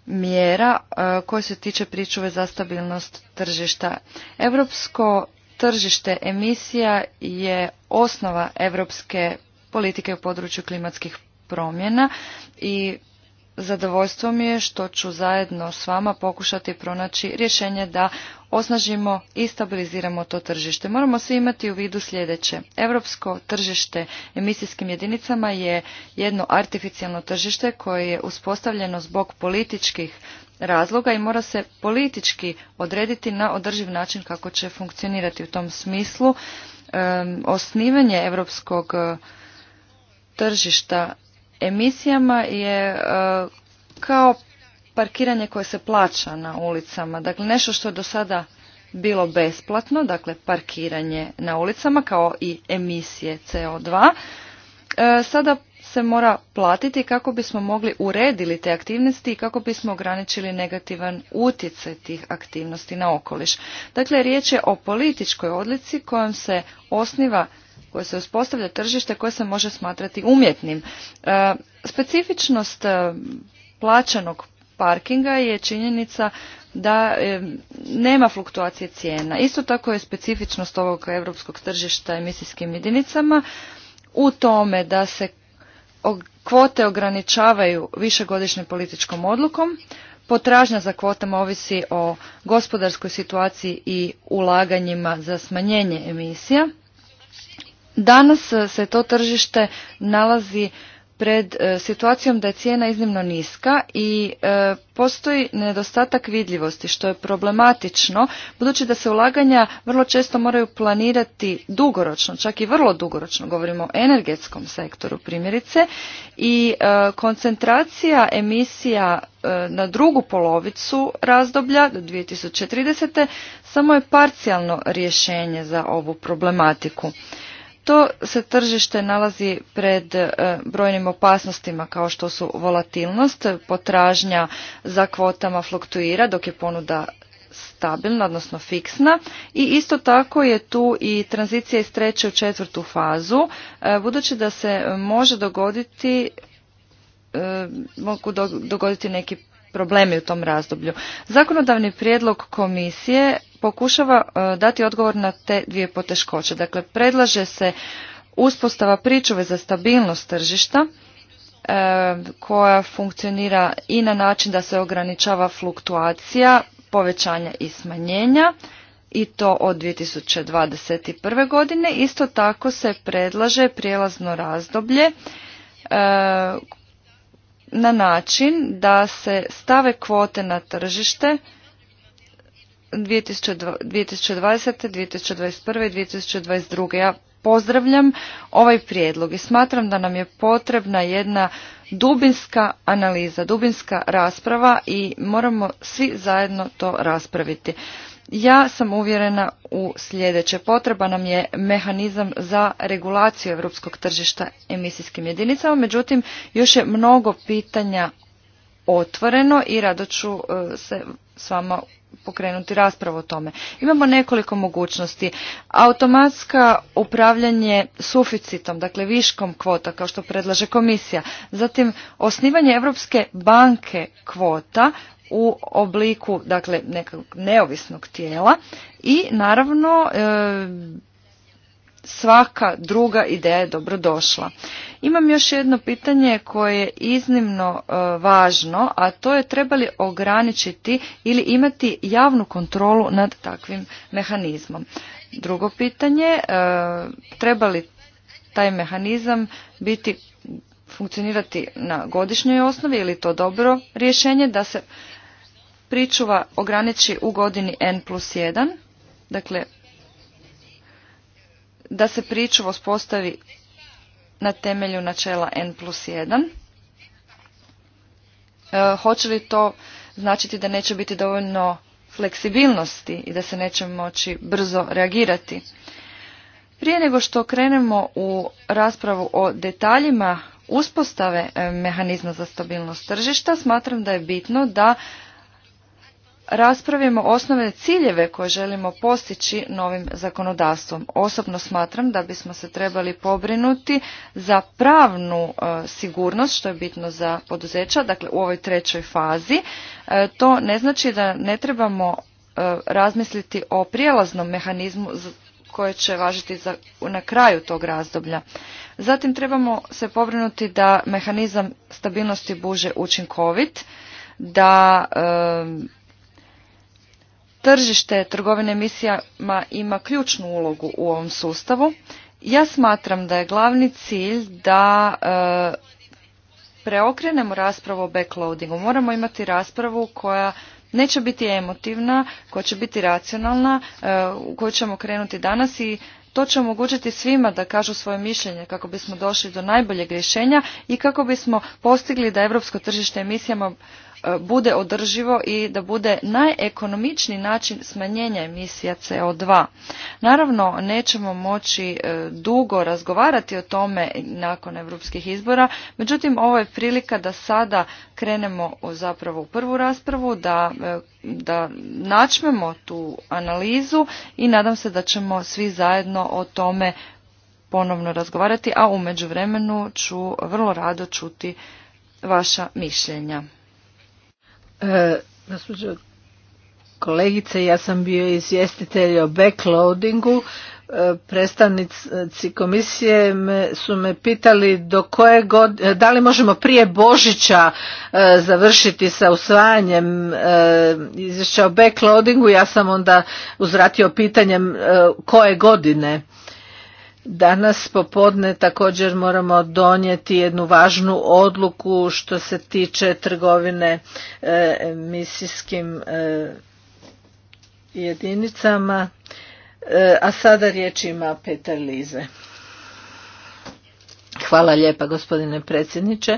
mjera e, koje se tiče pričuve za stabilnost tržišta. Europsko tržište emisija je osnova europske politike u području klimatskih promjena i zadovoljstvo mi je što ću zajedno s vama pokušati pronaći rješenje da osnažimo i stabiliziramo to tržište. Moramo svi imati u vidu sljedeće. Europsko tržište emisijskim jedinicama je jedno artificijalno tržište koje je uspostavljeno zbog političkih razloga i mora se politički odrediti na održiv način kako će funkcionirati u tom smislu. Osnivanje europskog e, tržišta emisijama je e, kao parkiranje koje se plaća na ulicama. Dakle, nešto što je do sada bilo besplatno, dakle parkiranje na ulicama kao i emisije CO2, e, sada se mora platiti kako bismo mogli uredili te aktivnosti i kako bismo ograničili negativan utjecaj tih aktivnosti na okoliš. Dakle, riječ je o političkoj odlici kojom se osniva koje se uspostavlja tržište koje se može smatrati umjetnim. E, specifičnost e, plaćanog parkinga je činjenica da e, nema fluktuacije cijena. Isto tako je specifičnost ovog europskog tržišta emisijskim jedinicama u tome da se kvote ograničavaju višegodišnjom političkom odlukom, potražnja za kvotama ovisi o gospodarskoj situaciji i ulaganjima za smanjenje emisija. Danas se to tržište nalazi pred e, situacijom da je cijena iznimno niska i e, postoji nedostatak vidljivosti što je problematično budući da se ulaganja vrlo često moraju planirati dugoročno, čak i vrlo dugoročno, govorimo o energetskom sektoru primjerice i e, koncentracija emisija na drugu polovicu razdoblja do 2030. samo je parcijalno rješenje za ovu problematiku. To se tržište nalazi pred e, brojnim opasnostima kao što su volatilnost, potražnja za kvotama fluktuira dok je ponuda stabilna, odnosno fiksna i isto tako je tu i tranzicija iz treće u četvrtu fazu, e, budući da se može dogoditi e, mogu dogoditi neki problemi u tom razdoblju. Zakonodavni prijedlog komisije pokušava e, dati odgovor na te dvije poteškoće. Dakle, predlaže se uspostava pričuve za stabilnost tržišta e, koja funkcionira i na način da se ograničava fluktuacija, povećanja i smanjenja i to od 2021. godine. Isto tako se predlaže prijelazno razdoblje e, na način da se stave kvote na tržište 2020., 2021. i 2022. Ja pozdravljam ovaj prijedlog i smatram da nam je potrebna jedna dubinska analiza, dubinska rasprava i moramo svi zajedno to raspraviti. Ja sam uvjerena u sljedeće. Potreba nam je mehanizam za regulaciju europskog tržišta emisijskim jedinicama, međutim još je mnogo pitanja otvoreno i rado ću e, se s vama pokrenuti raspravu o tome. Imamo nekoliko mogućnosti. Automatska upravljanje suficitom, dakle viškom kvota kao što predlaže komisija. Zatim osnivanje Europske banke kvota u obliku dakle nekog neovisnog tijela i naravno e, svaka druga ideja je dobrodošla. Imam još jedno pitanje koje je iznimno e, važno, a to je treba li ograničiti ili imati javnu kontrolu nad takvim mehanizmom. Drugo pitanje, e, treba li taj mehanizam biti funkcionirati na godišnjoj osnovi ili to dobro rješenje da se pričuva ograniči u godini N plus 1, dakle da se pričuvo spostavi na temelju načela N plus 1. E, hoće li to značiti da neće biti dovoljno fleksibilnosti i da se neće moći brzo reagirati? Prije nego što krenemo u raspravu o detaljima uspostave e, mehanizma za stabilnost tržišta, smatram da je bitno da raspravimo osnovne ciljeve koje želimo postići novim zakonodavstvom. Osobno smatram da bismo se trebali pobrinuti za pravnu e, sigurnost, što je bitno za poduzeća, dakle u ovoj trećoj fazi. E, to ne znači da ne trebamo e, razmisliti o prijelaznom mehanizmu koje će važiti na kraju tog razdoblja. Zatim trebamo se pobrinuti da mehanizam stabilnosti buže učinkovit, da Tržište trgovine emisijama ima ključnu ulogu u ovom sustavu. Ja smatram da je glavni cilj da e, preokrenemo raspravu o backloadingu. Moramo imati raspravu koja neće biti emotivna, koja će biti racionalna, e, u koju ćemo krenuti danas i to će omogućiti svima da kažu svoje mišljenje kako bismo došli do najboljeg rješenja i kako bismo postigli da europsko tržište emisijama E, bude održivo i da bude najekonomičniji način smanjenja emisija CO2. Naravno, nećemo moći e, dugo razgovarati o tome nakon europskih izbora, međutim ovo je prilika da sada krenemo zapravo u prvu raspravu, da, e, da načmemo tu analizu i nadam se da ćemo svi zajedno o tome ponovno razgovarati, a u međuvremenu ću vrlo rado čuti vaša mišljenja. E, gospođo kolegice, ja sam bio izvjestitelj o backloadingu. E, predstavnici komisije su me pitali do koje e, da li možemo prije Božića završiti sa usvajanjem izvješća o backloadingu. Ja sam onda uzratio pitanjem koje godine Danas popodne također moramo donijeti jednu važnu odluku što se tiče trgovine e, misijskim e, jedinicama. E, a sada riječ ima Peter Lize. Hvala lijepa gospodine predsjedniče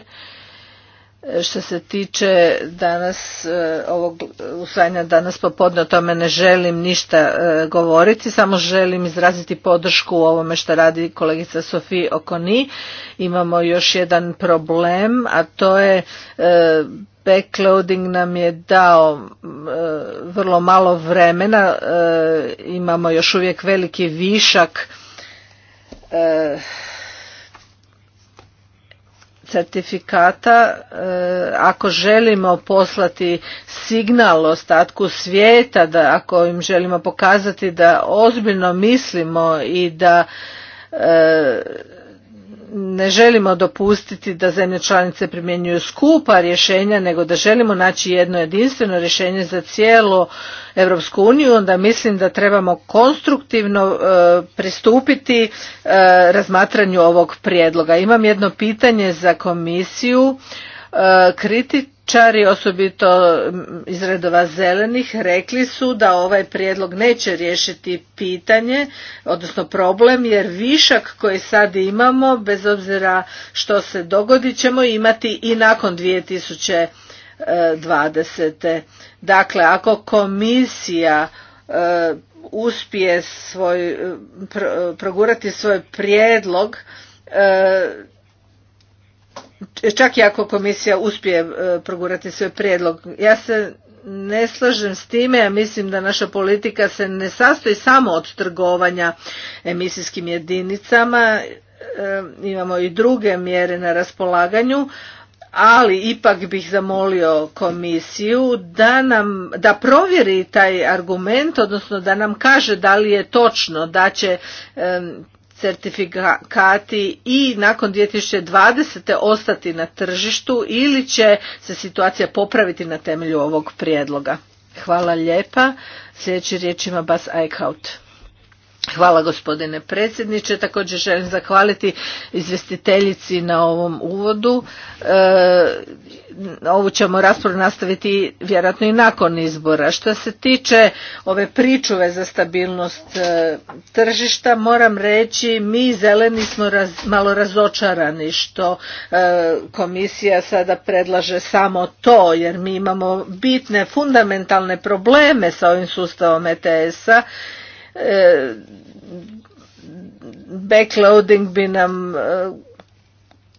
što se tiče danas e, ovog usvajanja danas popodne o tome ne želim ništa e, govoriti, samo želim izraziti podršku ovome što radi kolegica Sofie Okoni. Imamo još jedan problem, a to je e, backloading nam je dao vrlo malo vremena, imamo još uvijek veliki višak certifikata e, ako želimo poslati signal ostatku svijeta da ako im želimo pokazati da ozbiljno mislimo i da e, ne želimo dopustiti da zemlje članice primjenjuju skupa rješenja, nego da želimo naći jedno jedinstveno rješenje za cijelu Europsku uniju, onda mislim da trebamo konstruktivno e, pristupiti e, razmatranju ovog prijedloga. Imam jedno pitanje za komisiju. E, Čari, osobito iz redova zelenih, rekli su da ovaj prijedlog neće riješiti pitanje, odnosno problem, jer višak koji sad imamo, bez obzira što se dogodi, ćemo imati i nakon 2020. Dakle, ako komisija e, uspije svoj, progurati svoj prijedlog, e, čak i ako komisija uspije e, progurati svoj prijedlog. Ja se ne slažem s time, ja mislim da naša politika se ne sastoji samo od trgovanja emisijskim jedinicama, e, imamo i druge mjere na raspolaganju, ali ipak bih zamolio komisiju da nam da provjeri taj argument odnosno da nam kaže da li je točno da će certifikati i nakon 2020. ostati na tržištu ili će se situacija popraviti na temelju ovog prijedloga. Hvala lijepa. Sljedeći riječ ima Bas Eichhout. Hvala gospodine predsjedniče. Također želim zahvaliti izvjestiteljici na ovom uvodu. E, ovu ćemo raspravu nastaviti vjerojatno i nakon izbora. Što se tiče ove pričuve za stabilnost e, tržišta, moram reći mi zeleni smo malo razočarani što e, komisija sada predlaže samo to, jer mi imamo bitne fundamentalne probleme sa ovim sustavom ETS-a E, backloading bi nam e,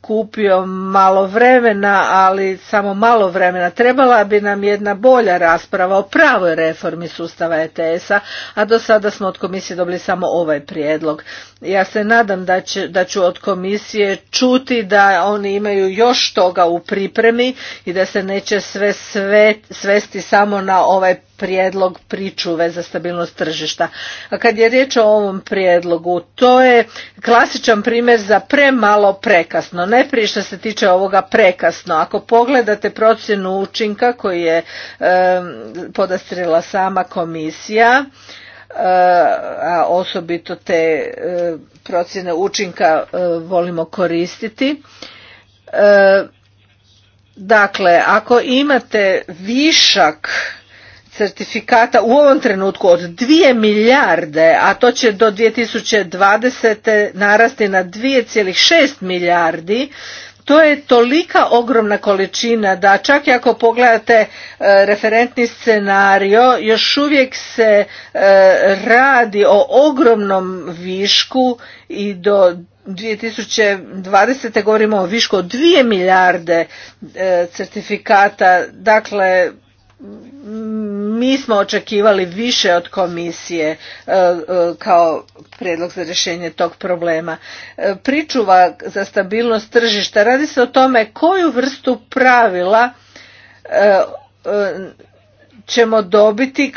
kupio malo vremena, ali samo malo vremena. Trebala bi nam jedna bolja rasprava o pravoj reformi sustava ETS-a, a do sada smo od komisije dobili samo ovaj prijedlog. Ja se nadam da, će, da ću od komisije čuti da oni imaju još toga u pripremi i da se neće sve, sve svesti samo na ovaj prijedlog pričuve za stabilnost tržišta. A kad je riječ o ovom prijedlogu, to je klasičan primjer za premalo prekasno. Najprije što se tiče ovoga prekasno. Ako pogledate procjenu učinka koji je podastrila sama komisija, e, a osobito te e, procjene učinka e, volimo koristiti. Dakle, ako imate višak certifikata u ovom trenutku od 2 milijarde, a to će do 2020. narasti na 2,6 milijardi, to je tolika ogromna količina da čak i ako pogledate e, referentni scenario, još uvijek se e, radi o ogromnom višku i do 2020. govorimo o višku od 2 milijarde e, certifikata, dakle mi smo očekivali više od komisije e, e, kao predlog za rješenje tog problema. E, pričuva za stabilnost tržišta radi se o tome koju vrstu pravila ćemo dobiti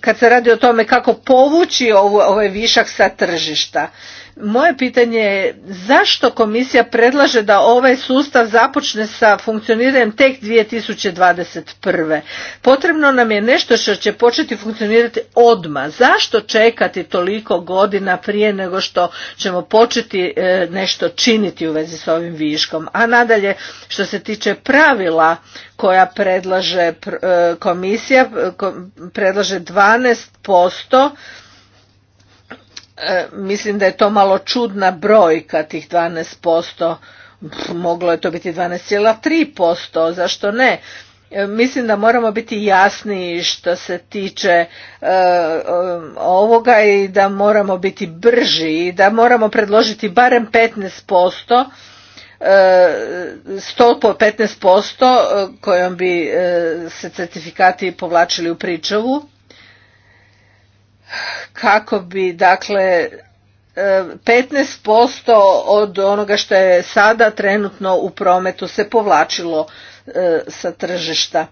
kad se radi o tome kako povući ovaj višak sa tržišta. Moje pitanje je zašto komisija predlaže da ovaj sustav započne sa funkcioniranjem tek 2021. Potrebno nam je nešto što će početi funkcionirati odma. Zašto čekati toliko godina prije nego što ćemo početi e, nešto činiti u vezi s ovim viškom? A nadalje što se tiče pravila koja predlaže e, komisija, e, predlaže 12% E, mislim da je to malo čudna brojka tih 12%, Pff, moglo je to biti 12,3%, zašto ne? E, mislim da moramo biti jasniji što se tiče e, ovoga i da moramo biti brži i da moramo predložiti barem 15%, e, stopu 15% kojom bi se certifikati povlačili u pričavu kako bi dakle 15% od onoga što je sada trenutno u prometu se povlačilo e, sa tržišta.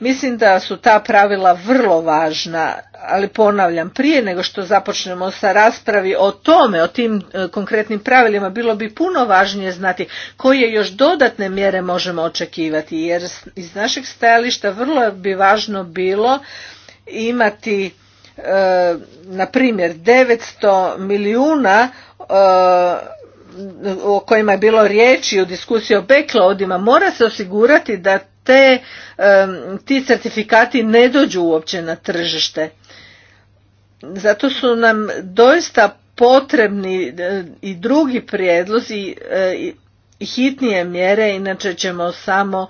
Mislim da su ta pravila vrlo važna, ali ponavljam, prije nego što započnemo sa raspravi o tome, o tim e, konkretnim pravilima, bilo bi puno važnije znati koje još dodatne mjere možemo očekivati, jer iz našeg stajališta vrlo bi važno bilo imati na primjer 900 milijuna e, o kojima je bilo riječi u diskusiji o backloadima mora se osigurati da te, e, ti certifikati ne dođu uopće na tržište. Zato su nam doista potrebni e, i drugi prijedlozi i hitnije mjere, inače ćemo samo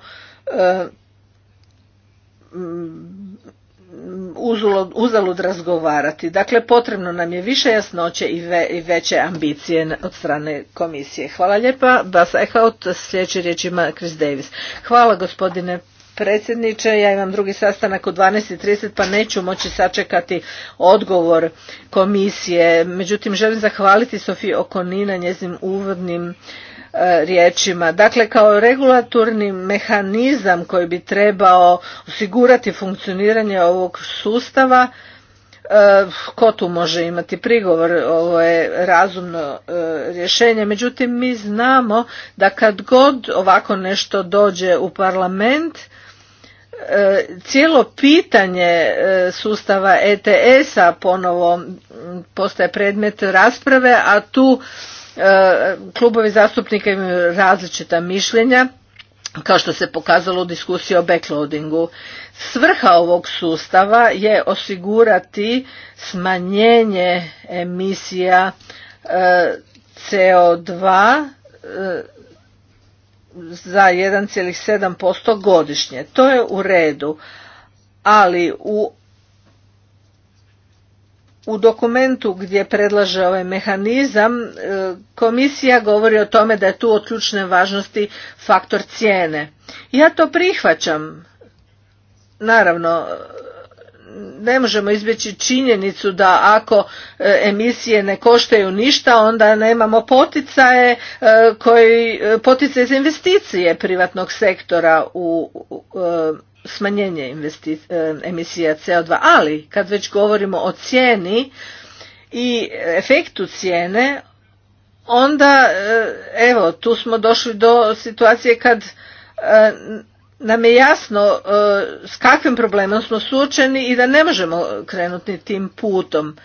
uzalud razgovarati. Dakle, potrebno nam je više jasnoće i, veće ambicije od strane komisije. Hvala lijepa. Bas Eichhout, sljedeći riječ ima Chris Davis. Hvala gospodine predsjedniče, ja imam drugi sastanak u 12.30 pa neću moći sačekati odgovor komisije. Međutim, želim zahvaliti Sofiju Okonina nina njezim uvodnim riječima. Dakle, kao regulatorni mehanizam koji bi trebao osigurati funkcioniranje ovog sustava, e, ko tu može imati prigovor, ovo je razumno e, rješenje. Međutim, mi znamo da kad god ovako nešto dođe u parlament, e, cijelo pitanje sustava ETS-a ponovo postaje predmet rasprave, a tu klubovi zastupnika imaju različita mišljenja kao što se pokazalo u diskusiji o backloadingu. Svrha ovog sustava je osigurati smanjenje emisija e, CO2 e, za 1,7% godišnje. To je u redu, ali u u dokumentu gdje predlaže ovaj mehanizam e, komisija govori o tome da je tu od ključne važnosti faktor cijene. Ja to prihvaćam. Naravno, ne možemo izbjeći činjenicu da ako e, emisije ne koštaju ništa onda nemamo poticaje e, koji poticaje za investicije privatnog sektora u smanjenje eh, emisija CO2, ali kad već govorimo o cijeni i efektu cijene, onda eh, evo tu smo došli do situacije kad eh, nam je jasno s kakvim problemom smo suočeni i da ne možemo krenuti tim putom.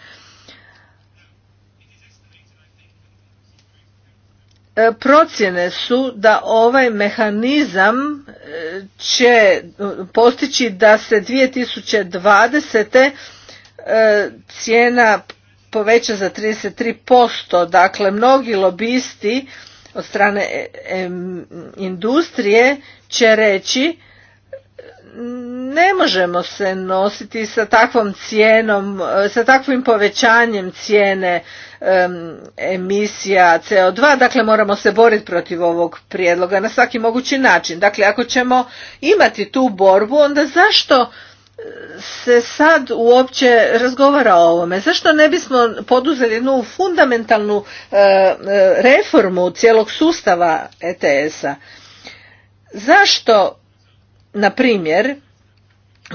E, procjene su da ovaj mehanizam e, će e, postići da se 2020. cijena poveća za 33%. Dakle, mnogi lobisti od strane industrije će reći ne možemo se nositi sa takvom cijenom, e, sa takvim povećanjem cijene emisija CO2, dakle moramo se boriti protiv ovog prijedloga na svaki mogući način. Dakle, ako ćemo imati tu borbu, onda zašto e, se sad uopće razgovara o ovome? Zašto ne bismo poduzeli jednu fundamentalnu e, reformu cijelog sustava ETS-a? Zašto na primjer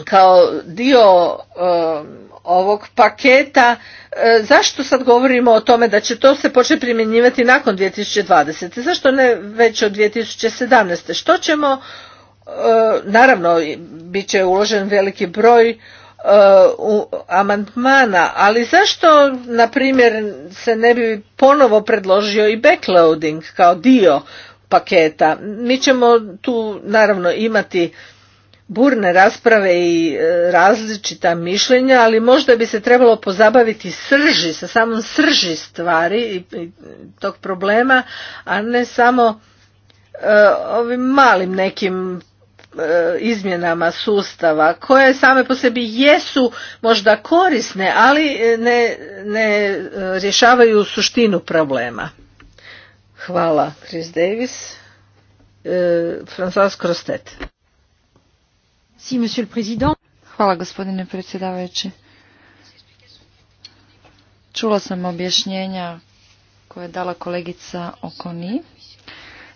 kao dio um, ovog paketa uh, zašto sad govorimo o tome da će to se početi primjenjivati nakon 2020. zašto ne već od 2017. što ćemo uh, naravno bit će uložen veliki broj uh, u amandmana ali zašto na primjer se ne bi ponovo predložio i backloading kao dio paketa. Mi ćemo tu naravno imati burne rasprave i e, različita mišljenja, ali možda bi se trebalo pozabaviti srži, sa samom srži stvari i tog problema, a ne samo e, ovim malim nekim e, izmjenama sustava koje same po sebi jesu možda korisne, ali ne, ne rješavaju suštinu problema. Hvala, Chris Davis. E, François Si, monsieur le président. Hvala, gospodine predsjedavajući. Čula sam objašnjenja koje je dala kolegica Okoni.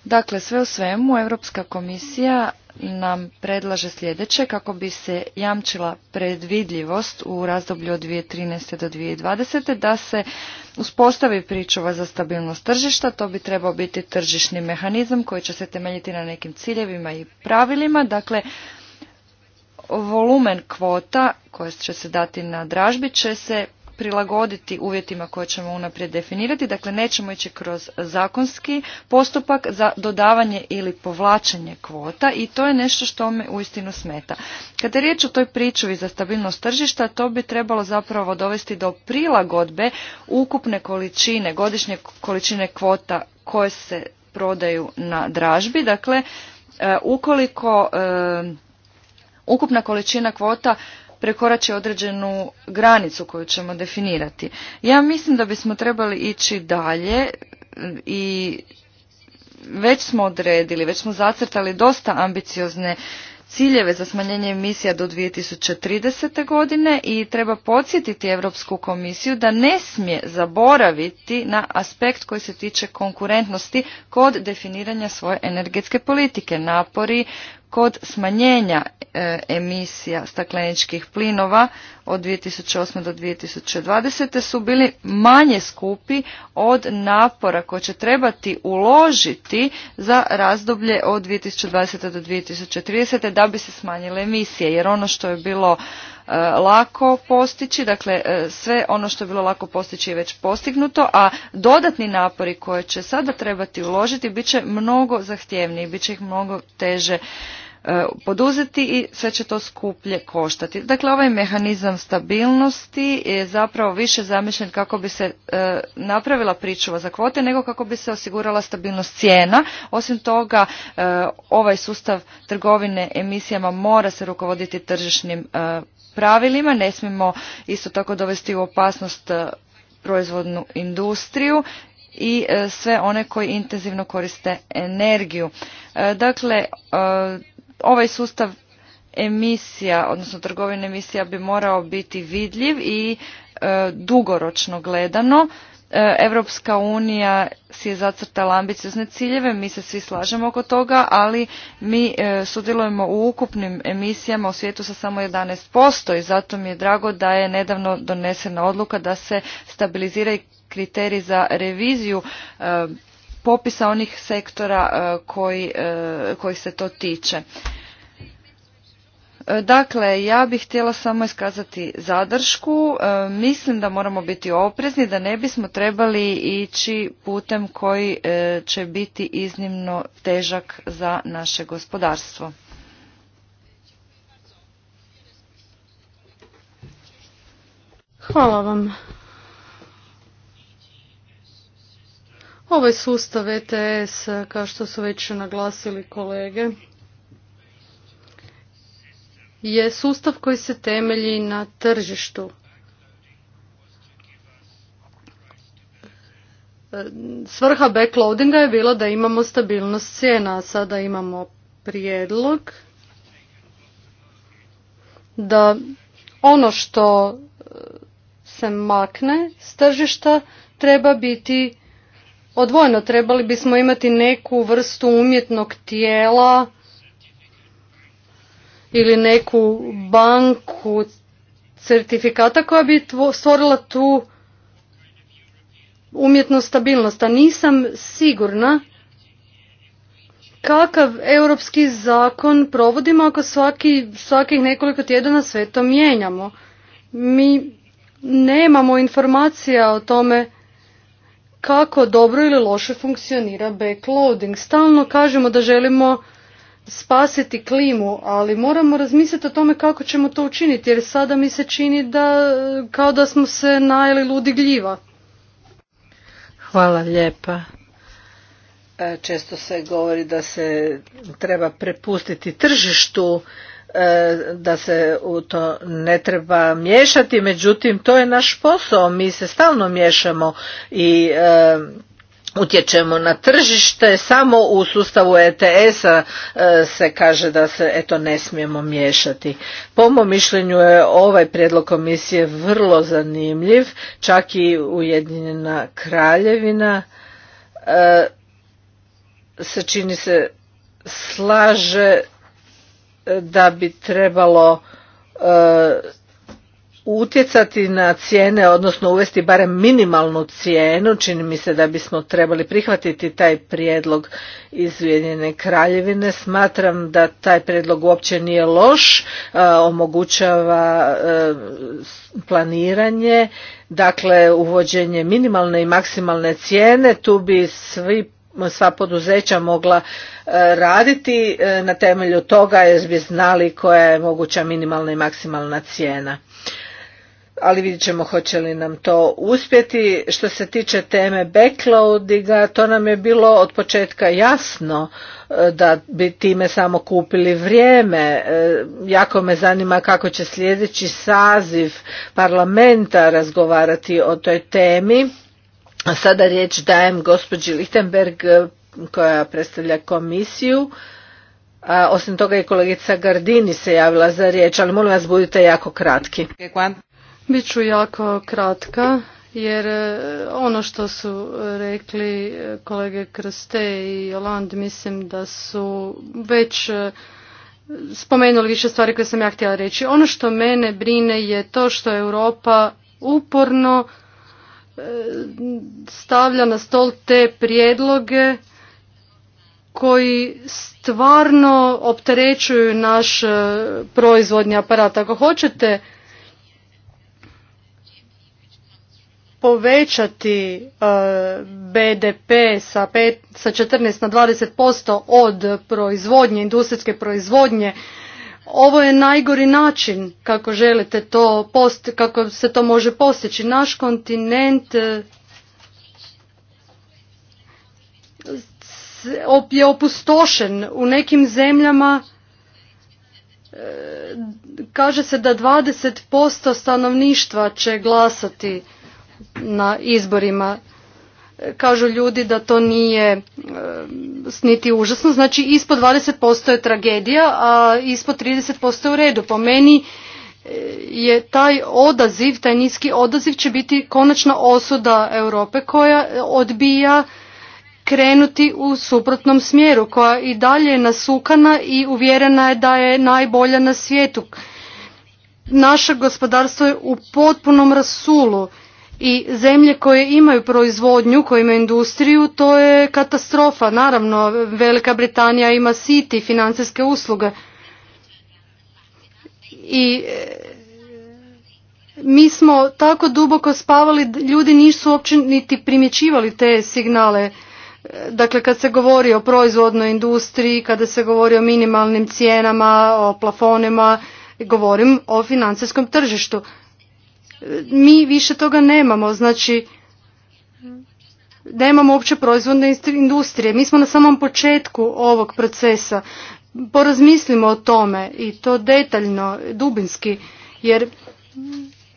Dakle, sve u svemu, Europska komisija nam predlaže sljedeće kako bi se jamčila predvidljivost u razdoblju od 2013. do 2020. da se uspostavi pričuva za stabilnost tržišta. To bi trebao biti tržišni mehanizam koji će se temeljiti na nekim ciljevima i pravilima. Dakle, volumen kvota koje će se dati na dražbi će se prilagoditi uvjetima koje ćemo unaprijed definirati. Dakle, nećemo ići kroz zakonski postupak za dodavanje ili povlačenje kvota i to je nešto što me uistinu smeta. Kada je riječ o toj pričuvi za stabilnost tržišta, to bi trebalo zapravo dovesti do prilagodbe ukupne količine, godišnje količine kvota koje se prodaju na dražbi. Dakle, e, ukoliko e, ukupna količina kvota prekorači određenu granicu koju ćemo definirati. Ja mislim da bismo trebali ići dalje i već smo odredili, već smo zacrtali dosta ambiciozne ciljeve za smanjenje emisija do 2030. godine i treba podsjetiti Europsku komisiju da ne smije zaboraviti na aspekt koji se tiče konkurentnosti kod definiranja svoje energetske politike. Napori kod smanjenja e, emisija stakleničkih plinova od 2008. do 2020. su bili manje skupi od napora koje će trebati uložiti za razdoblje od 2020. do 2030. da bi se smanjile emisije. Jer ono što je bilo e, lako postići, dakle e, sve ono što je bilo lako postići je već postignuto, a dodatni napori koje će sada trebati uložiti bit će mnogo zahtjevniji, bit će ih mnogo teže E, poduzeti i sve će to skuplje koštati. Dakle, ovaj mehanizam stabilnosti je zapravo više zamišljen kako bi se e, napravila pričuva za kvote nego kako bi se osigurala stabilnost cijena. Osim toga, e, ovaj sustav trgovine emisijama mora se rukovoditi tržišnim pravilima. Ne smijemo isto tako dovesti u opasnost proizvodnu industriju i sve one koji intenzivno koriste energiju. Dakle, ovaj sustav emisija, odnosno trgovine emisija bi morao biti vidljiv i e, dugoročno gledano. E, Evropska unija si je zacrtala ambiciozne ciljeve, mi se svi slažemo oko toga, ali mi e, sudjelujemo u ukupnim emisijama u svijetu sa samo 11% i zato mi je drago da je nedavno donesena odluka da se stabilizira i kriterij za reviziju e, popisa onih sektora e, koji, e, koji se to tiče. E, dakle, ja bih htjela samo iskazati zadršku. Mislim da moramo biti oprezni, da ne bismo trebali ići putem koji će biti iznimno težak za naše gospodarstvo. Hvala vam Ovaj sustav ETS, kao što su već naglasili kolege, je sustav koji se temelji na tržištu. Svrha backloadinga je bila da imamo stabilnost cijena, a sada imamo prijedlog da ono što se makne s tržišta treba biti odvojno trebali bismo imati neku vrstu umjetnog tijela ili neku banku certifikata koja bi stvorila tu umjetnu stabilnost, a nisam sigurna kakav europski zakon provodimo ako svakih nekoliko tjedana sve to mijenjamo. Mi nemamo informacija o tome kako dobro ili loše funkcionira backloading. Stalno kažemo da želimo spasiti klimu, ali moramo razmisliti o tome kako ćemo to učiniti, jer sada mi se čini da kao da smo se najeli ludi gljiva. Hvala lijepa. E, često se govori da se treba prepustiti tržištu E, da se u to ne treba miješati, međutim to je naš posao, mi se stalno miješamo i e, utječemo na tržište, samo u sustavu ETS-a e, se kaže da se eto ne smijemo miješati. Po mom mišljenju je ovaj prijedlog komisije vrlo zanimljiv, čak i Ujedinjena kraljevina se čini se slaže da bi trebalo e, utjecati na cijene, odnosno uvesti barem minimalnu cijenu. Čini mi se da bismo trebali prihvatiti taj prijedlog iz Ujedinjene kraljevine. Smatram da taj prijedlog uopće nije loš, e, omogućava e, planiranje, dakle uvođenje minimalne i maksimalne cijene. Tu bi svi sva poduzeća mogla e, raditi. E, na temelju toga jer bi znali koja je moguća minimalna i maksimalna cijena. Ali vidjet ćemo hoće li nam to uspjeti. Što se tiče teme backloadinga, to nam je bilo od početka jasno e, da bi time samo kupili vrijeme. Jako me zanima kako će sljedeći saziv parlamenta razgovarati o toj temi a sada riječ dajem gospođi Lichtenberg eh, koja predstavlja komisiju. A, osim toga i kolegica Gardini se javila za riječ, ali molim vas budite jako kratki. Biću jako kratka jer eh, ono što su rekli eh, kolege Krste i Oland mislim da su već spomenuli više stvari koje sam ja htjela reći. Ono što mene brine je to što Europa uporno stavlja na stol te prijedloge koji stvarno opterećuju naš e, proizvodni aparat. Ako hoćete povećati e, BDP sa 14 na 20% od proizvodnje, industrijske proizvodnje ovo je najgori način kako želite to post kako se to može postići. Naš kontinent e, je opustošen. U nekim zemljama e, kaže se da 20% stanovništva će glasati na izborima kažu ljudi da to nije e, niti užasno. Znači ispod 20% je tragedija, a ispod 30% je u redu. Po meni e, je taj odaziv, taj niski odaziv će biti konačna osuda Europe koja odbija krenuti u suprotnom smjeru, koja i dalje je nasukana i uvjerena je da je najbolja na svijetu. Naše gospodarstvo je u potpunom rasulu i zemlje koje imaju proizvodnju, koje imaju industriju, to je katastrofa. Naravno, Velika Britanija ima siti, financijske usluge. I e, mi smo tako duboko spavali, ljudi nisu uopće niti primjećivali te signale. E, dakle, kad se govori o proizvodnoj industriji, kada se govori o minimalnim cijenama, o plafonima, govorim o financijskom tržištu mi više toga nemamo. Znači, nemamo uopće proizvodne industrije. Mi smo na samom početku ovog procesa. Porazmislimo o tome i to detaljno, dubinski, jer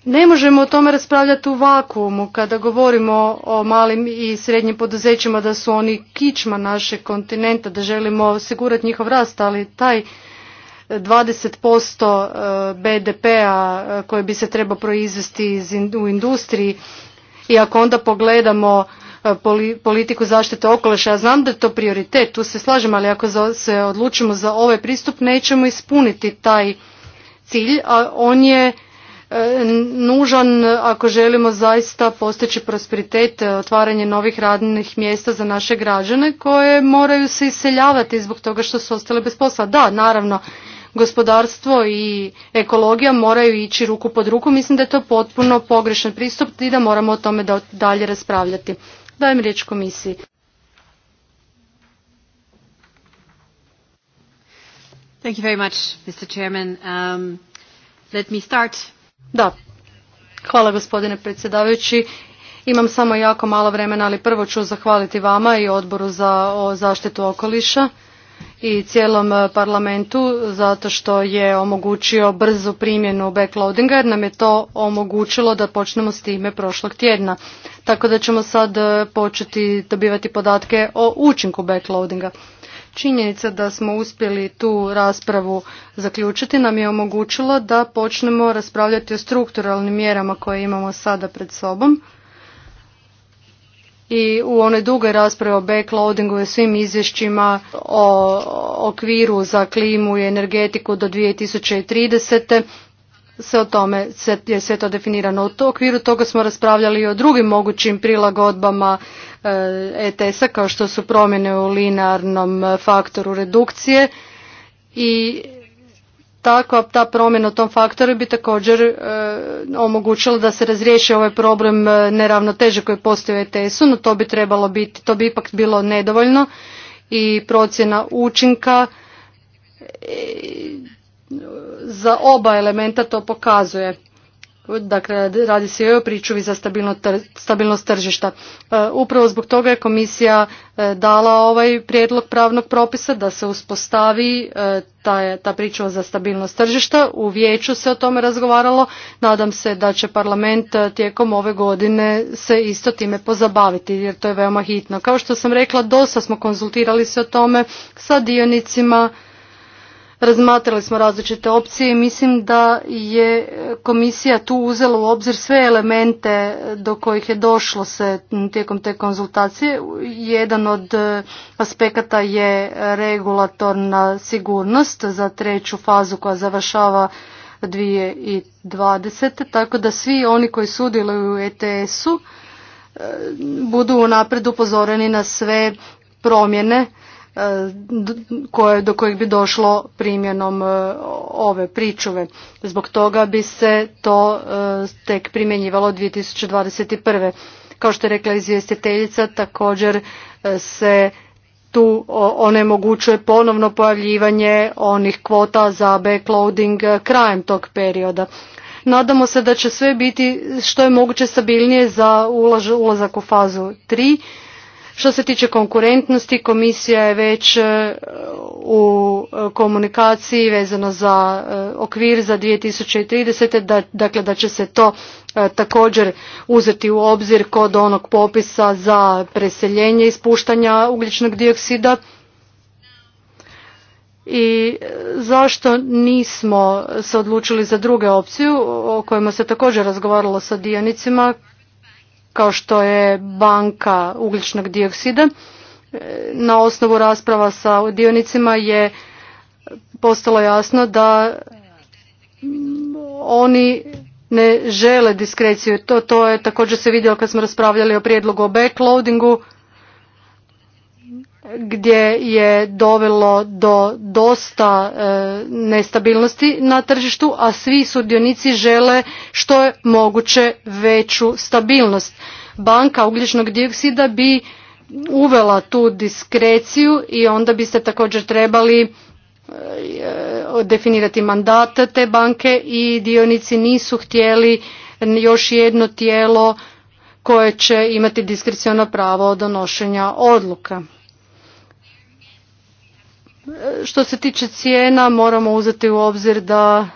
ne možemo o tome raspravljati u vakuumu kada govorimo o malim i srednjim poduzećima da su oni kičma našeg kontinenta, da želimo osigurati njihov rast, ali taj 20% eh, BDP-a eh, koje bi se trebao proizvesti u industriji i ako onda pogledamo eh, politiku zaštite okoliša, ja znam da je to prioritet, tu se slažem, ali ako se odlučimo za ovaj pristup nećemo ispuniti taj cilj, a on je nužan ako želimo zaista postići prosperitet, otvaranje novih radnih mjesta za naše građane koje moraju se iseljavati zbog toga što su ostale bez posla. Da, naravno, gospodarstvo i ekologija moraju ići ruku pod ruku. Mislim da je to potpuno pogrešan pristup i da moramo o tome da dalje raspravljati. Dajem riječ komisiji. Thank you very much, Mr. Chairman. Um, let me start. Da, hvala gospodine predsjedavajući. Imam samo jako malo vremena, ali prvo ću zahvaliti vama i odboru za zaštitu okoliša i cijelom e, parlamentu zato što je omogućio brzu primjenu backloadinga jer nam je to omogućilo da počnemo s time prošlog tjedna. Tako da ćemo sad e, početi dobivati podatke o učinku backloadinga. Činjenica da smo uspjeli tu raspravu zaključiti nam je omogućilo da počnemo raspravljati o strukturalnim mjerama koje imamo sada pred sobom i u onoj dugoj raspravi o backloadingu i svim izvješćima o okviru za klimu i energetiku do 2030 se o tome je sve to definirano. U okviru toga smo raspravljali i o drugim mogućim prilagodbama ETS-a eh, e kao što su promjene u linearnom eh, faktoru redukcije i Takva ta promjena u tom faktoru bi također e, omogućila da se razriješi ovaj problem e, neravnoteže koji postoji u ETS-u, no to bi trebalo biti, to bi ipak bilo nedovoljno i procjena učinka e, za oba elementa to pokazuje. Dakle, radi se o pričuvi za stabilnost tržišta. E, upravo zbog toga je komisija e, dala ovaj prijedlog pravnog propisa da se uspostavi e, ta, ta pričuva za stabilnost tržišta. U vijeću se o tome razgovaralo. Nadam se da će parlament tijekom ove godine se isto time pozabaviti jer to je veoma hitno. Kao što sam rekla, dosta smo konzultirali se o tome sa dionicima, Razmatrali smo različite opcije i mislim da je komisija tu uzela u obzir sve elemente do kojih je došlo se tijekom te konzultacije. Jedan od aspekata je regulatorna sigurnost za treću fazu koja završava 2020. Tako da svi oni koji sudjeluju u ETS-u e, budu unaprijed upozoreni na sve promjene do kojih bi došlo primjenom e, ove pričuve. Zbog toga bi se to e, tek primjenjivalo 2021. Kao što je rekla izvjestiteljica, također e, se tu onemogućuje ponovno pojavljivanje onih kvota za backloading krajem tog perioda. Nadamo se da će sve biti što je moguće stabilnije za ulazak u fazu 3 što se tiče konkurentnosti, komisija je već e, u e, komunikaciji vezano za e, okvir za 2030. Da, dakle da će se to također uzeti u obzir kod onog popisa za preseljenje ispuštanja ugljičnog dioksida. I zašto nismo se odlučili za druge opciju o kojima se također razgovaralo sa dionicima kao što je banka ugljičnog dioksida. E, na osnovu rasprava sa dionicima je postalo jasno da oni ne žele diskreciju. To, to je također se vidjelo kad smo raspravljali o prijedlogu o backloadingu gdje je dovelo do dosta e, nestabilnosti na tržištu, a svi sudionici žele što je moguće veću stabilnost. Banka ugljičnog dioksida bi uvela tu diskreciju i onda biste također trebali e, definirati mandat te banke i dionici nisu htjeli još jedno tijelo koje će imati diskreciono pravo donošenja odluka. Što se tiče cijena, moramo uzeti u obzir da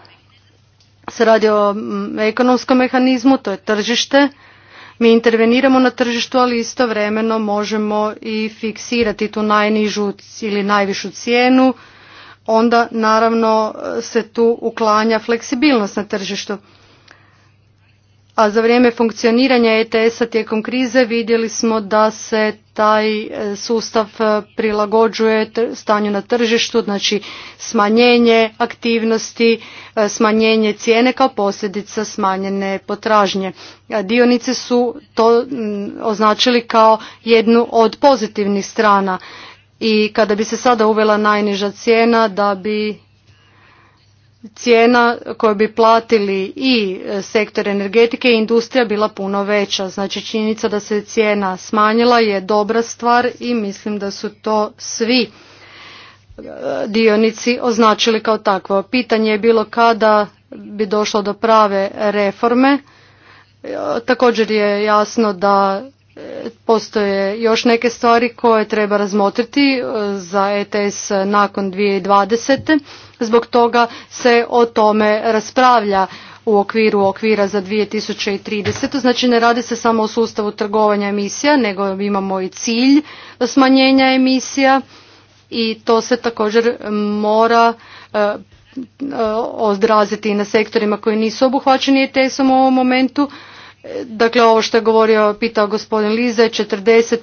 se radi o ekonomskom mehanizmu, to je tržište. Mi interveniramo na tržištu, ali istovremeno možemo i fiksirati tu najnižu ili najvišu cijenu. Onda naravno se tu uklanja fleksibilnost na tržištu a za vrijeme funkcioniranja ETS-a tijekom krize vidjeli smo da se taj e, sustav e, prilagođuje stanju na tržištu, znači smanjenje aktivnosti, e, smanjenje cijene kao posljedica smanjene potražnje. Dionice su to označili kao jednu od pozitivnih strana i kada bi se sada uvela najniža cijena da bi cijena koju bi platili i e, sektor energetike i industrija bila puno veća. Znači činjenica da se cijena smanjila je dobra stvar i mislim da su to svi e, dionici označili kao takvo. Pitanje je bilo kada bi došlo do prave reforme. E, također je jasno da postoje još neke stvari koje treba razmotriti za ETS nakon 2020 Zbog toga se o tome raspravlja u okviru okvira za 2030. Znači ne radi se samo o sustavu trgovanja emisija, nego imamo i cilj smanjenja emisija i to se također e, mora e, e, odraziti na sektorima koji nisu obuhvaćeni ETS-om u ovom momentu. Dakle, ovo što je govorio, pitao gospodin Lize, 40%,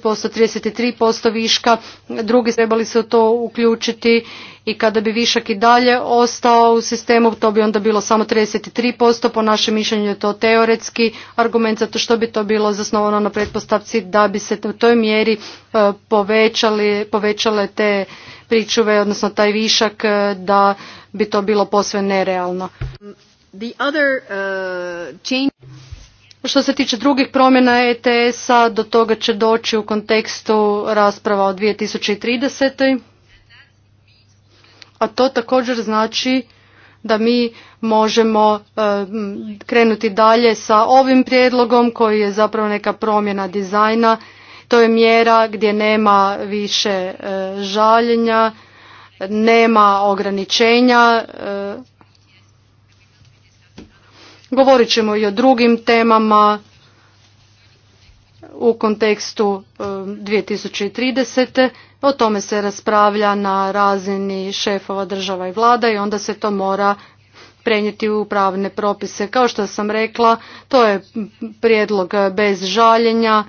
33% viška, drugi trebali se u to uključiti i kada bi višak i dalje ostao u sistemu, to bi onda bilo samo 33%, po našem mišljenju je to teoretski argument, zato što bi to bilo zasnovano na pretpostavci da bi se u toj mjeri e, povećali, povećale te pričuve, odnosno taj višak, e, da bi to bilo posve nerealno. The other, e, change... Što se tiče drugih promjena ETS-a, do toga će doći u kontekstu rasprava o 2030 a to također znači da mi možemo e, krenuti dalje sa ovim prijedlogom koji je zapravo neka promjena dizajna. To je mjera gdje nema više e, žaljenja, nema ograničenja. E. Govorit ćemo i o drugim temama u kontekstu 2030. O tome se raspravlja na razini šefova država i vlada i onda se to mora prenijeti u pravne propise. Kao što sam rekla, to je prijedlog bez žaljenja.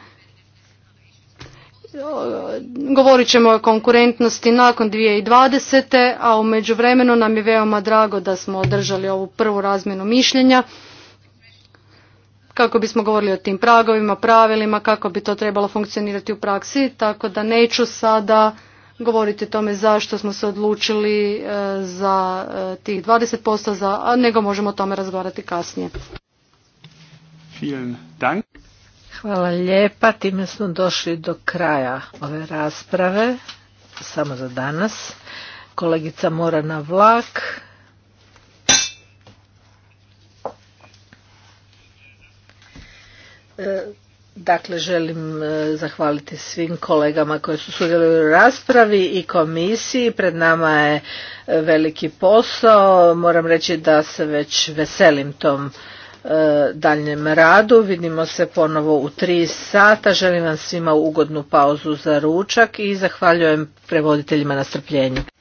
Govorit ćemo o konkurentnosti nakon 2020. a u međuvremenu nam je veoma drago da smo održali ovu prvu razmjenu mišljenja kako bismo govorili o tim pragovima, pravilima, kako bi to trebalo funkcionirati u praksi, tako da neću sada govoriti o tome zašto smo se odlučili e, za e, tih 20%, za, nego možemo o tome razgovarati kasnije. Hvala lijepa, time smo došli do kraja ove rasprave, samo za danas. Kolegica morana vlak, E, dakle, želim e, zahvaliti svim kolegama koji su sudjelovali u raspravi i komisiji. Pred nama je e, veliki posao. Moram reći da se već veselim tom daljnjem radu. Vidimo se ponovo u tri sata. Želim vam svima ugodnu pauzu za ručak i zahvaljujem prevoditeljima na strpljenju.